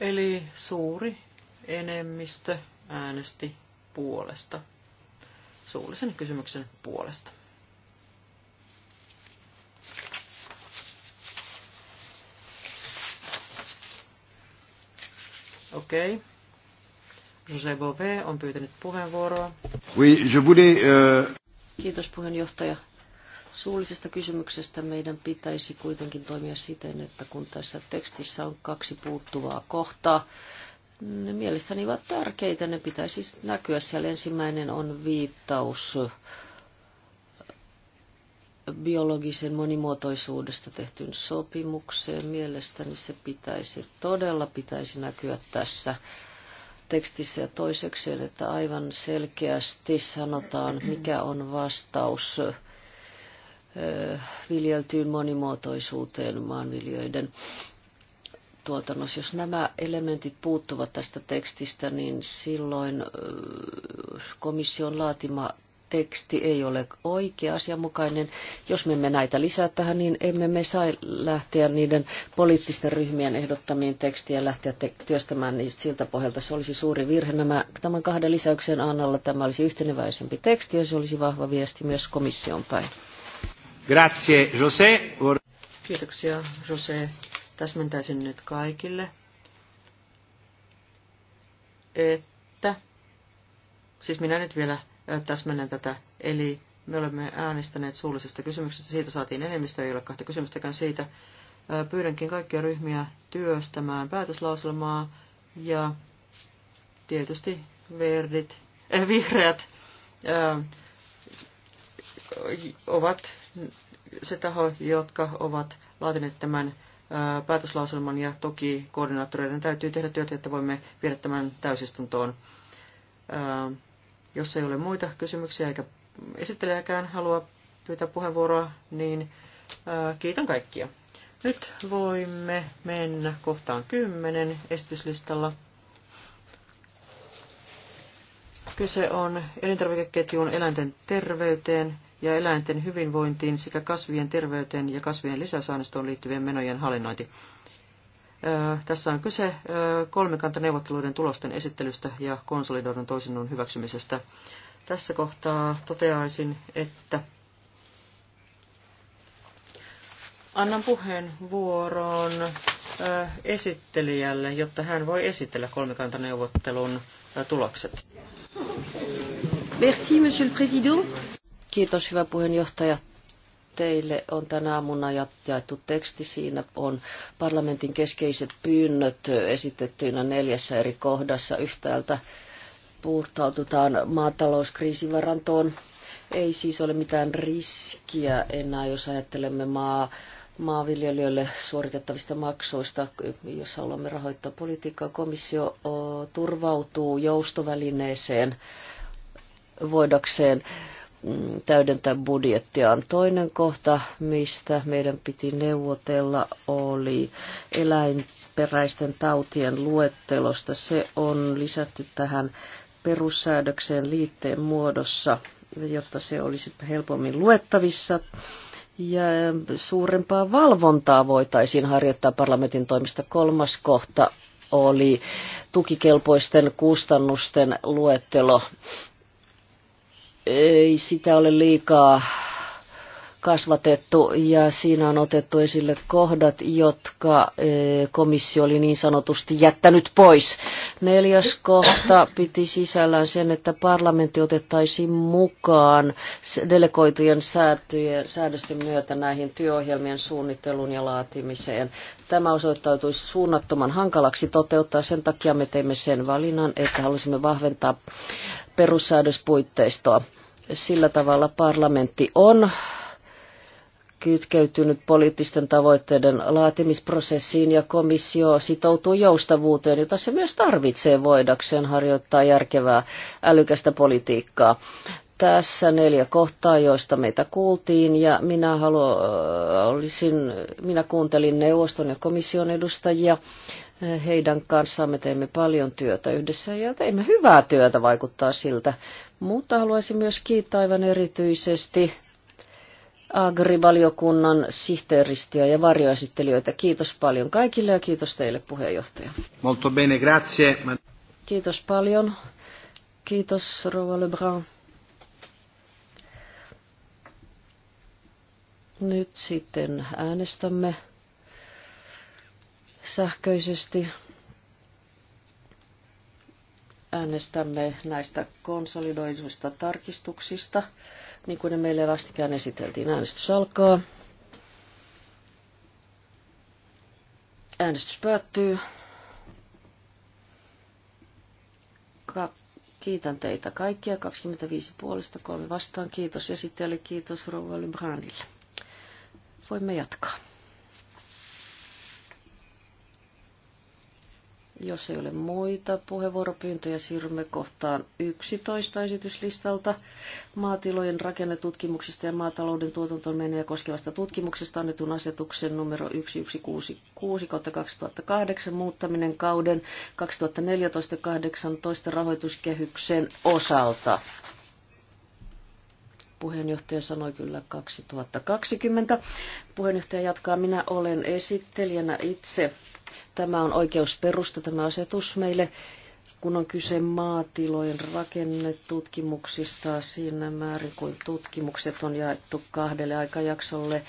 Eli suuri enemmistö äänesti puolesta, suullisen kysymyksen puolesta. Okei. Okay. José Bové on pyytänyt puheenvuoroa. Oui, je voulais, uh... Kiitos puheenjohtaja. Suullisesta kysymyksestä meidän pitäisi kuitenkin toimia siten, että kun tässä tekstissä on kaksi puuttuvaa kohtaa, ne mielestäni ovat tärkeitä, ne pitäisi näkyä siellä. Ensimmäinen on viittaus biologisen monimuotoisuudesta tehtyyn sopimukseen. Mielestäni se pitäisi, todella pitäisi näkyä tässä tekstissä ja toiseksi, että aivan selkeästi sanotaan, mikä on vastaus viljeltyyn monimuotoisuuteen maanviljoiden tuotannossa. Jos nämä elementit puuttuvat tästä tekstistä, niin silloin komission laatima teksti ei ole oikea asianmukainen. Jos me emme näitä lisää tähän, niin emme me saa lähteä niiden poliittisten ryhmien ehdottamiin tekstiä lähteä te- työstämään niistä siltä pohjalta. Se olisi suuri virhe. Nämä, tämän kahden lisäyksen annalla tämä olisi yhteneväisempi teksti ja se olisi vahva viesti myös komission päin. Grazie, Jose. Kiitoksia, Jose. Täsmentäisin nyt kaikille, että, siis minä nyt vielä täsmennän tätä. Eli me olemme äänestäneet suullisesta kysymyksestä, siitä saatiin enemmistö, ei ole kahta kysymystäkään siitä. Pyydänkin kaikkia ryhmiä työstämään päätöslauselmaa ja tietysti verdit, äh, vihreät äh, ovat se taho, jotka ovat laatineet tämän päätöslauselman ja toki koordinaattoreiden täytyy tehdä työtä, että voimme viedä tämän täysistuntoon. Äh, jos ei ole muita kysymyksiä eikä esittelijäkään halua pyytää puheenvuoroa, niin äh, kiitän kaikkia. Nyt voimme mennä kohtaan kymmenen esityslistalla. Kyse on elintarvikeketjun eläinten terveyteen ja eläinten hyvinvointiin sekä kasvien terveyteen ja kasvien lisäsaannistoon liittyvien menojen hallinnointi. Tässä on kyse kolmikantaneuvotteluiden tulosten esittelystä ja konsolidoidun toisinnon hyväksymisestä. Tässä kohtaa toteaisin, että annan puheenvuoron esittelijälle, jotta hän voi esitellä kolmikantaneuvottelun tulokset. Merci, monsieur le président. Kiitos, hyvä puheenjohtaja. Teille on tänä aamuna jaettu teksti. Siinä on parlamentin keskeiset pyynnöt esitettyinä neljässä eri kohdassa yhtäältä. Puhtaututaan maatalouskriisivarantoon. Ei siis ole mitään riskiä enää, jos ajattelemme maa, maanviljelijöille suoritettavista maksuista, jos haluamme rahoittaa politiikkaa. Komissio turvautuu joustovälineeseen voidakseen Mm, täydentää budjettiaan. Toinen kohta, mistä meidän piti neuvotella, oli eläinperäisten tautien luettelosta. Se on lisätty tähän perussäädökseen liitteen muodossa, jotta se olisi helpommin luettavissa. Ja ähm, suurempaa valvontaa voitaisiin harjoittaa parlamentin toimista. Kolmas kohta oli tukikelpoisten kustannusten luettelo ei sitä ole liikaa kasvatettu ja siinä on otettu esille kohdat, jotka e, komissio oli niin sanotusti jättänyt pois. Neljäs kohta piti sisällään sen, että parlamentti otettaisiin mukaan delegoitujen säätöjen, säädösten myötä näihin työohjelmien suunnitteluun ja laatimiseen. Tämä osoittautuisi suunnattoman hankalaksi toteuttaa, sen takia me teimme sen valinnan, että halusimme vahventaa perussäädöspuitteistoa. Sillä tavalla parlamentti on kytkeytynyt poliittisten tavoitteiden laatimisprosessiin ja komissio sitoutuu joustavuuteen, jota se myös tarvitsee voidakseen harjoittaa järkevää älykästä politiikkaa. Tässä neljä kohtaa, joista meitä kuultiin ja minä, haluan, olisin, minä kuuntelin neuvoston ja komission edustajia. Heidän kanssaan me teemme paljon työtä yhdessä ja teimme hyvää työtä vaikuttaa siltä. Mutta haluaisin myös kiittää aivan erityisesti Agrivaliokunnan sihteeristöä ja varjoesittelijöitä. Kiitos paljon kaikille ja kiitos teille puheenjohtaja. Molto bene, grazie. Kiitos paljon. Kiitos Rova Lebrun. Nyt sitten äänestämme sähköisesti. Äänestämme näistä konsolidoiduista tarkistuksista, niin kuin ne meille vastikään esiteltiin. Äänestys alkaa. Äänestys päättyy. Ka- kiitän teitä kaikkia. 25 puolesta, kolme vastaan. Kiitos esittely, kiitos Rouva Lebrunille. Voimme jatkaa. Jos ei ole muita puheenvuoropyyntöjä, siirrymme kohtaan 11 esityslistalta. Maatilojen rakennetutkimuksesta ja maatalouden tuotantomeneja koskevasta tutkimuksesta annetun asetuksen numero 1166-2008 muuttaminen kauden 2014-2018 rahoituskehyksen osalta. Puheenjohtaja sanoi kyllä 2020. Puheenjohtaja jatkaa. Minä olen esittelijänä itse Tämä on oikeusperusta, tämä asetus meille, kun on kyse maatilojen rakennetutkimuksista siinä määrin, kuin tutkimukset on jaettu kahdelle aikajaksolle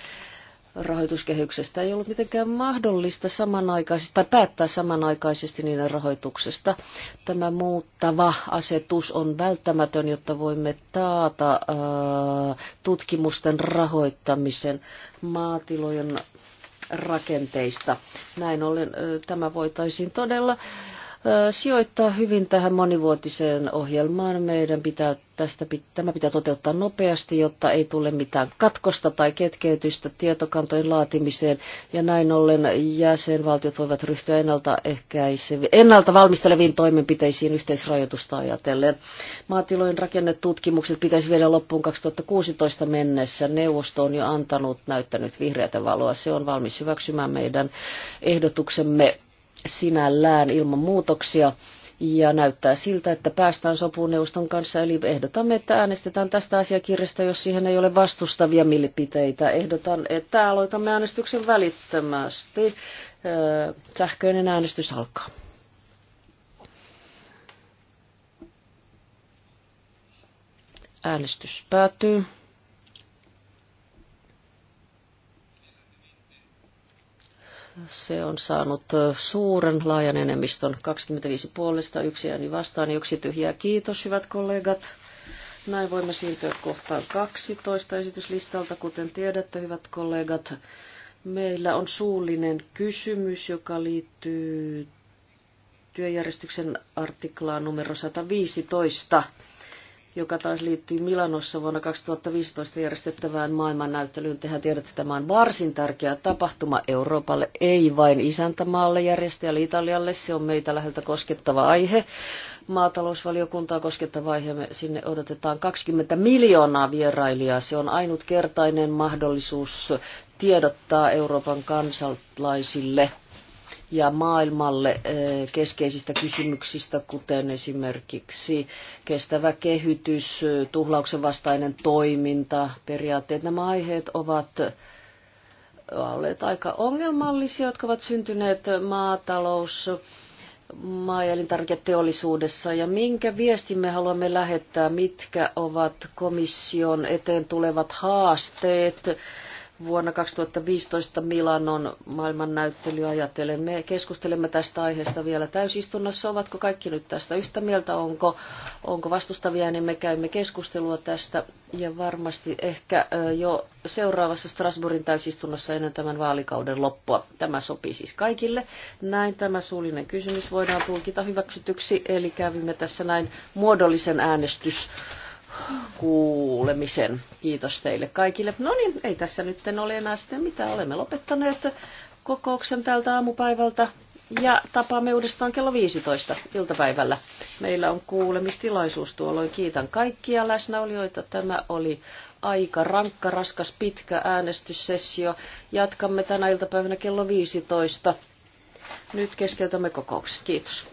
rahoituskehyksestä ei ollut mitenkään mahdollista samanaikaisesti tai päättää samanaikaisesti niiden rahoituksesta. Tämä muuttava asetus on välttämätön, jotta voimme taata ää, tutkimusten rahoittamisen maatilojen rakenteista. Näin ollen tämä voitaisiin todella sijoittaa hyvin tähän monivuotiseen ohjelmaan. Meidän pitää, tästä, tämä pitää toteuttaa nopeasti, jotta ei tule mitään katkosta tai ketkeytystä tietokantojen laatimiseen. Ja näin ollen jäsenvaltiot voivat ryhtyä ennalta valmisteleviin toimenpiteisiin yhteisrajoitusta ajatellen. Maatilojen rakennetutkimukset pitäisi vielä loppuun 2016 mennessä. Neuvosto on jo antanut, näyttänyt vihreätä valoa. Se on valmis hyväksymään meidän ehdotuksemme sinällään ilman muutoksia ja näyttää siltä, että päästään sopuun neuvoston kanssa, eli ehdotamme, että äänestetään tästä asiakirjasta, jos siihen ei ole vastustavia mielipiteitä. Ehdotan, että aloitamme äänestyksen välittömästi. Sähköinen äänestys alkaa. Äänestys päättyy. Se on saanut suuren laajan enemmistön 25 puolesta, yksi ääni vastaan ja yksi tyhjää. Kiitos hyvät kollegat. Näin voimme siirtyä kohtaan 12 esityslistalta. Kuten tiedätte, hyvät kollegat, meillä on suullinen kysymys, joka liittyy työjärjestyksen artiklaan numero 115 joka taas liittyy Milanossa vuonna 2015 järjestettävään maailmannäyttelyyn. Tehän tiedätte, että tämä on varsin tärkeä tapahtuma Euroopalle, ei vain isäntämaalle, järjestäjälle Italialle. Se on meitä läheltä koskettava aihe. Maatalousvaliokuntaa koskettava aihe. Me sinne odotetaan 20 miljoonaa vierailijaa. Se on ainutkertainen mahdollisuus tiedottaa Euroopan kansalaisille – ja maailmalle eh, keskeisistä kysymyksistä, kuten esimerkiksi kestävä kehitys, eh, tuhlauksen vastainen toiminta, periaatteet. Nämä aiheet ovat olleet aika ongelmallisia, jotka ovat syntyneet maatalous, maa- ja elintarviketeollisuudessa ja minkä viestin me haluamme lähettää, mitkä ovat komission eteen tulevat haasteet vuonna 2015 Milanon maailmannäyttely ajatellen. Me keskustelemme tästä aiheesta vielä täysistunnossa. Ovatko kaikki nyt tästä yhtä mieltä? Onko, onko vastustavia? Niin me käymme keskustelua tästä ja varmasti ehkä jo seuraavassa Strasbourgin täysistunnossa ennen tämän vaalikauden loppua. Tämä sopii siis kaikille. Näin tämä suullinen kysymys voidaan tulkita hyväksytyksi, eli kävimme tässä näin muodollisen äänestys kuulemisen. Kiitos teille kaikille. No niin, ei tässä nyt ole enää sitten mitään. Olemme lopettaneet kokouksen tältä aamupäivältä ja tapaamme uudestaan kello 15 iltapäivällä. Meillä on kuulemistilaisuus tuolloin. Kiitän kaikkia läsnäolijoita. Tämä oli aika rankka, raskas, pitkä äänestyssessio. Jatkamme tänä iltapäivänä kello 15. Nyt keskeytämme kokouksen. Kiitos.